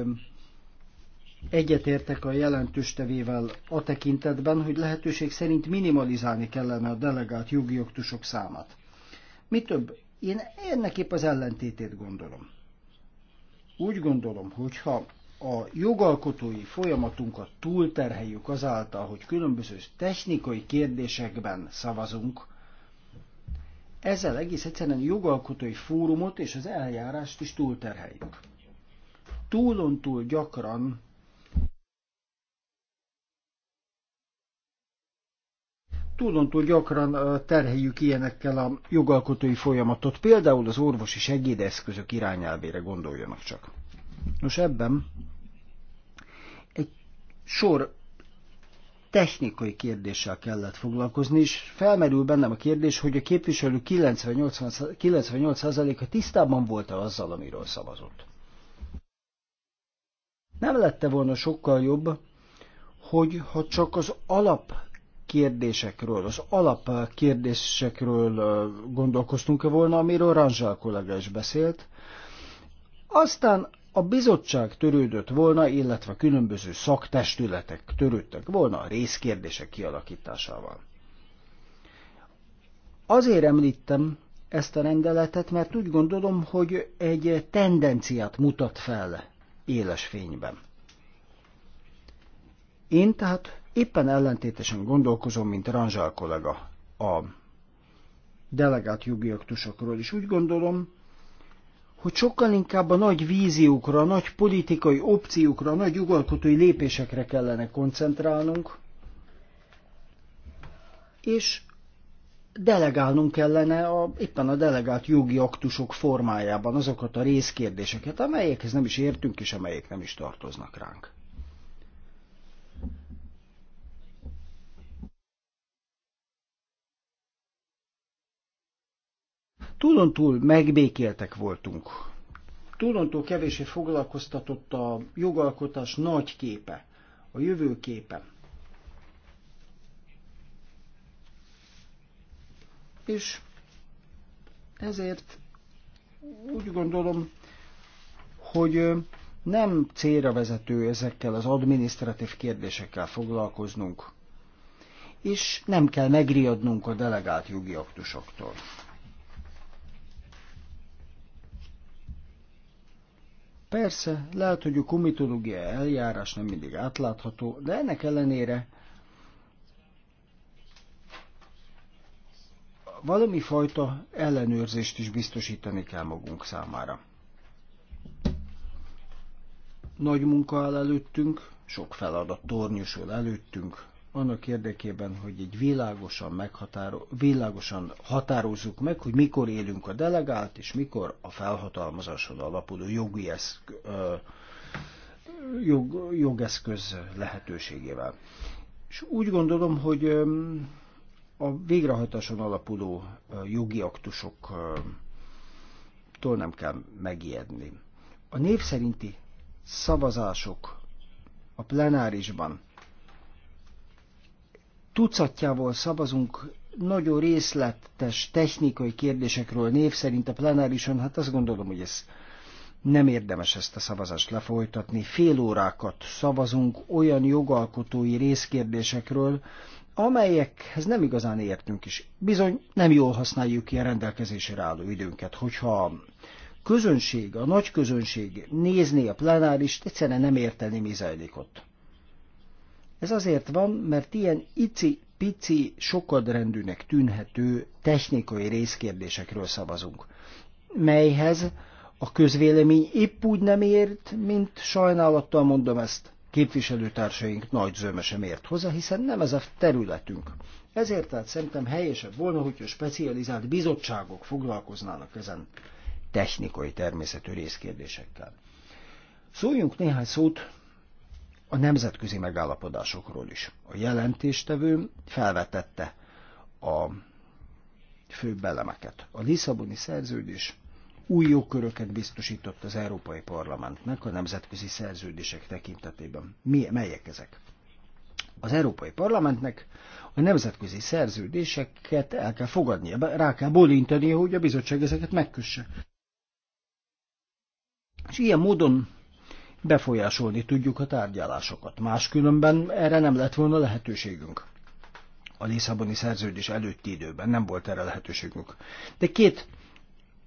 Egyetértek a jelentős tevével a tekintetben, hogy lehetőség szerint minimalizálni kellene a delegált jogi oktusok számát. Mi több, én ennek épp az ellentétét gondolom. Úgy gondolom, hogyha a jogalkotói folyamatunkat túlterheljük azáltal, hogy különböző technikai kérdésekben szavazunk, ezzel egész egyszerűen jogalkotói fórumot és az eljárást is túlterheljük. Túlon túl gyakran túlontúl gyakran terheljük ilyenekkel a jogalkotói folyamatot, például az orvosi segédeszközök irányelvére gondoljanak csak. Nos, ebben egy sor technikai kérdéssel kellett foglalkozni, és felmerül bennem a kérdés, hogy a képviselő 98%-a tisztában volt-e azzal, amiről szavazott. Nem lette volna sokkal jobb, hogy ha csak az alap kérdésekről, az alapkérdésekről gondolkoztunk -e volna, amiről Ranzsál kollega is beszélt. Aztán a bizottság törődött volna, illetve a különböző szaktestületek törődtek volna a részkérdések kialakításával. Azért említem ezt a rendeletet, mert úgy gondolom, hogy egy tendenciát mutat fel éles fényben. Én tehát Éppen ellentétesen gondolkozom, mint Ranzsál kollega a delegált jogi aktusokról, és úgy gondolom, hogy sokkal inkább a nagy víziókra, a nagy politikai opciókra, a nagy jogalkotói lépésekre kellene koncentrálnunk, és delegálnunk kellene a, éppen a delegált jogi aktusok formájában azokat a részkérdéseket, amelyekhez nem is értünk, és amelyek nem is tartoznak ránk. Túlontúl megbékéltek voltunk. Túlontúl kevésé foglalkoztatott a jogalkotás nagy képe, a jövő képe. És ezért úgy gondolom, hogy nem célra vezető ezekkel az adminisztratív kérdésekkel foglalkoznunk, és nem kell megriadnunk a delegált jogi aktusoktól. Persze, lehet, hogy a komitológia eljárás nem mindig átlátható, de ennek ellenére valami fajta ellenőrzést is biztosítani kell magunk számára. Nagy munka áll előttünk, sok feladat tornyosul előttünk, annak érdekében, hogy egy világosan, meghatáro, világosan határozzuk meg, hogy mikor élünk a delegált, és mikor a felhatalmazáson alapuló jogi eszk, jog, jogeszköz lehetőségével. És úgy gondolom, hogy a végrehajtáson alapuló jogi aktusoktól nem kell megijedni. A név szerinti szavazások a plenárisban tucatjával szavazunk nagyon részletes technikai kérdésekről név szerint a plenárison, hát azt gondolom, hogy ez nem érdemes ezt a szavazást lefolytatni. Fél órákat szavazunk olyan jogalkotói részkérdésekről, amelyekhez nem igazán értünk is. Bizony nem jól használjuk ki a rendelkezésre álló időnket, hogyha a közönség, a nagy közönség nézné a plenárist, egyszerűen nem érteni, mi zajlik ott. Ez azért van, mert ilyen ici-pici, sokadrendűnek tűnhető technikai részkérdésekről szavazunk, melyhez a közvélemény épp úgy nem ért, mint sajnálattal mondom ezt, képviselőtársaink nagy zöme sem ért hozzá, hiszen nem ez a területünk. Ezért tehát szerintem helyesebb volna, hogyha specializált bizottságok foglalkoznának ezen technikai természetű részkérdésekkel. Szóljunk néhány szót a nemzetközi megállapodásokról is. A jelentéstevő felvetette a főbb elemeket. A Lisszaboni szerződés új jogköröket biztosított az Európai Parlamentnek a nemzetközi szerződések tekintetében. Mi, melyek ezek? Az Európai Parlamentnek a nemzetközi szerződéseket el kell fogadnia, rá kell bolintani, hogy a bizottság ezeket megkösse. És ilyen módon befolyásolni tudjuk a tárgyalásokat. Máskülönben erre nem lett volna lehetőségünk. A Lisszaboni szerződés előtti időben nem volt erre lehetőségünk. De két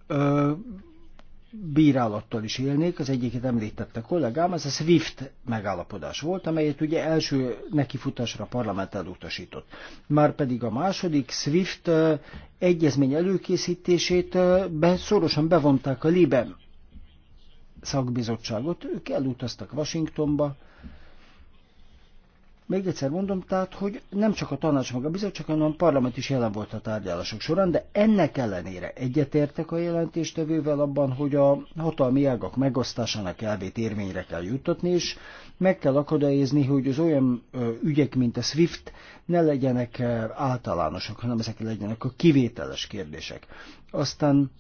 ö, bírálattal is élnék, az egyiket említette kollégám, ez a SWIFT megállapodás volt, amelyet ugye első nekifutásra a parlament elutasított. Már pedig a második SWIFT egyezmény előkészítését be, szorosan bevonták a LIBE szakbizottságot, ők elutaztak Washingtonba. Még egyszer mondom, tehát, hogy nem csak a tanács maga a bizottság, hanem a parlament is jelen volt a tárgyalások során, de ennek ellenére egyetértek a jelentéstevővel abban, hogy a hatalmi ágak megosztásának elvét érvényre kell juttatni, és meg kell akadályozni, hogy az olyan ügyek, mint a SWIFT ne legyenek általánosak, hanem ezek legyenek a kivételes kérdések. Aztán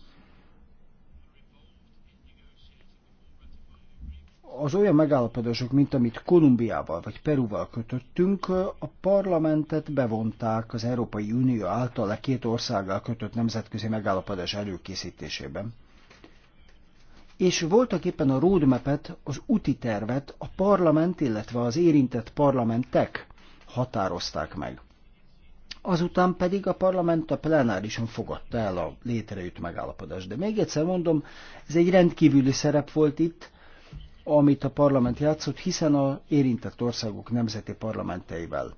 az olyan megállapodások, mint amit Kolumbiával vagy Peruval kötöttünk, a parlamentet bevonták az Európai Unió által a két országgal kötött nemzetközi megállapodás előkészítésében. És voltak éppen a roadmap-et, az úti tervet a parlament, illetve az érintett parlamentek határozták meg. Azután pedig a parlament a plenárison fogadta el a létrejött megállapodást. De még egyszer mondom, ez egy rendkívüli szerep volt itt, amit a parlament játszott, hiszen a érintett országok nemzeti parlamenteivel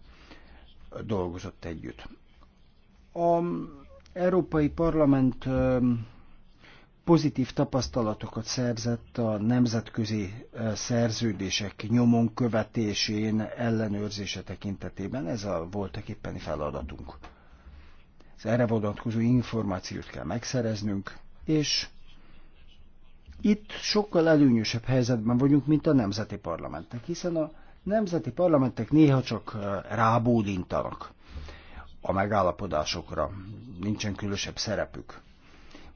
dolgozott együtt. A Európai Parlament pozitív tapasztalatokat szerzett a nemzetközi szerződések nyomon követésén, ellenőrzése tekintetében. Ez a voltak éppeni feladatunk. Az erre vonatkozó információt kell megszereznünk, és itt sokkal előnyösebb helyzetben vagyunk, mint a nemzeti parlamentek, hiszen a nemzeti parlamentek néha csak rábódintanak a megállapodásokra, nincsen különösebb szerepük.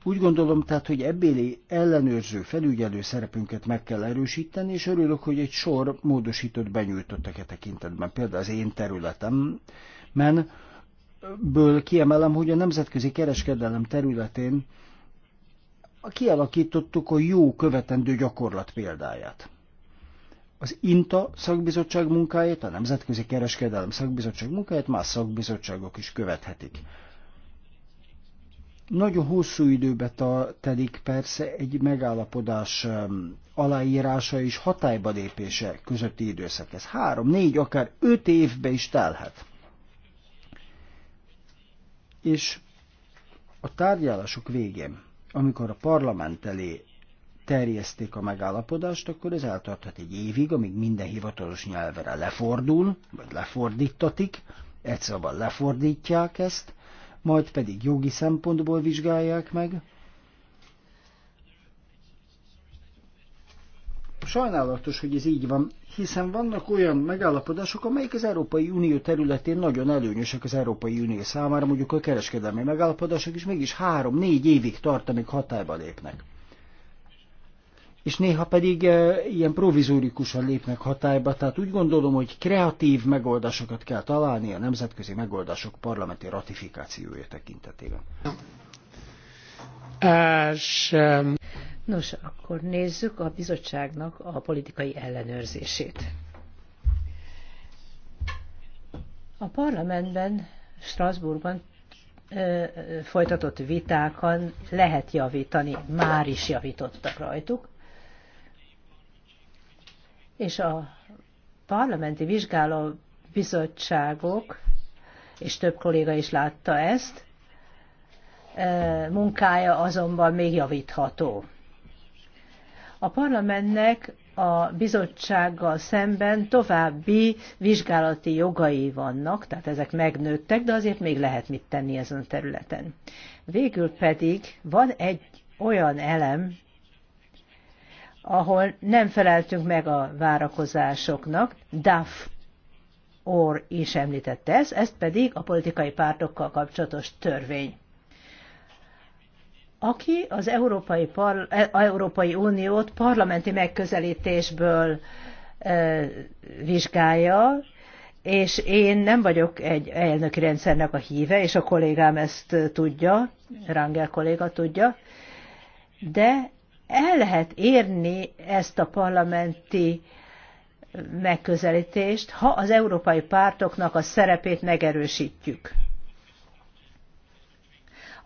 Úgy gondolom tehát, hogy ebbéli ellenőrző, felügyelő szerepünket meg kell erősíteni, és örülök, hogy egy sor módosított benyújtottak e tekintetben. Például az én területemben ből kiemelem, hogy a nemzetközi kereskedelem területén kialakítottuk a jó követendő gyakorlat példáját. Az INTA szakbizottság munkáját, a Nemzetközi Kereskedelem szakbizottság munkáját más szakbizottságok is követhetik. Nagyon hosszú időbe telik persze egy megállapodás aláírása és hatályba lépése közötti időszak. Ez három, négy, akár öt évbe is telhet. És a tárgyalások végén amikor a parlament elé terjeszték a megállapodást, akkor ez eltarthat egy évig, amíg minden hivatalos nyelvre lefordul, vagy lefordítatik, egyszerűen szóval lefordítják ezt, majd pedig jogi szempontból vizsgálják meg, Sajnálatos, hogy ez így van, hiszen vannak olyan megállapodások, amelyek az Európai Unió területén nagyon előnyösek az Európai Unió számára, mondjuk a kereskedelmi megállapodások is mégis három-négy évig tart, amíg hatályba lépnek. És néha pedig e, ilyen provizórikusan lépnek hatályba, tehát úgy gondolom, hogy kreatív megoldásokat kell találni a nemzetközi megoldások parlamenti ratifikációja tekintetében. Sem. Nos, akkor nézzük a bizottságnak a politikai ellenőrzését. A parlamentben, Strasbourgban folytatott vitákon lehet javítani, már is javítottak rajtuk, és a parlamenti vizsgáló bizottságok, és több kolléga is látta ezt, munkája azonban még javítható. A parlamentnek a bizottsággal szemben további vizsgálati jogai vannak, tehát ezek megnőttek, de azért még lehet mit tenni ezen a területen. Végül pedig van egy olyan elem, ahol nem feleltünk meg a várakozásoknak, DAF Or is említette ezt, pedig a politikai pártokkal kapcsolatos törvény aki az Európai, Parla- e, Európai Uniót parlamenti megközelítésből e, vizsgálja, és én nem vagyok egy elnöki rendszernek a híve, és a kollégám ezt tudja, Rangel kolléga tudja, de el lehet érni ezt a parlamenti megközelítést, ha az európai pártoknak a szerepét megerősítjük.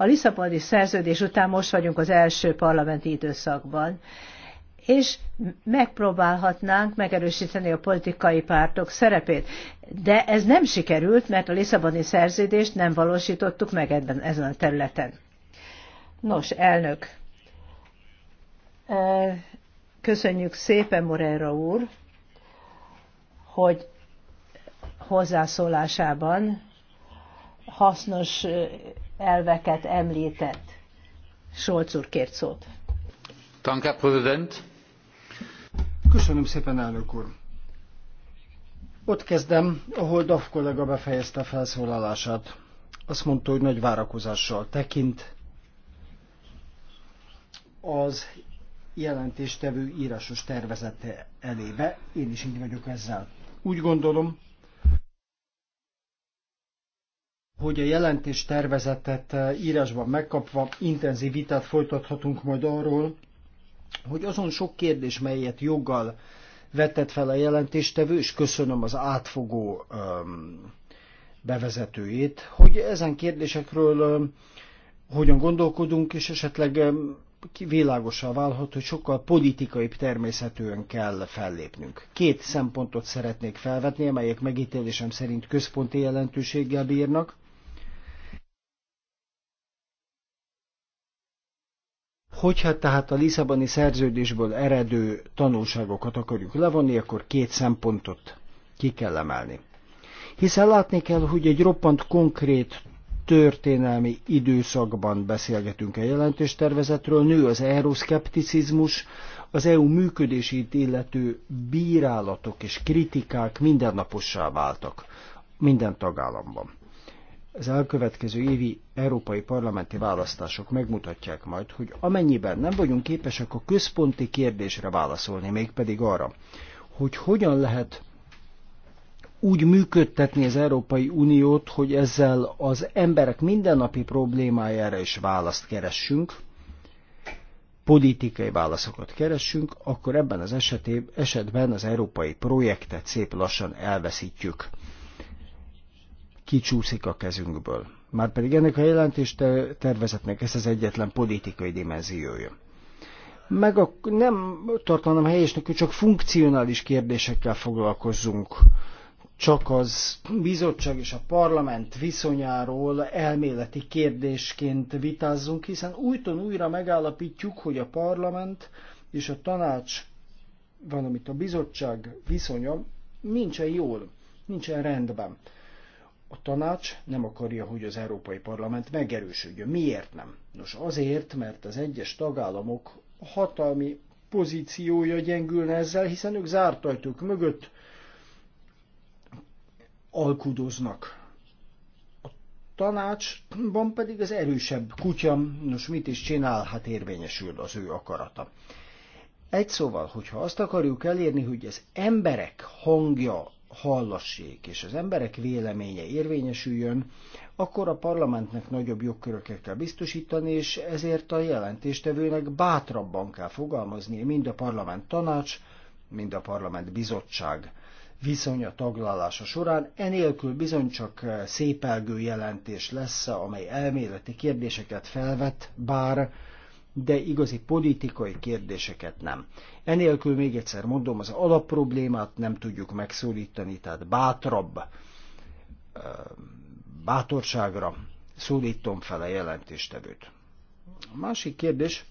A Lisszaboni szerződés után most vagyunk az első parlamenti időszakban, és megpróbálhatnánk megerősíteni a politikai pártok szerepét. De ez nem sikerült, mert a Lisszaboni szerződést nem valósítottuk meg ebben, ezen a területen. Nos, elnök, köszönjük szépen, Morera úr, hogy hozzászólásában hasznos elveket említett. Solc úr kért szót. Tanka, prezident. Köszönöm szépen, elnök úr. Ott kezdem, ahol Dav kollega befejezte felszólalását. Azt mondta, hogy nagy várakozással tekint az jelentéstevő írásos tervezete elébe. Én is így vagyok ezzel. Úgy gondolom, hogy a jelentés tervezetet eh, írásban megkapva intenzív vitát folytathatunk majd arról, hogy azon sok kérdés, melyet joggal vetett fel a jelentéstevő, és köszönöm az átfogó um, bevezetőjét, hogy ezen kérdésekről um, hogyan gondolkodunk, és esetleg um, világosá válhat, hogy sokkal politikai természetűen kell fellépnünk. Két szempontot szeretnék felvetni, amelyek megítélésem szerint központi jelentőséggel bírnak. Hogyha tehát a Lisszaboni szerződésből eredő tanulságokat akarjuk levonni, akkor két szempontot ki kell emelni. Hiszen látni kell, hogy egy roppant konkrét történelmi időszakban beszélgetünk a jelentéstervezetről, nő az euroszkepticizmus, az EU működését illető bírálatok és kritikák mindennapossá váltak minden tagállamban az elkövetkező évi európai parlamenti választások megmutatják majd, hogy amennyiben nem vagyunk képesek a központi kérdésre válaszolni, mégpedig arra, hogy hogyan lehet úgy működtetni az Európai Uniót, hogy ezzel az emberek mindennapi problémájára is választ keressünk, politikai válaszokat keressünk, akkor ebben az esetében, esetben az európai projektet szép lassan elveszítjük kicsúszik a kezünkből. Márpedig ennek a jelentés tervezetnek ez az egyetlen politikai dimenziója. Meg a, nem tartanám helyesnek, hogy csak funkcionális kérdésekkel foglalkozzunk, csak az bizottság és a parlament viszonyáról elméleti kérdésként vitázzunk, hiszen újton újra megállapítjuk, hogy a parlament és a tanács, valamint a bizottság viszonya nincsen jól, nincsen rendben. A tanács nem akarja, hogy az Európai Parlament megerősödjön. Miért nem? Nos, azért, mert az egyes tagállamok hatalmi pozíciója gyengülne ezzel, hiszen ők zárt ajtók mögött alkudoznak. A tanácsban pedig az erősebb kutya, nos mit is csinál, hát érvényesül az ő akarata. Egy szóval, hogyha azt akarjuk elérni, hogy az emberek hangja hallassék, és az emberek véleménye érvényesüljön, akkor a parlamentnek nagyobb jogköröket kell biztosítani, és ezért a jelentéstevőnek bátrabban kell fogalmazni mind a parlament tanács, mind a parlament bizottság viszonya taglalása során, enélkül bizony csak eh, szépelgő jelentés lesz, amely elméleti kérdéseket felvet, bár de igazi politikai kérdéseket nem. Enélkül még egyszer mondom, az alapproblémát nem tudjuk megszólítani, tehát bátrabb, bátorságra szólítom fel a jelentéstevőt. A másik kérdés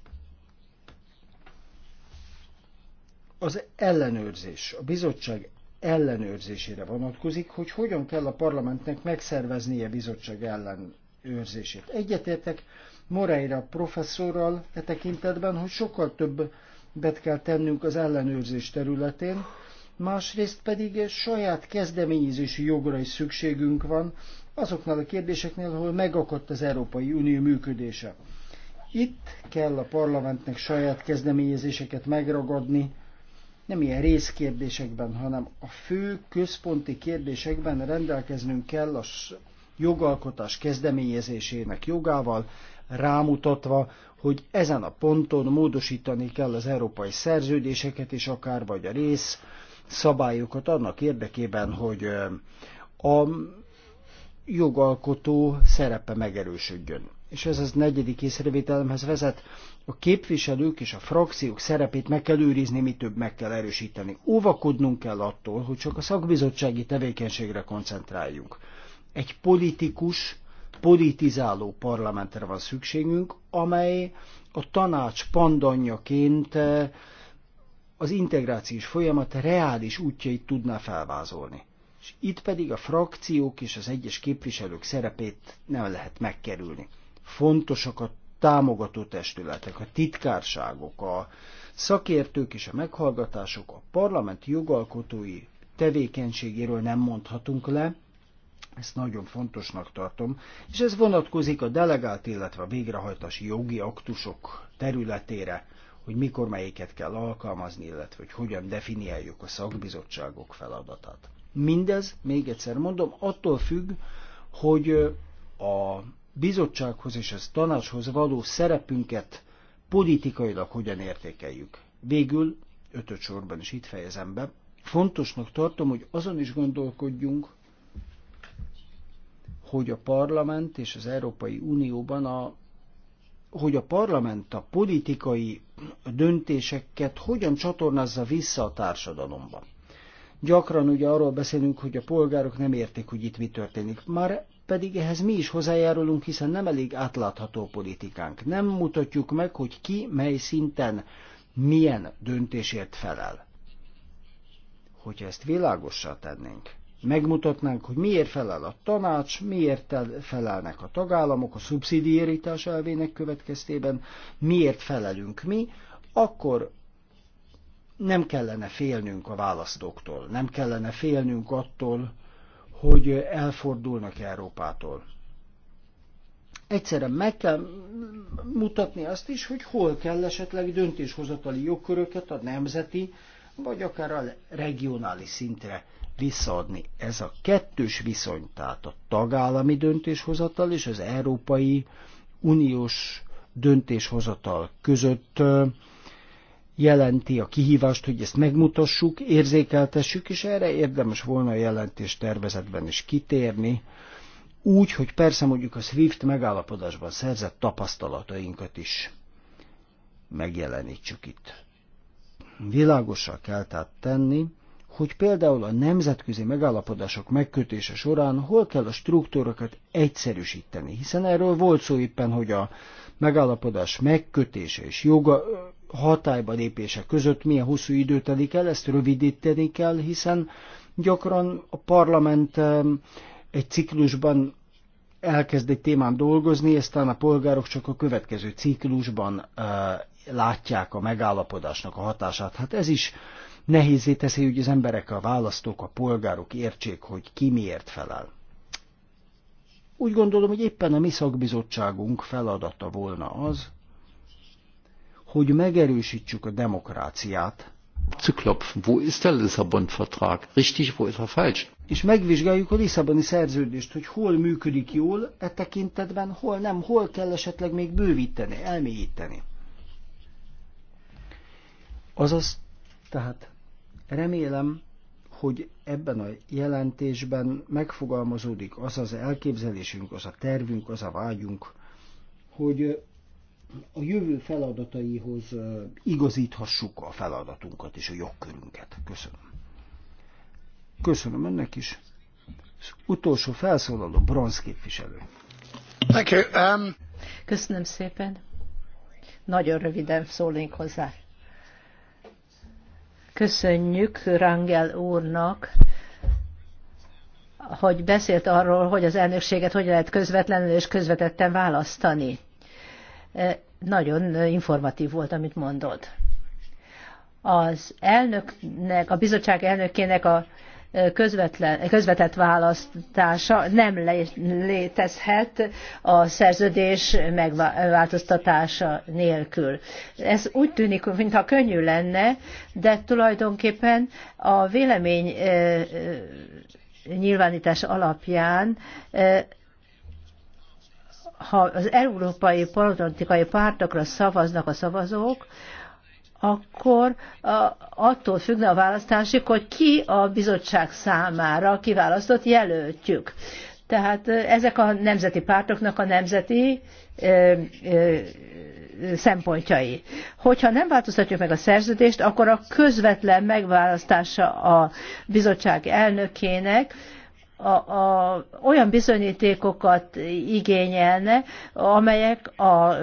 az ellenőrzés, a bizottság ellenőrzésére vonatkozik, hogy hogyan kell a parlamentnek megszerveznie a bizottság ellenőrzését. Egyetértek, Moreira professzorral e tekintetben, hogy sokkal több bet kell tennünk az ellenőrzés területén, másrészt pedig saját kezdeményezési jogra is szükségünk van azoknál a kérdéseknél, ahol megakadt az Európai Unió működése. Itt kell a parlamentnek saját kezdeményezéseket megragadni, nem ilyen részkérdésekben, hanem a fő központi kérdésekben rendelkeznünk kell a jogalkotás kezdeményezésének jogával, rámutatva, hogy ezen a ponton módosítani kell az európai szerződéseket és akár vagy a rész szabályokat annak érdekében, hogy a jogalkotó szerepe megerősödjön. És ez az negyedik észrevételemhez vezet, a képviselők és a frakciók szerepét meg kell őrizni, mi több meg kell erősíteni. Óvakodnunk kell attól, hogy csak a szakbizottsági tevékenységre koncentráljunk. Egy politikus politizáló parlamentre van szükségünk, amely a tanács pandanyaként eh, az integrációs folyamat reális útjait tudná felvázolni. És itt pedig a frakciók és az egyes képviselők szerepét nem lehet megkerülni. Fontosak a támogató testületek, a titkárságok, a szakértők és a meghallgatások, a parlament jogalkotói tevékenységéről nem mondhatunk le, ezt nagyon fontosnak tartom, és ez vonatkozik a delegált, illetve a végrehajtási jogi aktusok területére, hogy mikor melyiket kell alkalmazni, illetve hogy hogyan definiáljuk a szakbizottságok feladatát. Mindez, még egyszer mondom, attól függ, hogy a bizottsághoz és a tanácshoz való szerepünket politikailag hogyan értékeljük. Végül, ötöt sorban is itt fejezem be, fontosnak tartom, hogy azon is gondolkodjunk, hogy a parlament és az Európai Unióban a hogy a parlament a politikai döntéseket hogyan csatornázza vissza a társadalomba. Gyakran ugye arról beszélünk, hogy a polgárok nem értik, hogy itt mi történik. Már pedig ehhez mi is hozzájárulunk, hiszen nem elég átlátható politikánk. Nem mutatjuk meg, hogy ki mely szinten milyen döntésért felel. Hogyha ezt világossá tennénk, megmutatnánk, hogy miért felel a tanács, miért felelnek a tagállamok a szubszidiaritás elvének következtében, miért felelünk mi, akkor nem kellene félnünk a választóktól, nem kellene félnünk attól, hogy elfordulnak Európától. Egyszerűen meg kell mutatni azt is, hogy hol kell esetleg döntéshozatali jogköröket a nemzeti vagy akár a regionális szintre visszaadni. Ez a kettős viszony, tehát a tagállami döntéshozatal és az Európai Uniós döntéshozatal között jelenti a kihívást, hogy ezt megmutassuk, érzékeltessük, és erre érdemes volna a jelentés tervezetben is kitérni, úgy, hogy persze mondjuk a SWIFT megállapodásban szerzett tapasztalatainkat is megjelenítsük itt világosra kell tehát tenni, hogy például a nemzetközi megállapodások megkötése során hol kell a struktúrakat egyszerűsíteni, hiszen erről volt szó éppen, hogy a megállapodás megkötése és joga hatályba lépése között milyen hosszú idő telik el, ezt rövidíteni kell, hiszen gyakran a parlament egy ciklusban elkezd egy témán dolgozni, aztán a polgárok csak a következő ciklusban látják a megállapodásnak a hatását. Hát ez is nehézé teszi, hogy az emberek, a választók, a polgárok értsék, hogy ki miért felel. Úgy gondolom, hogy éppen a mi szakbizottságunk feladata volna az, hogy megerősítsük a demokráciát, zu klopfen. Wo ist der Lissabon-Vertrag? Richtig, wo ist er falsch? És megvizsgáljuk a Lisszaboni szerződést, hogy hol működik jól e tekintetben, hol nem, hol kell esetleg még bővíteni, elmélyíteni. Azaz, tehát remélem, hogy ebben a jelentésben megfogalmazódik az az elképzelésünk, az a tervünk, az a vágyunk, hogy a jövő feladataihoz igazíthassuk a feladatunkat és a jogkörünket. Köszönöm. Köszönöm önnek is. Az utolsó felszólaló bronz képviselő. Thank you. Um... Köszönöm szépen. Nagyon röviden szólnék hozzá. Köszönjük Rangel úrnak, hogy beszélt arról, hogy az elnökséget hogy lehet közvetlenül és közvetetten választani nagyon informatív volt, amit mondod. Az elnöknek, a bizottság elnökének a közvetlen, közvetett választása nem létezhet a szerződés megváltoztatása nélkül. Ez úgy tűnik, mintha könnyű lenne, de tulajdonképpen a vélemény nyilvánítás alapján ha az európai politikai pártokra szavaznak a szavazók, akkor attól függne a választásuk, hogy ki a bizottság számára kiválasztott jelöltjük. Tehát ezek a nemzeti pártoknak a nemzeti ö, ö, szempontjai. Hogyha nem változtatjuk meg a szerződést, akkor a közvetlen megválasztása a bizottság elnökének a, a, olyan bizonyítékokat igényelne, amelyek a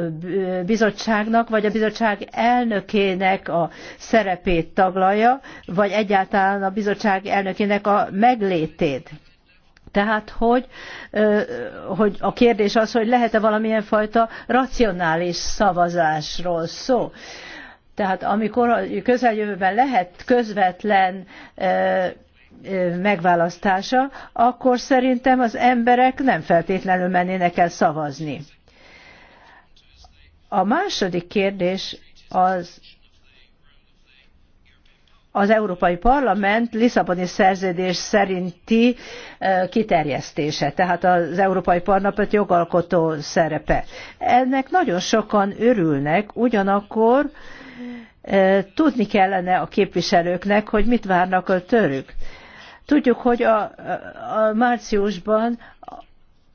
bizottságnak vagy a bizottság elnökének a szerepét taglalja, vagy egyáltalán a bizottság elnökének a meglétét. Tehát, hogy, hogy a kérdés az, hogy lehet-e valamilyen fajta racionális szavazásról szó. Tehát amikor a közeljövőben lehet közvetlen megválasztása, akkor szerintem az emberek nem feltétlenül mennének el szavazni. A második kérdés az az Európai Parlament Lisszaboni szerződés szerinti kiterjesztése, tehát az Európai Parlament jogalkotó szerepe. Ennek nagyon sokan örülnek, ugyanakkor tudni kellene a képviselőknek, hogy mit várnak a törük. Tudjuk, hogy a, a márciusban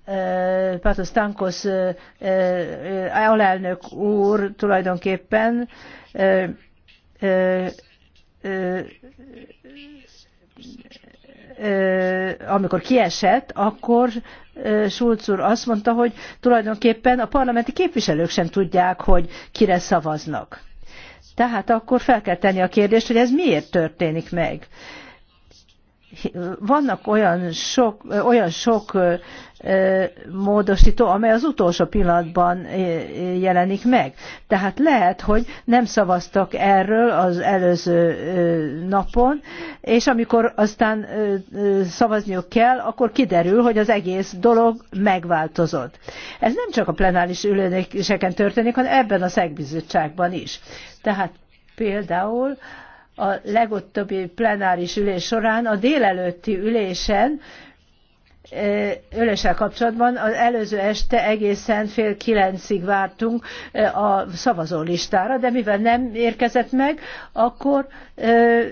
e, Patos Tankos e, e, alelnök úr tulajdonképpen amikor kiesett, akkor Schulz úr azt mondta, hogy tulajdonképpen a parlamenti képviselők sem tudják, hogy kire szavaznak. Tehát akkor fel kell tenni a kérdést, hogy ez miért történik meg vannak olyan sok, olyan sok módosító, amely az utolsó pillanatban jelenik meg. Tehát lehet, hogy nem szavaztak erről az előző napon, és amikor aztán szavazniuk kell, akkor kiderül, hogy az egész dolog megváltozott. Ez nem csak a plenáris üléseken történik, hanem ebben a szegbizottságban is. Tehát például a legutóbbi plenáris ülés során, a délelőtti ülésen, öléssel kapcsolatban az előző este egészen fél kilencig vártunk a szavazólistára, de mivel nem érkezett meg, akkor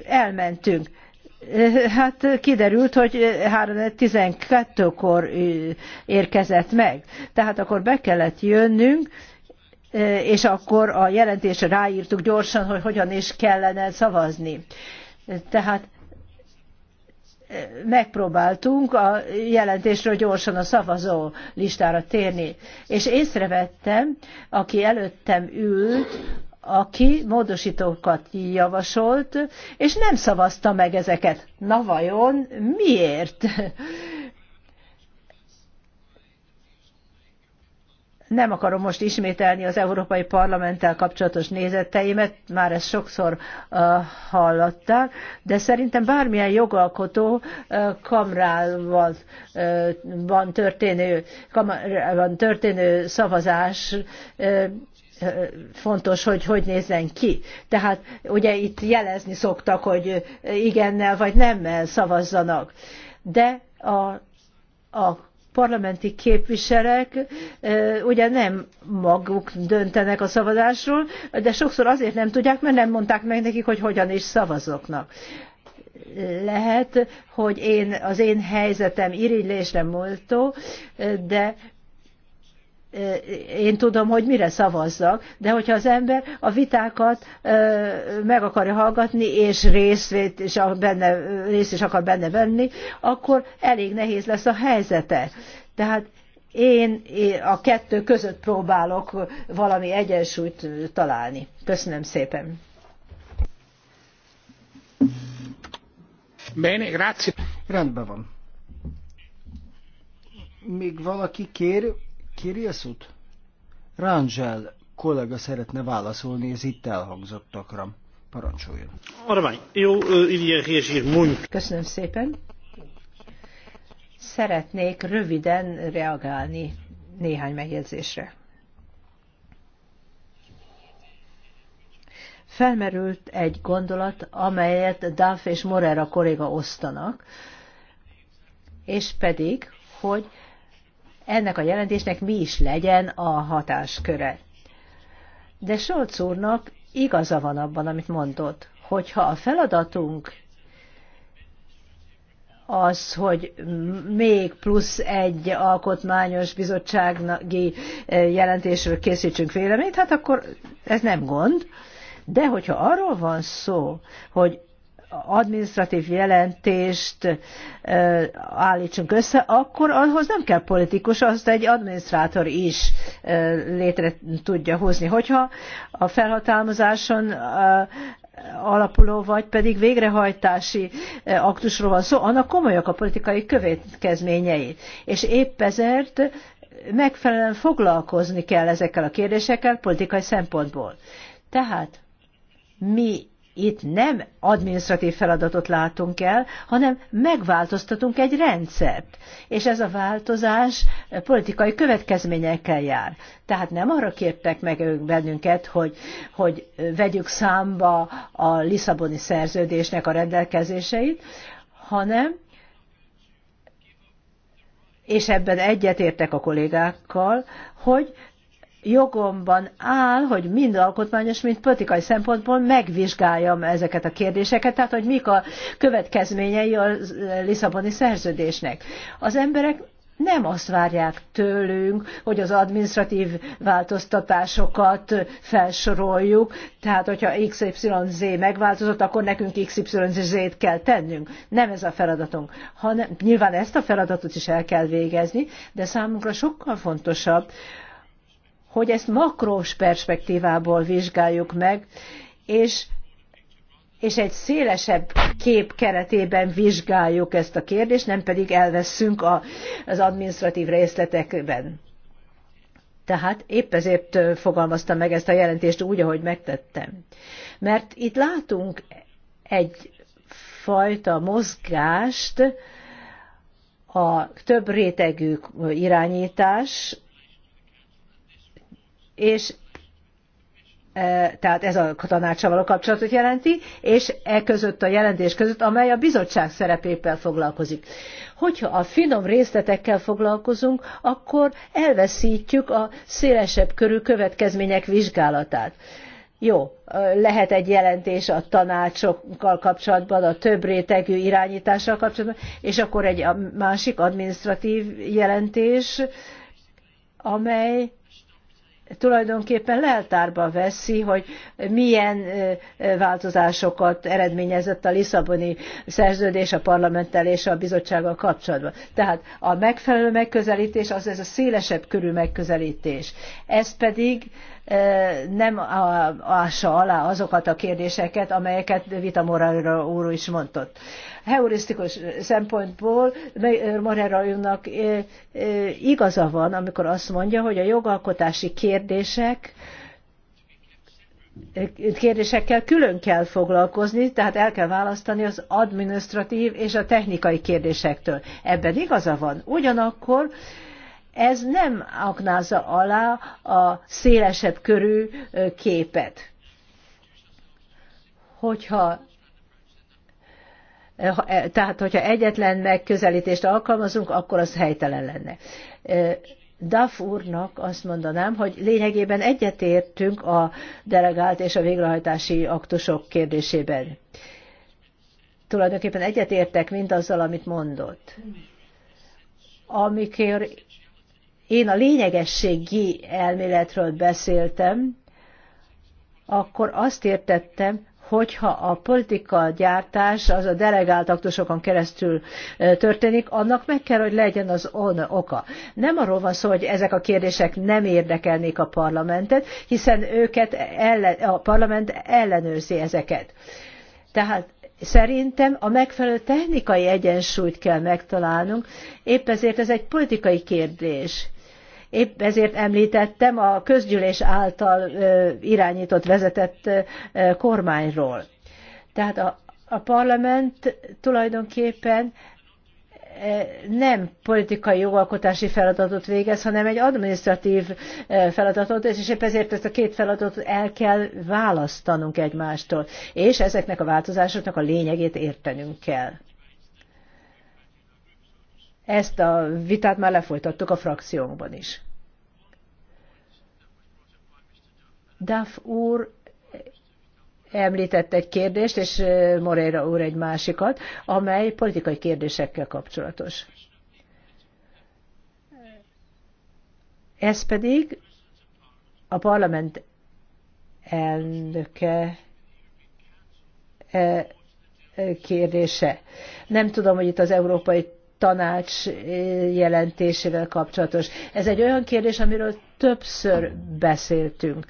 elmentünk. Hát kiderült, hogy 3.12-kor érkezett meg. Tehát akkor be kellett jönnünk, és akkor a jelentésre ráírtuk gyorsan, hogy hogyan is kellene szavazni. Tehát megpróbáltunk a jelentésről gyorsan a szavazó listára térni. És észrevettem, aki előttem ült, aki módosítókat javasolt, és nem szavazta meg ezeket. Na vajon miért? Nem akarom most ismételni az Európai Parlamenttel kapcsolatos nézeteimet, már ezt sokszor uh, hallották, de szerintem bármilyen jogalkotó uh, kamrában uh, van történő, kamrában történő szavazás uh, uh, fontos, hogy hogy nézzen ki. Tehát ugye itt jelezni szoktak, hogy uh, igennel vagy nemmel szavazzanak. De a, a parlamenti képviselők, ugye nem maguk döntenek a szavazásról, de sokszor azért nem tudják, mert nem mondták meg nekik, hogy hogyan is szavazoknak lehet, hogy én, az én helyzetem irigylésre múltó, de én tudom, hogy mire szavazzak, de hogyha az ember a vitákat meg akarja hallgatni, és részt, és benne, részt is akar benne venni, akkor elég nehéz lesz a helyzete. Tehát én a kettő között próbálok valami egyensúlyt találni. Köszönöm szépen. Bene, grazie. Rendben van. Még valaki kér Kéri a szót? Rangel kollega szeretne válaszolni az itt elhangzottakra. Parancsoljon. Eh, Köszönöm szépen. Szeretnék röviden reagálni néhány megjegyzésre. Felmerült egy gondolat, amelyet Duff és Morera kolléga osztanak, és pedig, hogy ennek a jelentésnek mi is legyen a hatásköre. De Solc úrnak igaza van abban, amit mondott, hogyha a feladatunk az, hogy még plusz egy alkotmányos bizottsági eh, jelentésről készítsünk véleményt, hát akkor ez nem gond. De hogyha arról van szó, hogy administratív jelentést állítsunk össze, akkor ahhoz nem kell politikus, azt egy adminisztrátor is létre tudja hozni. Hogyha a felhatalmazáson alapuló, vagy pedig végrehajtási aktusról van szó, annak komolyak a politikai következményei. És épp ezért megfelelően foglalkozni kell ezekkel a kérdésekkel politikai szempontból. Tehát mi itt nem adminisztratív feladatot látunk el, hanem megváltoztatunk egy rendszert. És ez a változás politikai következményekkel jár. Tehát nem arra kértek meg ők bennünket, hogy, hogy vegyük számba a Lisszaboni szerződésnek a rendelkezéseit, hanem és ebben egyetértek a kollégákkal, hogy jogomban áll, hogy mind alkotmányos, mind politikai szempontból megvizsgáljam ezeket a kérdéseket, tehát hogy mik a következményei a Lisszaboni szerződésnek. Az emberek nem azt várják tőlünk, hogy az administratív változtatásokat felsoroljuk, tehát hogyha XYZ megváltozott, akkor nekünk XYZ-t kell tennünk. Nem ez a feladatunk. Hanem, nyilván ezt a feladatot is el kell végezni, de számunkra sokkal fontosabb, hogy ezt makrós perspektívából vizsgáljuk meg, és, és egy szélesebb kép keretében vizsgáljuk ezt a kérdést, nem pedig elveszünk a, az administratív részletekben. Tehát épp ezért fogalmaztam meg ezt a jelentést úgy, ahogy megtettem. Mert itt látunk egy fajta mozgást, a több rétegű irányítás és e, tehát ez a tanácsa való kapcsolatot jelenti, és e között a jelentés között, amely a bizottság szerepével foglalkozik. Hogyha a finom részletekkel foglalkozunk, akkor elveszítjük a szélesebb körű következmények vizsgálatát. Jó, e, lehet egy jelentés a tanácsokkal kapcsolatban, a több rétegű irányítással kapcsolatban, és akkor egy másik administratív jelentés, amely tulajdonképpen leltárba veszi, hogy milyen változásokat eredményezett a Lisszaboni szerződés a parlamenttel és a bizottsággal kapcsolatban. Tehát a megfelelő megközelítés az ez a szélesebb körű megközelítés. Ez pedig nem ássa alá azokat a kérdéseket, amelyeket Vita Morera úr is mondott. Heurisztikus szempontból Morera úrnak igaza van, amikor azt mondja, hogy a jogalkotási kérdések kérdésekkel külön kell foglalkozni, tehát el kell választani az administratív és a technikai kérdésektől. Ebben igaza van. Ugyanakkor ez nem aknázza alá a szélesebb körű képet. Hogyha eh, eh, tehát, hogyha egyetlen megközelítést alkalmazunk, akkor az helytelen lenne. Eh, Duff úrnak azt mondanám, hogy lényegében egyetértünk a delegált és a végrehajtási aktusok kérdésében. Tulajdonképpen egyetértek mindazzal, amit mondott. Amikor én a lényegességi elméletről beszéltem, akkor azt értettem, hogyha a politika gyártás az a delegált aktusokon keresztül történik, annak meg kell, hogy legyen az on oka. Nem arról van szó, hogy ezek a kérdések nem érdekelnék a parlamentet, hiszen őket ellen, a parlament ellenőrzi ezeket. Tehát szerintem a megfelelő technikai egyensúlyt kell megtalálnunk, épp ezért ez egy politikai kérdés Épp ezért említettem a közgyűlés által irányított, vezetett kormányról. Tehát a, a parlament tulajdonképpen nem politikai jogalkotási feladatot végez, hanem egy administratív feladatot, és épp ezért ezt a két feladatot el kell választanunk egymástól, és ezeknek a változásoknak a lényegét értenünk kell. Ezt a vitát már lefolytattuk a frakciónkban is. Duff úr említett egy kérdést, és Moreira úr egy másikat, amely politikai kérdésekkel kapcsolatos. Ez pedig a parlament elnöke kérdése. Nem tudom, hogy itt az Európai tanács eh, jelentésével kapcsolatos. Ez egy olyan kérdés, amiről többször beszéltünk.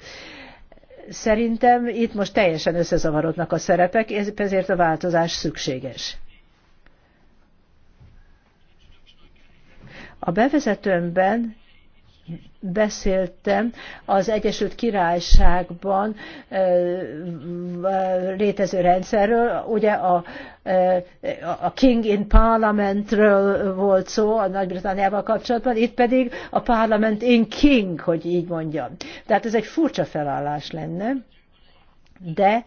Szerintem itt most teljesen összezavarodnak a szerepek, ezért a változás szükséges. A bevezetőmben beszéltem, az Egyesült Királyságban létező rendszerről, ugye a, a King in Parliamentről volt szó a Nagy-Britanniával kapcsolatban, itt pedig a Parliament in King, hogy így mondjam. Tehát ez egy furcsa felállás lenne, de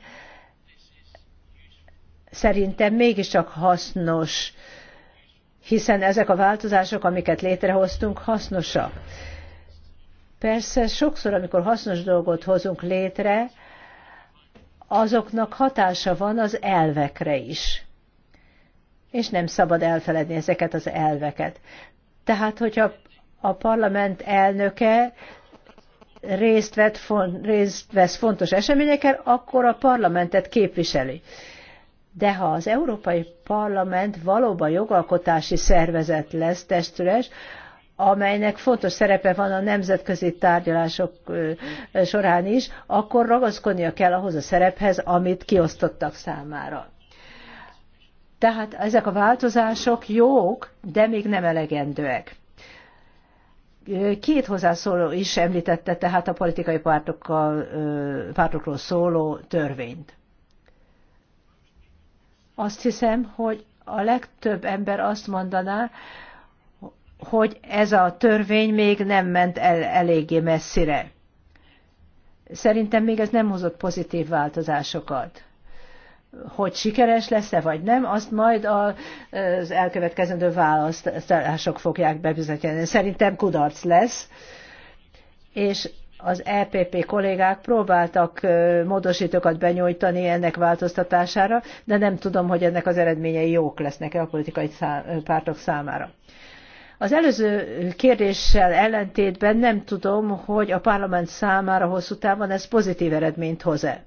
szerintem mégiscsak hasznos, hiszen ezek a változások, amiket létrehoztunk, hasznosak Persze sokszor, amikor hasznos dolgot hozunk létre, azoknak hatása van az elvekre is. És nem szabad elfeledni ezeket az elveket. Tehát, hogyha a parlament elnöke részt, vett, részt vesz fontos eseményeken, akkor a parlamentet képviseli. De ha az Európai Parlament valóban jogalkotási szervezet lesz, testület, amelynek fontos szerepe van a nemzetközi tárgyalások során is, akkor ragaszkodnia kell ahhoz a szerephez, amit kiosztottak számára. Tehát ezek a változások jók, de még nem elegendőek. Két hozzászóló is említette tehát a politikai pártokkal, pártokról szóló törvényt. Azt hiszem, hogy a legtöbb ember azt mondaná, hogy ez a törvény még nem ment el eléggé messzire. Szerintem még ez nem hozott pozitív változásokat. Hogy sikeres lesz-e vagy nem, azt majd az elkövetkezendő választások fogják bebizonyítani. Szerintem kudarc lesz, és az EPP kollégák próbáltak módosítókat benyújtani ennek változtatására, de nem tudom, hogy ennek az eredményei jók lesznek-e a politikai pártok számára. Az előző kérdéssel ellentétben nem tudom, hogy a parlament számára hosszú távon ez pozitív eredményt hoz-e.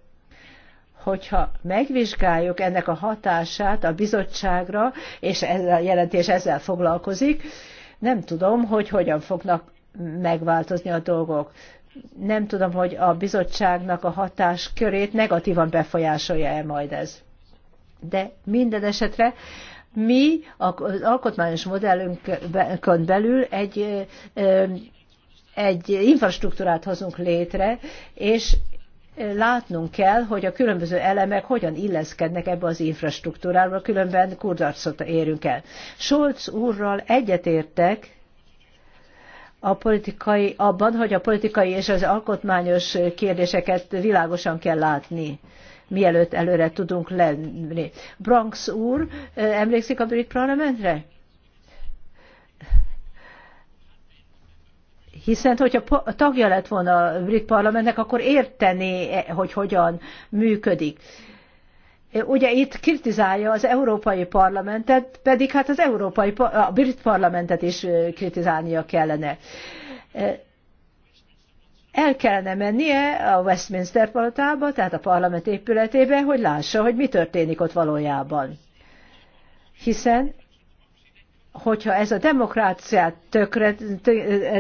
Hogyha megvizsgáljuk ennek a hatását a bizottságra, és ez a jelentés ezzel foglalkozik, nem tudom, hogy hogyan fognak megváltozni a dolgok. Nem tudom, hogy a bizottságnak a hatáskörét negatívan befolyásolja-e majd ez. De minden esetre mi az alkotmányos modellünkön belül egy, egy infrastruktúrát hozunk létre, és látnunk kell, hogy a különböző elemek hogyan illeszkednek ebbe az infrastruktúrába, különben kurdarcot érünk el. Scholz úrral egyetértek, a politikai, abban, hogy a politikai és az alkotmányos kérdéseket világosan kell látni mielőtt előre tudunk lenni. Bronx úr, emlékszik a brit parlamentre? Hiszen, hogyha tagja lett volna a brit parlamentnek, akkor értené, e, hogy hogyan működik ugye itt kritizálja az Európai Parlamentet, pedig hát az Európai, a brit parlamentet is kritizálnia kellene el kellene mennie a Westminster palotába, tehát a parlament épületébe, hogy lássa, hogy mi történik ott valójában. Hiszen hogyha ez a demokráciát tökre,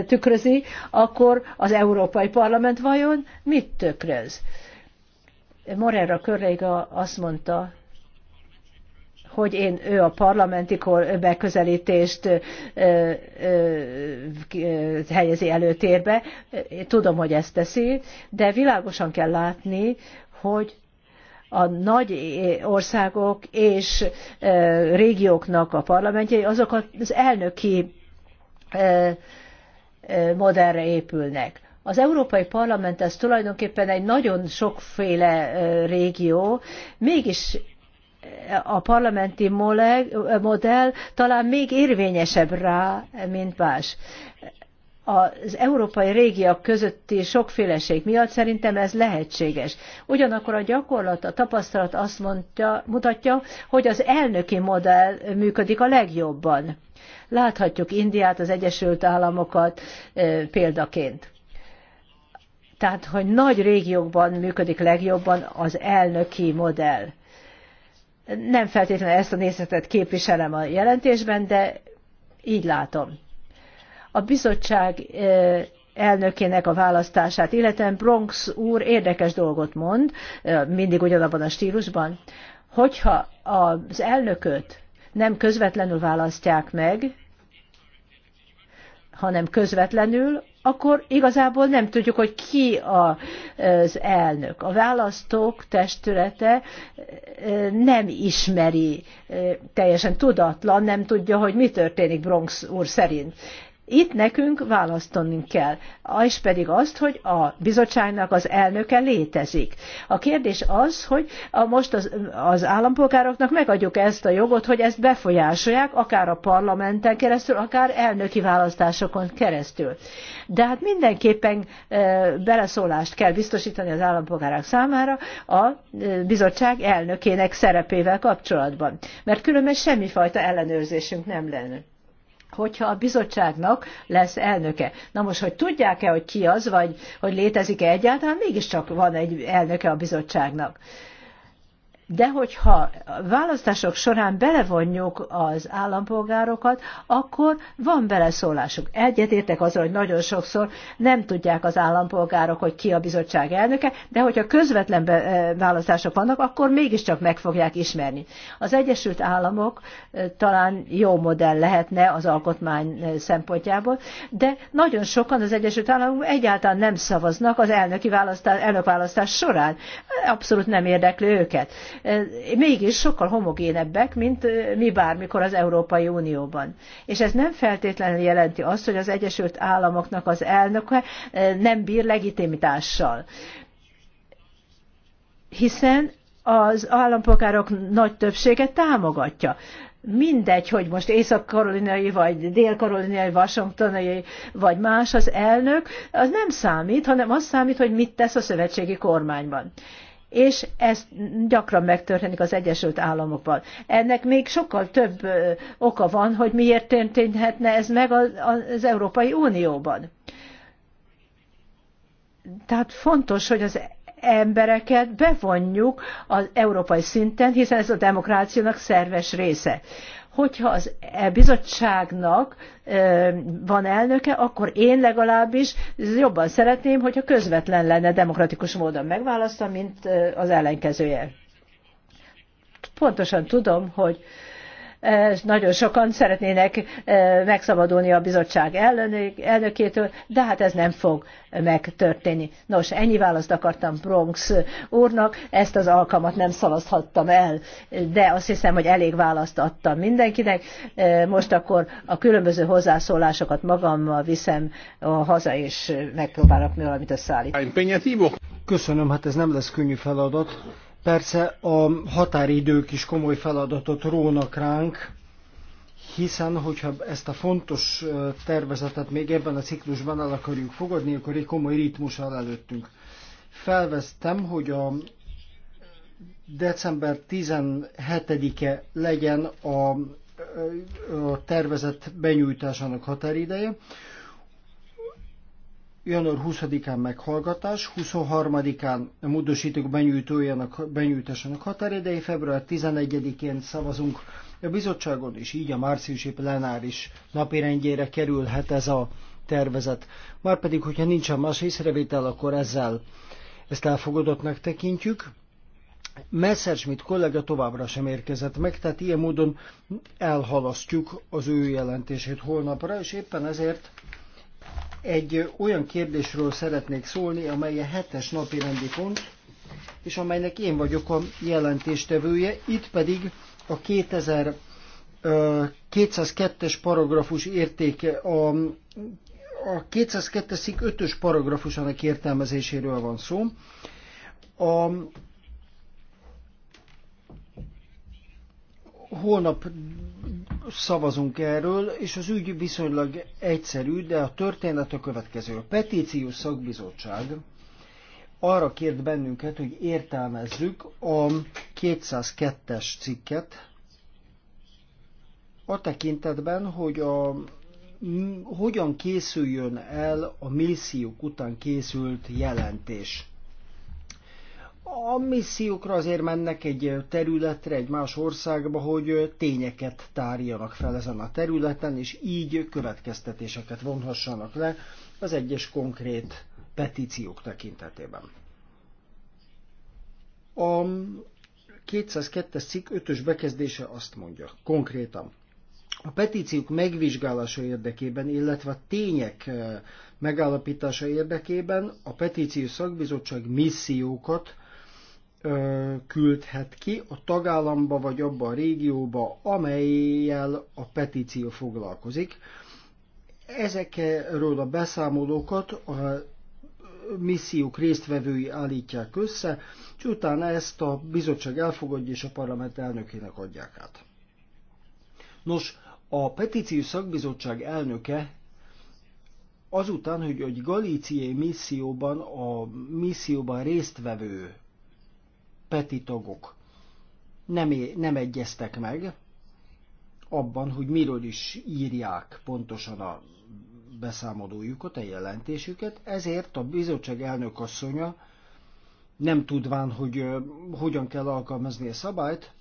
tükrözi, akkor az Európai Parlament vajon mit tükröz? Morera kolléga azt mondta, hogy én ő a parlamenti kor beközelítést ö, ö, helyezi előtérbe. Én tudom, hogy ezt teszi, de világosan kell látni, hogy a nagy országok és régióknak a parlamentjei, azok az elnöki modellre épülnek. Az Európai Parlament ez tulajdonképpen egy nagyon sokféle régió, mégis a parlamenti modell talán még érvényesebb rá, mint más. Az európai régiak közötti sokféleség miatt szerintem ez lehetséges. Ugyanakkor a gyakorlat, a tapasztalat azt mondja, mutatja, hogy az elnöki modell működik a legjobban. Láthatjuk Indiát, az Egyesült Államokat példaként tehát hogy nagy régiókban működik legjobban az elnöki modell. Nem feltétlenül ezt a nézetet képviselem a jelentésben, de így látom. A bizottság elnökének a választását, illetve Bronx úr érdekes dolgot mond, mindig ugyanabban a stílusban, hogyha az elnököt nem közvetlenül választják meg, hanem közvetlenül, akkor igazából nem tudjuk, hogy ki az elnök. A választók testülete e, nem ismeri, e, teljesen tudatlan, nem tudja, hogy mi történik Bronx úr szerint. Itt nekünk választanunk kell, és pedig azt, hogy a bizottságnak az elnöke létezik. A kérdés az, hogy a, most az, az állampolgároknak megadjuk ezt a jogot, hogy ezt befolyásolják, akár a parlamenten keresztül, akár elnöki választásokon keresztül. De hát mindenképpen e, beleszólást kell biztosítani az állampolgárok számára a e, bizottság elnökének szerepével kapcsolatban, mert különben semmifajta ellenőrzésünk nem lenne hogyha a bizottságnak lesz elnöke. Na most, hogy tudják-e, hogy ki az, vagy hogy létezik-e egyáltalán, mégiscsak van egy elnöke a bizottságnak. De hogyha választások során belevonjuk az állampolgárokat, akkor van beleszólásuk. Egyetértek azon, hogy nagyon sokszor nem tudják az állampolgárok, hogy ki a bizottság elnöke, de hogyha közvetlen választások vannak, akkor mégiscsak meg fogják ismerni. Az Egyesült Államok talán jó modell lehetne az alkotmány szempontjából, de nagyon sokan az Egyesült Államok egyáltalán nem szavaznak az elnöki választás, választás során. Abszolút nem érdekli őket mégis sokkal homogénebbek, mint mi bármikor az Európai Unióban. És ez nem feltétlenül jelenti azt, hogy az Egyesült Államoknak az elnöke nem bír legitimitással. Hiszen az állampolgárok nagy többsége támogatja mindegy, hogy most észak-karolinai, vagy dél-karolinai, washingtoni, vagy más az elnök, az nem számít, hanem az számít, hogy mit tesz a szövetségi kormányban és ez gyakran megtörténik az Egyesült Államokban. Ennek még sokkal több oka van, hogy miért történhetne ez meg az Európai Unióban. Tehát fontos, hogy az embereket bevonjuk az európai szinten, hiszen ez a demokráciának szerves része hogyha az e bizottságnak e, van elnöke, akkor én legalábbis jobban szeretném, hogyha közvetlen lenne demokratikus módon megválasztva, mint e, az ellenkezője. Pontosan tudom, hogy nagyon sokan szeretnének megszabadulni a bizottság elnökétől, de hát ez nem fog megtörténni. Nos, ennyi választ akartam Bronx úrnak, ezt az alkalmat nem szavazhattam el, de azt hiszem, hogy elég választ adtam mindenkinek. Most akkor a különböző hozzászólásokat magammal viszem haza, és megpróbálok valamit összeállítani. Köszönöm, hát ez nem lesz könnyű feladat Persze a határidők is komoly feladatot rónak ránk, hiszen hogyha ezt a fontos tervezetet még ebben a ciklusban el akarjuk fogadni, akkor egy komoly ritmus áll előttünk. Felvesztem, hogy a december 17-e legyen a, a tervezet benyújtásának határideje január 20-án meghallgatás, 23-án a módosítók benyújtójának, benyújtásának határidei, február 11-én szavazunk a bizottságon, és így a márciusi plenáris napirendjére kerülhet ez a tervezet. Márpedig, hogyha nincsen más észrevétel, akkor ezzel ezt elfogadottnak tekintjük. Messerschmidt kollega továbbra sem érkezett meg, tehát ilyen módon elhalasztjuk az ő jelentését holnapra, és éppen ezért egy olyan kérdésről szeretnék szólni, amely a hetes napi rendi pont, és amelynek én vagyok a jelentéstevője, itt pedig a 2000 202-es paragrafus értéke, a, a 202-es 5-ös paragrafusának értelmezéséről van szó. A Holnap szavazunk erről, és az ügy viszonylag egyszerű, de a történet a következő. A petíciós szakbizottság arra kért bennünket, hogy értelmezzük a 202-es cikket, a tekintetben, hogy a, hogyan készüljön el a missziók után készült jelentés a missziókra azért mennek egy területre, egy más országba, hogy tényeket tárjanak fel ezen a területen, és így következtetéseket vonhassanak le az egyes konkrét petíciók tekintetében. A 202-es cikk 5-ös bekezdése azt mondja konkrétan, a petíciók megvizsgálása érdekében, illetve a tények eh, megállapítása érdekében a petíció szakbizottság missziókat küldhet ki a tagállamba vagy abba a régióba, amelyel a petíció foglalkozik. Ezekről a beszámolókat a missziók résztvevői állítják össze, és utána ezt a bizottság elfogadja és a parlament elnökének adják át. Nos, a petíciós szakbizottság elnöke azután, hogy egy galíciai misszióban a misszióban résztvevő peti tagok nem, nem egyeztek meg abban, hogy miről is írják pontosan a beszámolójukat, a jelentésüket, ezért a bizottság elnök asszonya nem tudván, hogy uh, hogyan kell alkalmazni a szabályt,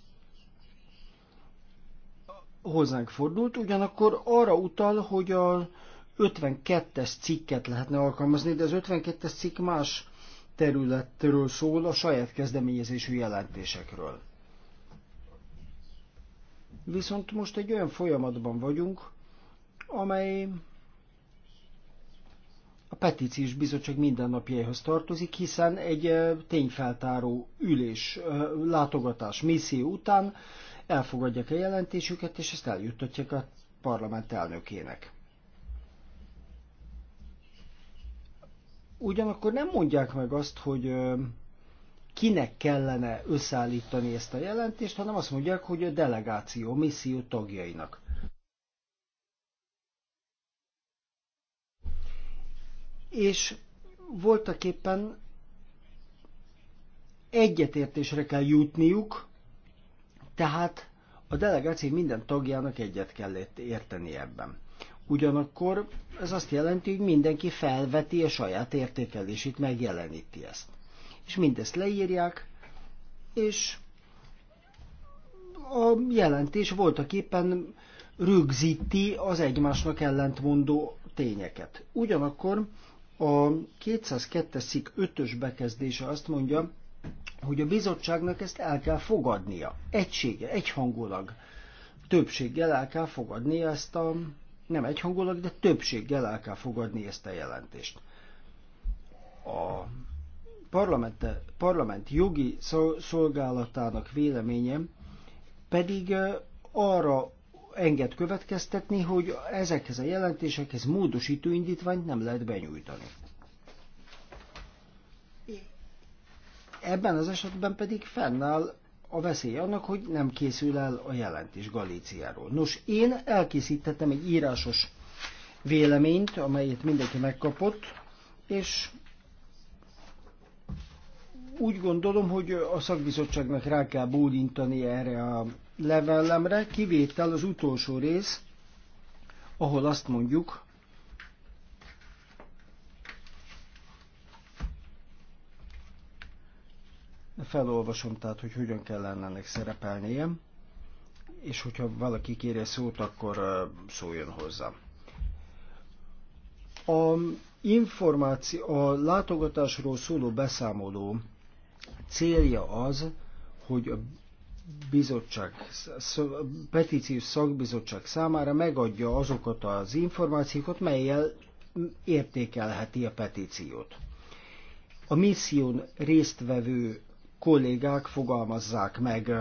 hozzánk fordult, ugyanakkor arra utal, hogy a 52-es cikket lehetne alkalmazni, de az 52-es cikk más területről szól, a saját kezdeményezésű jelentésekről. Viszont most egy olyan folyamatban vagyunk, amely a petíciós bizottság mindennapjaihoz tartozik, hiszen egy tényfeltáró ülés, látogatás, misszió után elfogadják a jelentésüket, és ezt eljuttatják a parlament elnökének. ugyanakkor nem mondják meg azt, hogy kinek kellene összeállítani ezt a jelentést, hanem azt mondják, hogy a delegáció, a misszió tagjainak. És voltak éppen egyetértésre kell jutniuk, tehát a delegáció minden tagjának egyet kell érteni ebben. Ugyanakkor ez azt jelenti, hogy mindenki felveti a saját értékelését, megjeleníti ezt. És mindezt leírják, és a jelentés voltak éppen rögzíti az egymásnak ellentmondó tényeket. Ugyanakkor a 202-es szik 5-ös bekezdése azt mondja, hogy a bizottságnak ezt el kell fogadnia. Egysége, egyhangulag, többséggel el kell fogadnia ezt a nem egyhangulag, de többséggel el kell fogadni ezt a jelentést. A parlament, parlament jogi szolgálatának véleményem pedig arra enged következtetni, hogy ezekhez a jelentésekhez módosító indítványt nem lehet benyújtani. Ebben az esetben pedig fennáll a veszély annak, hogy nem készül el a jelentés Galíciáról. Nos, én elkészítettem egy írásos véleményt, amelyet mindenki megkapott, és úgy gondolom, hogy a szakbizottságnak rá kell bódintani erre a levelemre, kivétel az utolsó rész, ahol azt mondjuk, Felolvasom tehát, hogy hogyan kellene ennek szerepelnie, és hogyha valaki kérje szót, akkor szóljon hozzá. A, információ, a látogatásról szóló beszámoló célja az, hogy a bizottság, a petíciós szakbizottság számára megadja azokat az információkat, melyel értékelheti a petíciót. A misszión résztvevő kollégák fogalmazzák meg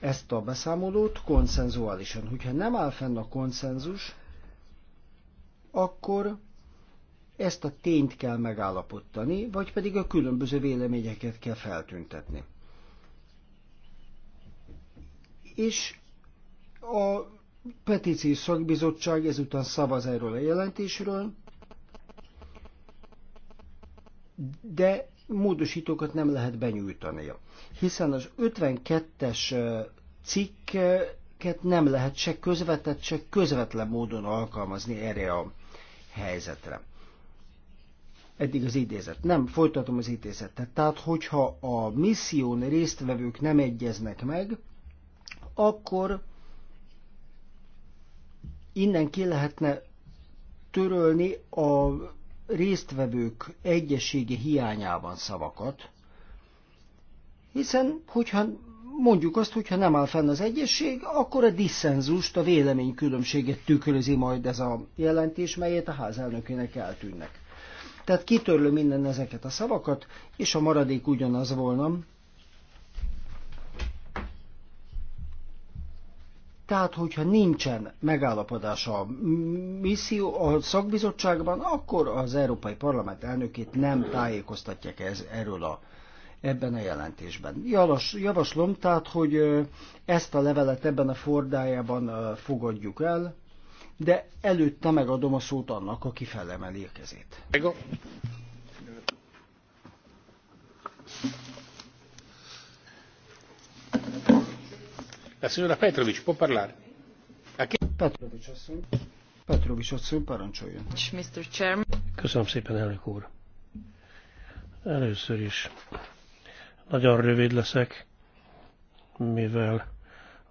ezt a beszámolót konszenzuálisan. Hogyha nem áll fenn a konszenzus, akkor ezt a tényt kell megállapítani, vagy pedig a különböző véleményeket kell feltüntetni. És a petíciós szakbizottság ezután szavaz erről a jelentésről, de módosítókat nem lehet benyújtani, hiszen az 52-es cikket nem lehet se közvetett, se közvetlen módon alkalmazni erre a helyzetre. Eddig az idézet. Nem, folytatom az idézetet. Tehát, hogyha a misszión résztvevők nem egyeznek meg, akkor innen ki lehetne törölni a résztvevők egyessége hiányában szavakat, hiszen, hogyha mondjuk azt, hogyha nem áll fenn az egyesség, akkor a diszenzust, a véleménykülönbséget tükrözi majd ez a jelentés, melyet a házelnökének eltűnnek. Tehát kitörlöm minden ezeket a szavakat, és a maradék ugyanaz volna, Tehát, hogyha nincsen megállapodás a misszió a szakbizottságban, akkor az Európai Parlament elnökét nem tájékoztatják ez, erről a, ebben a jelentésben. Javas, javaslom tehát, hogy ezt a levelet ebben a fordájában fogadjuk el, de előtte megadom a szót annak, aki felemeli a kezét. La signora Petrovic può parlare. Aki... Petrovic asszony. Petrovic asszony, parancsoljon. Mr. Chairman. Köszönöm szépen, elnök úr. Először is nagyon rövid leszek, mivel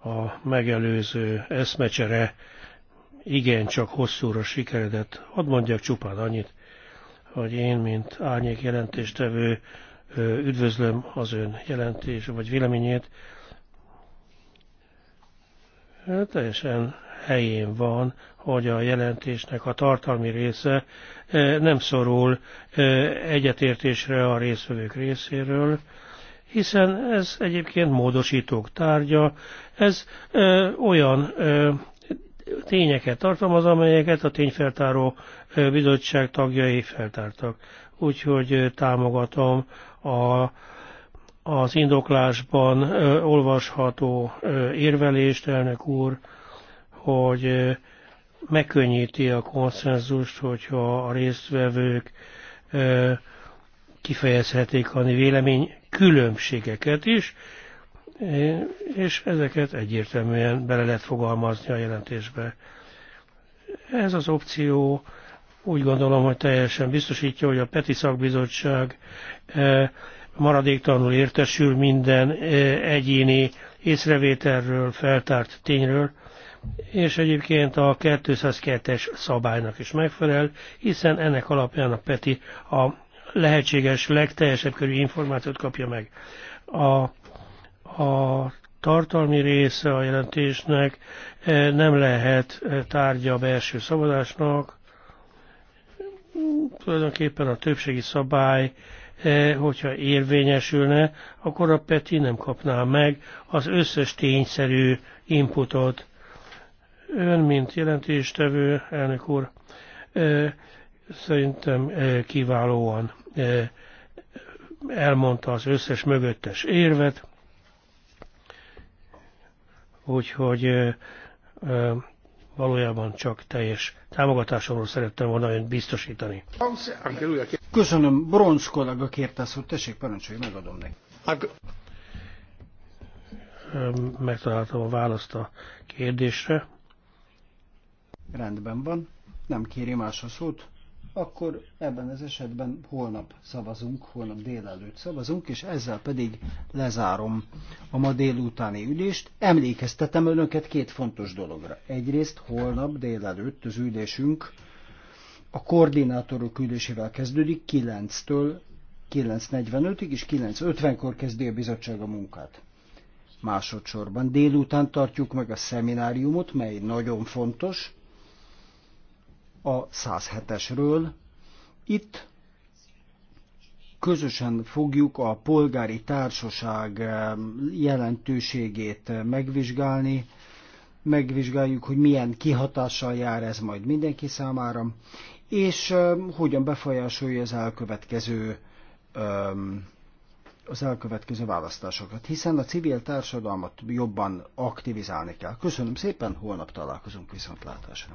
a megelőző eszmecsere igencsak hosszúra sikeredett. Hadd mondjak csupán annyit, hogy én, mint árnyék jelentéstevő, üdvözlöm az ön jelentés vagy véleményét, teljesen helyén van, hogy a jelentésnek a tartalmi része nem szorul egyetértésre a részvevők részéről, hiszen ez egyébként módosítók tárgya, ez ö, olyan ö, tényeket tartalmaz, amelyeket a tényfeltáró bizottság tagjai feltártak. Úgyhogy támogatom a az indoklásban olvasható érvelést, elnök úr, hogy megkönnyíti a konszenzust, hogyha a résztvevők kifejezhetik a vélemény különbségeket is, és ezeket egyértelműen bele lehet fogalmazni a jelentésbe. Ez az opció úgy gondolom, hogy teljesen biztosítja, hogy a Peti Szakbizottság maradéktalanul értesül minden egyéni észrevételről, feltárt tényről, és egyébként a 202-es szabálynak is megfelel, hiszen ennek alapján a PETI a lehetséges legteljesebb körű információt kapja meg. A, a tartalmi része a jelentésnek nem lehet tárgya a belső szabadásnak, tulajdonképpen a többségi szabály E, hogyha érvényesülne, akkor a Peti nem kapná meg az összes tényszerű inputot. Ön, mint jelentéstevő, elnök úr, e, szerintem e, kiválóan elmondta az összes mögöttes érvet, úgyhogy valójában csak teljes támogatásomról szerettem volna önt biztosítani. Köszönöm, Bronz kollega kérte szót, tessék, parancsolj, megadom neki. Hát- megtaláltam a választ a kérdésre. Rendben van, nem kéri más a szót akkor ebben az esetben holnap szavazunk, holnap délelőtt szavazunk, és ezzel pedig lezárom a ma délutáni ülést. Emlékeztetem önöket két fontos dologra. Egyrészt holnap délelőtt az ülésünk a koordinátorok ülésével kezdődik 9-től 9.45-ig és 9.50-kor kezdi a bizottság a munkát. Másodszorban délután tartjuk meg a szemináriumot, mely nagyon fontos, a 107-esről. Itt közösen fogjuk a polgári társaság eh, jelentőségét megvizsgálni, megvizsgáljuk, hogy milyen kihatással jár ez majd mindenki számára, és eh, hogyan befolyásolja az elkövetkező eh, az elkövetkező választásokat, hiszen a civil társadalmat jobban aktivizálni kell. Köszönöm szépen, holnap találkozunk viszontlátásra.